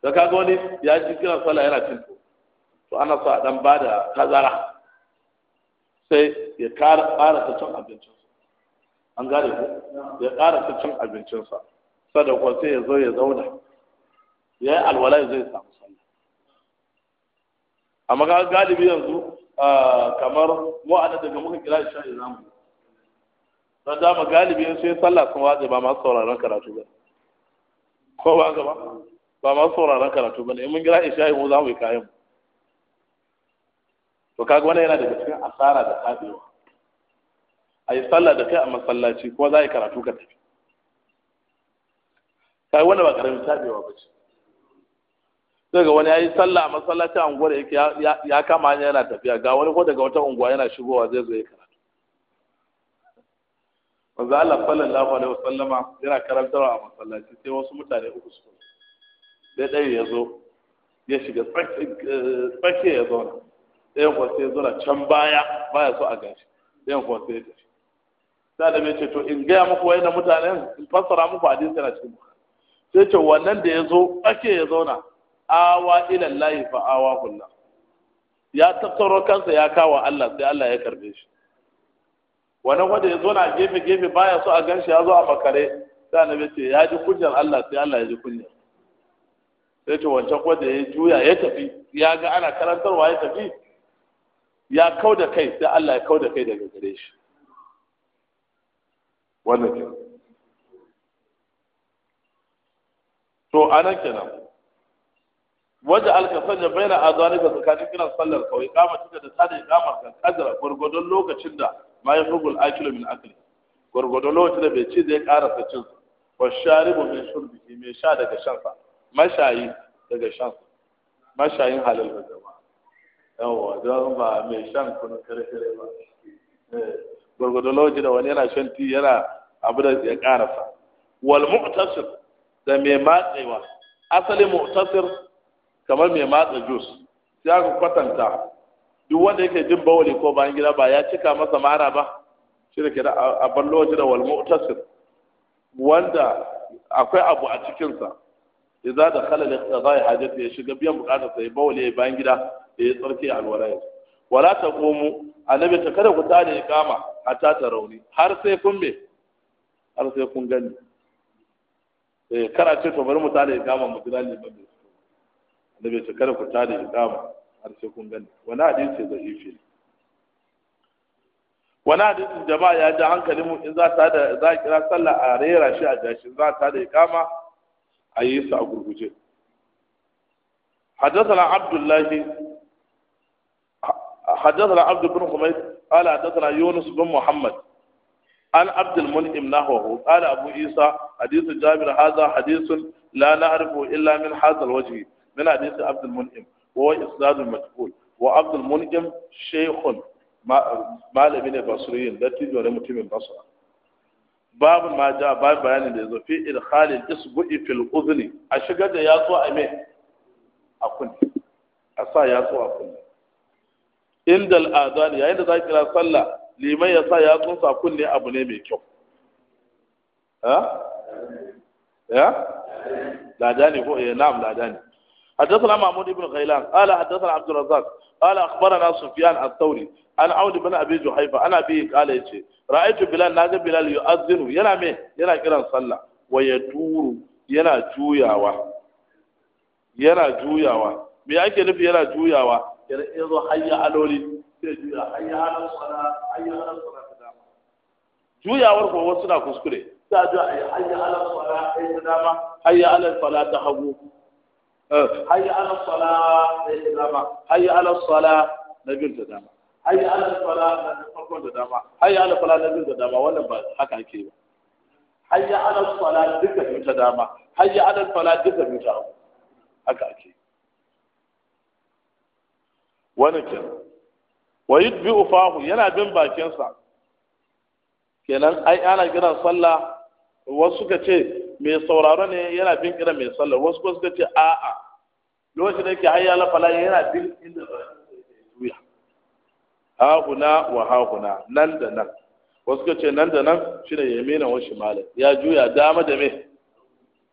da kaga wani ya ji kiran sala yana cin to ana sa dan bada tazara sai ya kara ƙara ta cin abinci an gare ku. ya ƙara ta cin abincinsa sada ko sai ya zo ya zauna ya yi zai samu sallah amma ga galibi yanzu ah, kamar mu a daga muka kira shi zamu don mu galibi in sai sallah sun watsa ba masu sauraron karatu ba ko ba gaba ba masu sauraron karatu ba ne in mun gira isha'i mu za mu yi kayan mu to kaga wannan yana daga cikin asara da tabewa a yi sallah da kai a masallaci kuma za a yi karatu ka tafi kai wannan ba karamin tabewa ba ce daga wani ya yi sallah a masallaci a unguwar yake ya kama hanya yana tafiya ga wani ko daga wata unguwa yana shigowa zai zo ya karatu manzo Allah sallallahu alaihi wasallama yana karantarwa a masallaci sai wasu mutane uku su dai ɗaya ya zo ya shiga tsakiya ya zauna ɗaya kuwa sai ya zauna can baya baya so a gashi ɗaya kuwa sai ya tafi sai da mai ce to in gaya muku wai na mutanen in fassara muku hadisi yana cikin muka sai ce wannan da ya zo tsakiya ya zauna awa ila lahi fa awa kullah ya tattaro kansa ya kawo Allah sai Allah ya karbe shi wani wanda ya zo na gefe gefe baya so a gan shi ya zo a makare sai annabi ce ya ji kunyar Allah sai Allah ya ji kunyar sai to wancan wanda ya juya ya tafi ya ga ana karantarwa ya tafi ya kau da kai sai Allah ya kau da kai daga gare shi wannan ke to anan kenan waje alkasan ya baina a zuwa tsakanin kiran sallar kawai kama tuka da tsada ya kama kan kadara gwargwadon lokacin da ma yafugul akilu min akli gurgudu lokacin da bai ci zai karasa cin wa sharibu min shurbi mai sha daga shan sa mashayi daga shan mashayin halal da jama'a yawa don ba mai shan kuna kare kare ba eh, gurgudu lokacin da wani yana shan ti yana abu da ya karasa wal mu'tasir da mai matsewa asali mu'tasir kamar mai matsa jus sai aka kwatanta duk wanda yake jin bawali ko bayan gida ba ya cika masa mara ba shi da kira a ballo shi da tasir wanda akwai abu a cikinsa idza da khala li ya hajjata ya shiga biyan bukatar sai bawali bayan gida da ya tsarki alwarai wala a annabi ta kada ku ta da ikama a ta ta rauni har sai kun me har sai kun gani eh, Kar a ce to bari mu ta da ikama mu gida ne ba annabi ta kada ku ta da ikama har sai wani hadisi jama'a ya ji hankali mu in za ta da za a kira sallah a rera shi a gashi za ta da ikama a yi sa a gurguje hadathana abdullahi hadathana abdul bin humayt qala yunus bin muhammad an abdul mun'im nahu qala abu isa hadith jabir hadha hadith la na'rifu illa min hadha al-wajh min hadith abdul ko isnadul majhul wa abdul munjam shaykhun malami ne basriyin dattijo ne mutumin basra babu ma ba bayanin da yazo fi idkhalil isbu'i fil udhni a shigar da yatsu a a kunne a sa yatsu a kunne inda al'adani yayin da za ki sallah liman ya sa yatsun sa kunne abu ne mai kyau lada ne ko eh na'am lada ne حدثنا محمود بن غيلان قال حدثنا عبد الرزاق قال اخبرنا سفيان الثوري عن عون بن ابي جحيفه انا به قال يجي رايت بلال ناجي بلال يؤذن ينا مي ينا كيران صلاه ويدور yana juyawa yana juyawa me ake nufi yana juyawa yana yazo hayya aloli sai juya hayya alal sala hayya alal sala ta dama juyawar ko wasu na kuskure sai a juya hayya alal sala ta dama hayya alal sala ta hagu Eh, hayya ala na bin ta dama hayya ala na bin da dama hayya ala sala na bin da dama hayya ala sala na bin da dama wannan ba haka ake ba duka ta dama wani kenan wa ufahu yana bin bakinsa kenan ai ana gidan sallah wasu ka ce mai sauraro ne yana bin kira mai sallar wasu kuma suka ce a'a lokacin da yake hayya na fala yana bin inda ba juya ha huna wa ha huna nan da nan wasu suka ce nan da nan shi shine na wasu malam ya juya dama da me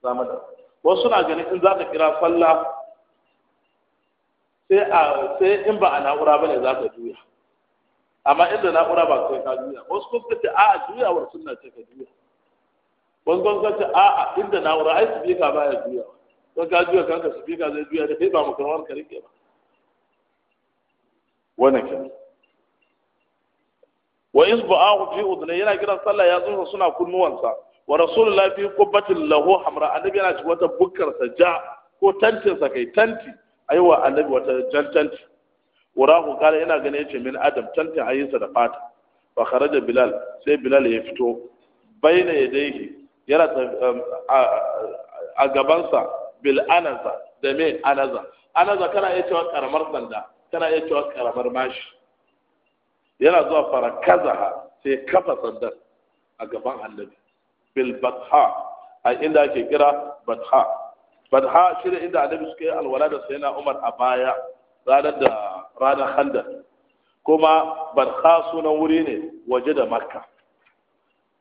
dama da wasu na ganin in za ka kira sallah sai a sai in ba a na'ura bane za ka juya amma inda na'ura ba sai ka juya wasu kuma suka ce a'a juyawar sunna ce ka juya gwangon ka ce a'a inda na wura ai speaker baya juya don ka juya kanka speaker zai juya da kai ba mu makarawar ka rike ba wannan kenan wa isba'ahu fi udnay yana kiran sallah ya tsufa suna kunnuwansa wa rasulullah fi qubbatin lahu hamra annabi yana cikin wata bukkar sa ja ko tantin sa kai tanti aiwa annabi wata jan tanti warahu kala yana gane yace min adam tantin ayyinsa da fata fa kharaja bilal sai bilal ya fito bayna yadayhi yana um, a gabansa bil anaza da me anaza anaza kana iya cewa karamar sanda kana iya cewa karamar mashi yana zuwa fara farakaza sai kafa sandar a gaban annabi bil batha a inda ake kira batha batha shi ne inda annabi suka yi alwala da sayyidina umar a baya ranar da ranar handar kuma batha sunan wuri ne waje da makka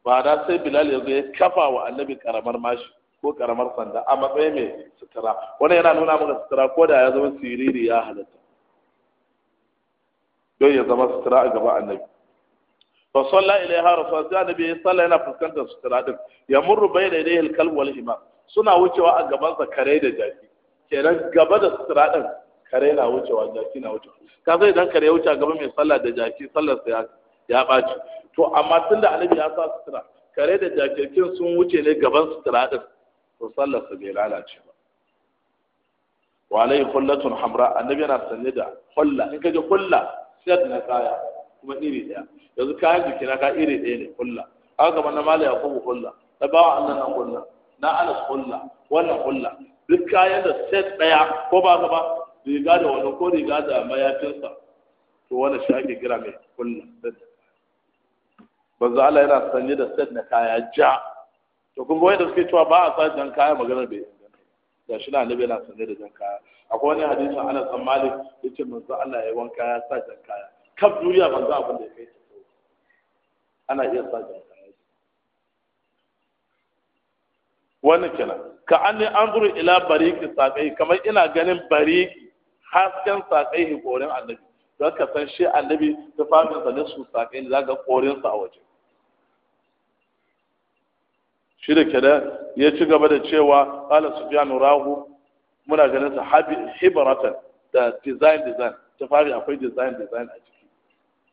ba da sai bilal ya zo ya kafa wa annabi karamar mashi ko karamar sanda a matsayin mai sutura wani yana nuna maka sutura ko da ya zama siriri ya halatta don ya zama sutura a gaban annabi fa salla ilaiha rasul sai annabi ya salla yana fuskantar sutura din ya murru bai ilayhi al-kalb wal himam suna wucewa a gaban sa kare da jaki kenan gaba da sutura din kare na wucewa jaki na wucewa ka sai idan kare ya wuce gaban mai sallah da jaki sallar sa ya ya ɓaci to amma tun da annabi ya sa sutura kare da jakirkin sun wuce ne gaban sutura din to sallar su bai lalace ba wa alai hullatun hamra annabi yana sanye da hulla in kaje hulla sai na kaya kuma iri daya yanzu kayan jiki na ka iri daya ne hulla haka gaban na mali yakubu hulla na bawa Allah na hulla na anas hulla wannan hulla duk kayan da set daya ko ba ka ba riga da wani ko riga da mayafinsa to wani shi ake kira mai hulla banzu Allah yana sanye da set na kaya ja to kun ga da suke cewa ba a sa jan kaya maganar bai da shi na nabi yana sanye da jan kaya akwai wani hadisin Anas tsammanin Malik yace manzo Allah ya wanka ya sa jan kaya kaf duniya manzo abin da ya kai ana iya sa jan kaya wannan kenan ka anni anzuru ila bariki saqai kamar ina ganin bariki hasken saqai horin annabi don ka san shi annabi tufafinsa na su saqai ne za ka korinsa a waje shi da kada ya ci gaba da cewa ala sufyan rahu muna ganin sa hibaratan da design design ta fari akwai design design a ciki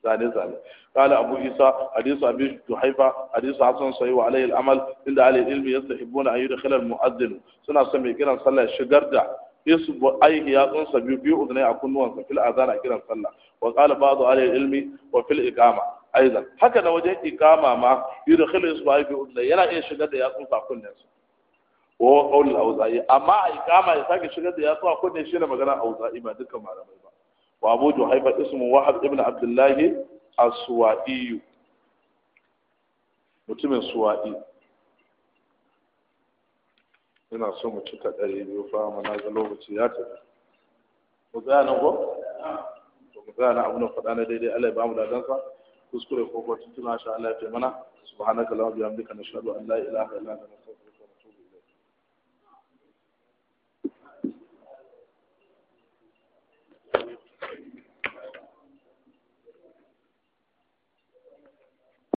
zane zane kala abu isa hadisu abi duhaifa hadisu hasan sai wa alayhi al-amal inda alayhi ilmi yastahibuna an yudkhila al-mu'addin suna son mai kiran sallah ya shigar da biyu أيه a kunnuwan sa أكون وانسى في الأذان أكيرا صلى وقال بعض أهل العلم وفي الإقامة aidan haka da wajen iqama ma yudkhilu isba'i bi udla yana iya shigar da yatsun sa kunnen su wa qawl auza'i amma a iqama ya sake shigar da yatsu a kunne shi ne magana auza'i ba dukkan malamai ba wa abu juhaifa ismu wahab ibn abdullahi as-suwa'i mutumin suwa'i ina so mu cika ɗari biyu fa mana ga lokaci ya tafi mu tsaya nan ko mu tsaya nan abu na faɗa na daidai Allah ya ba mu da kuskure ko ko tuntuna sha Allah ya taimana subhanaka allahumma bihamdika nashhadu an la ilaha illa anta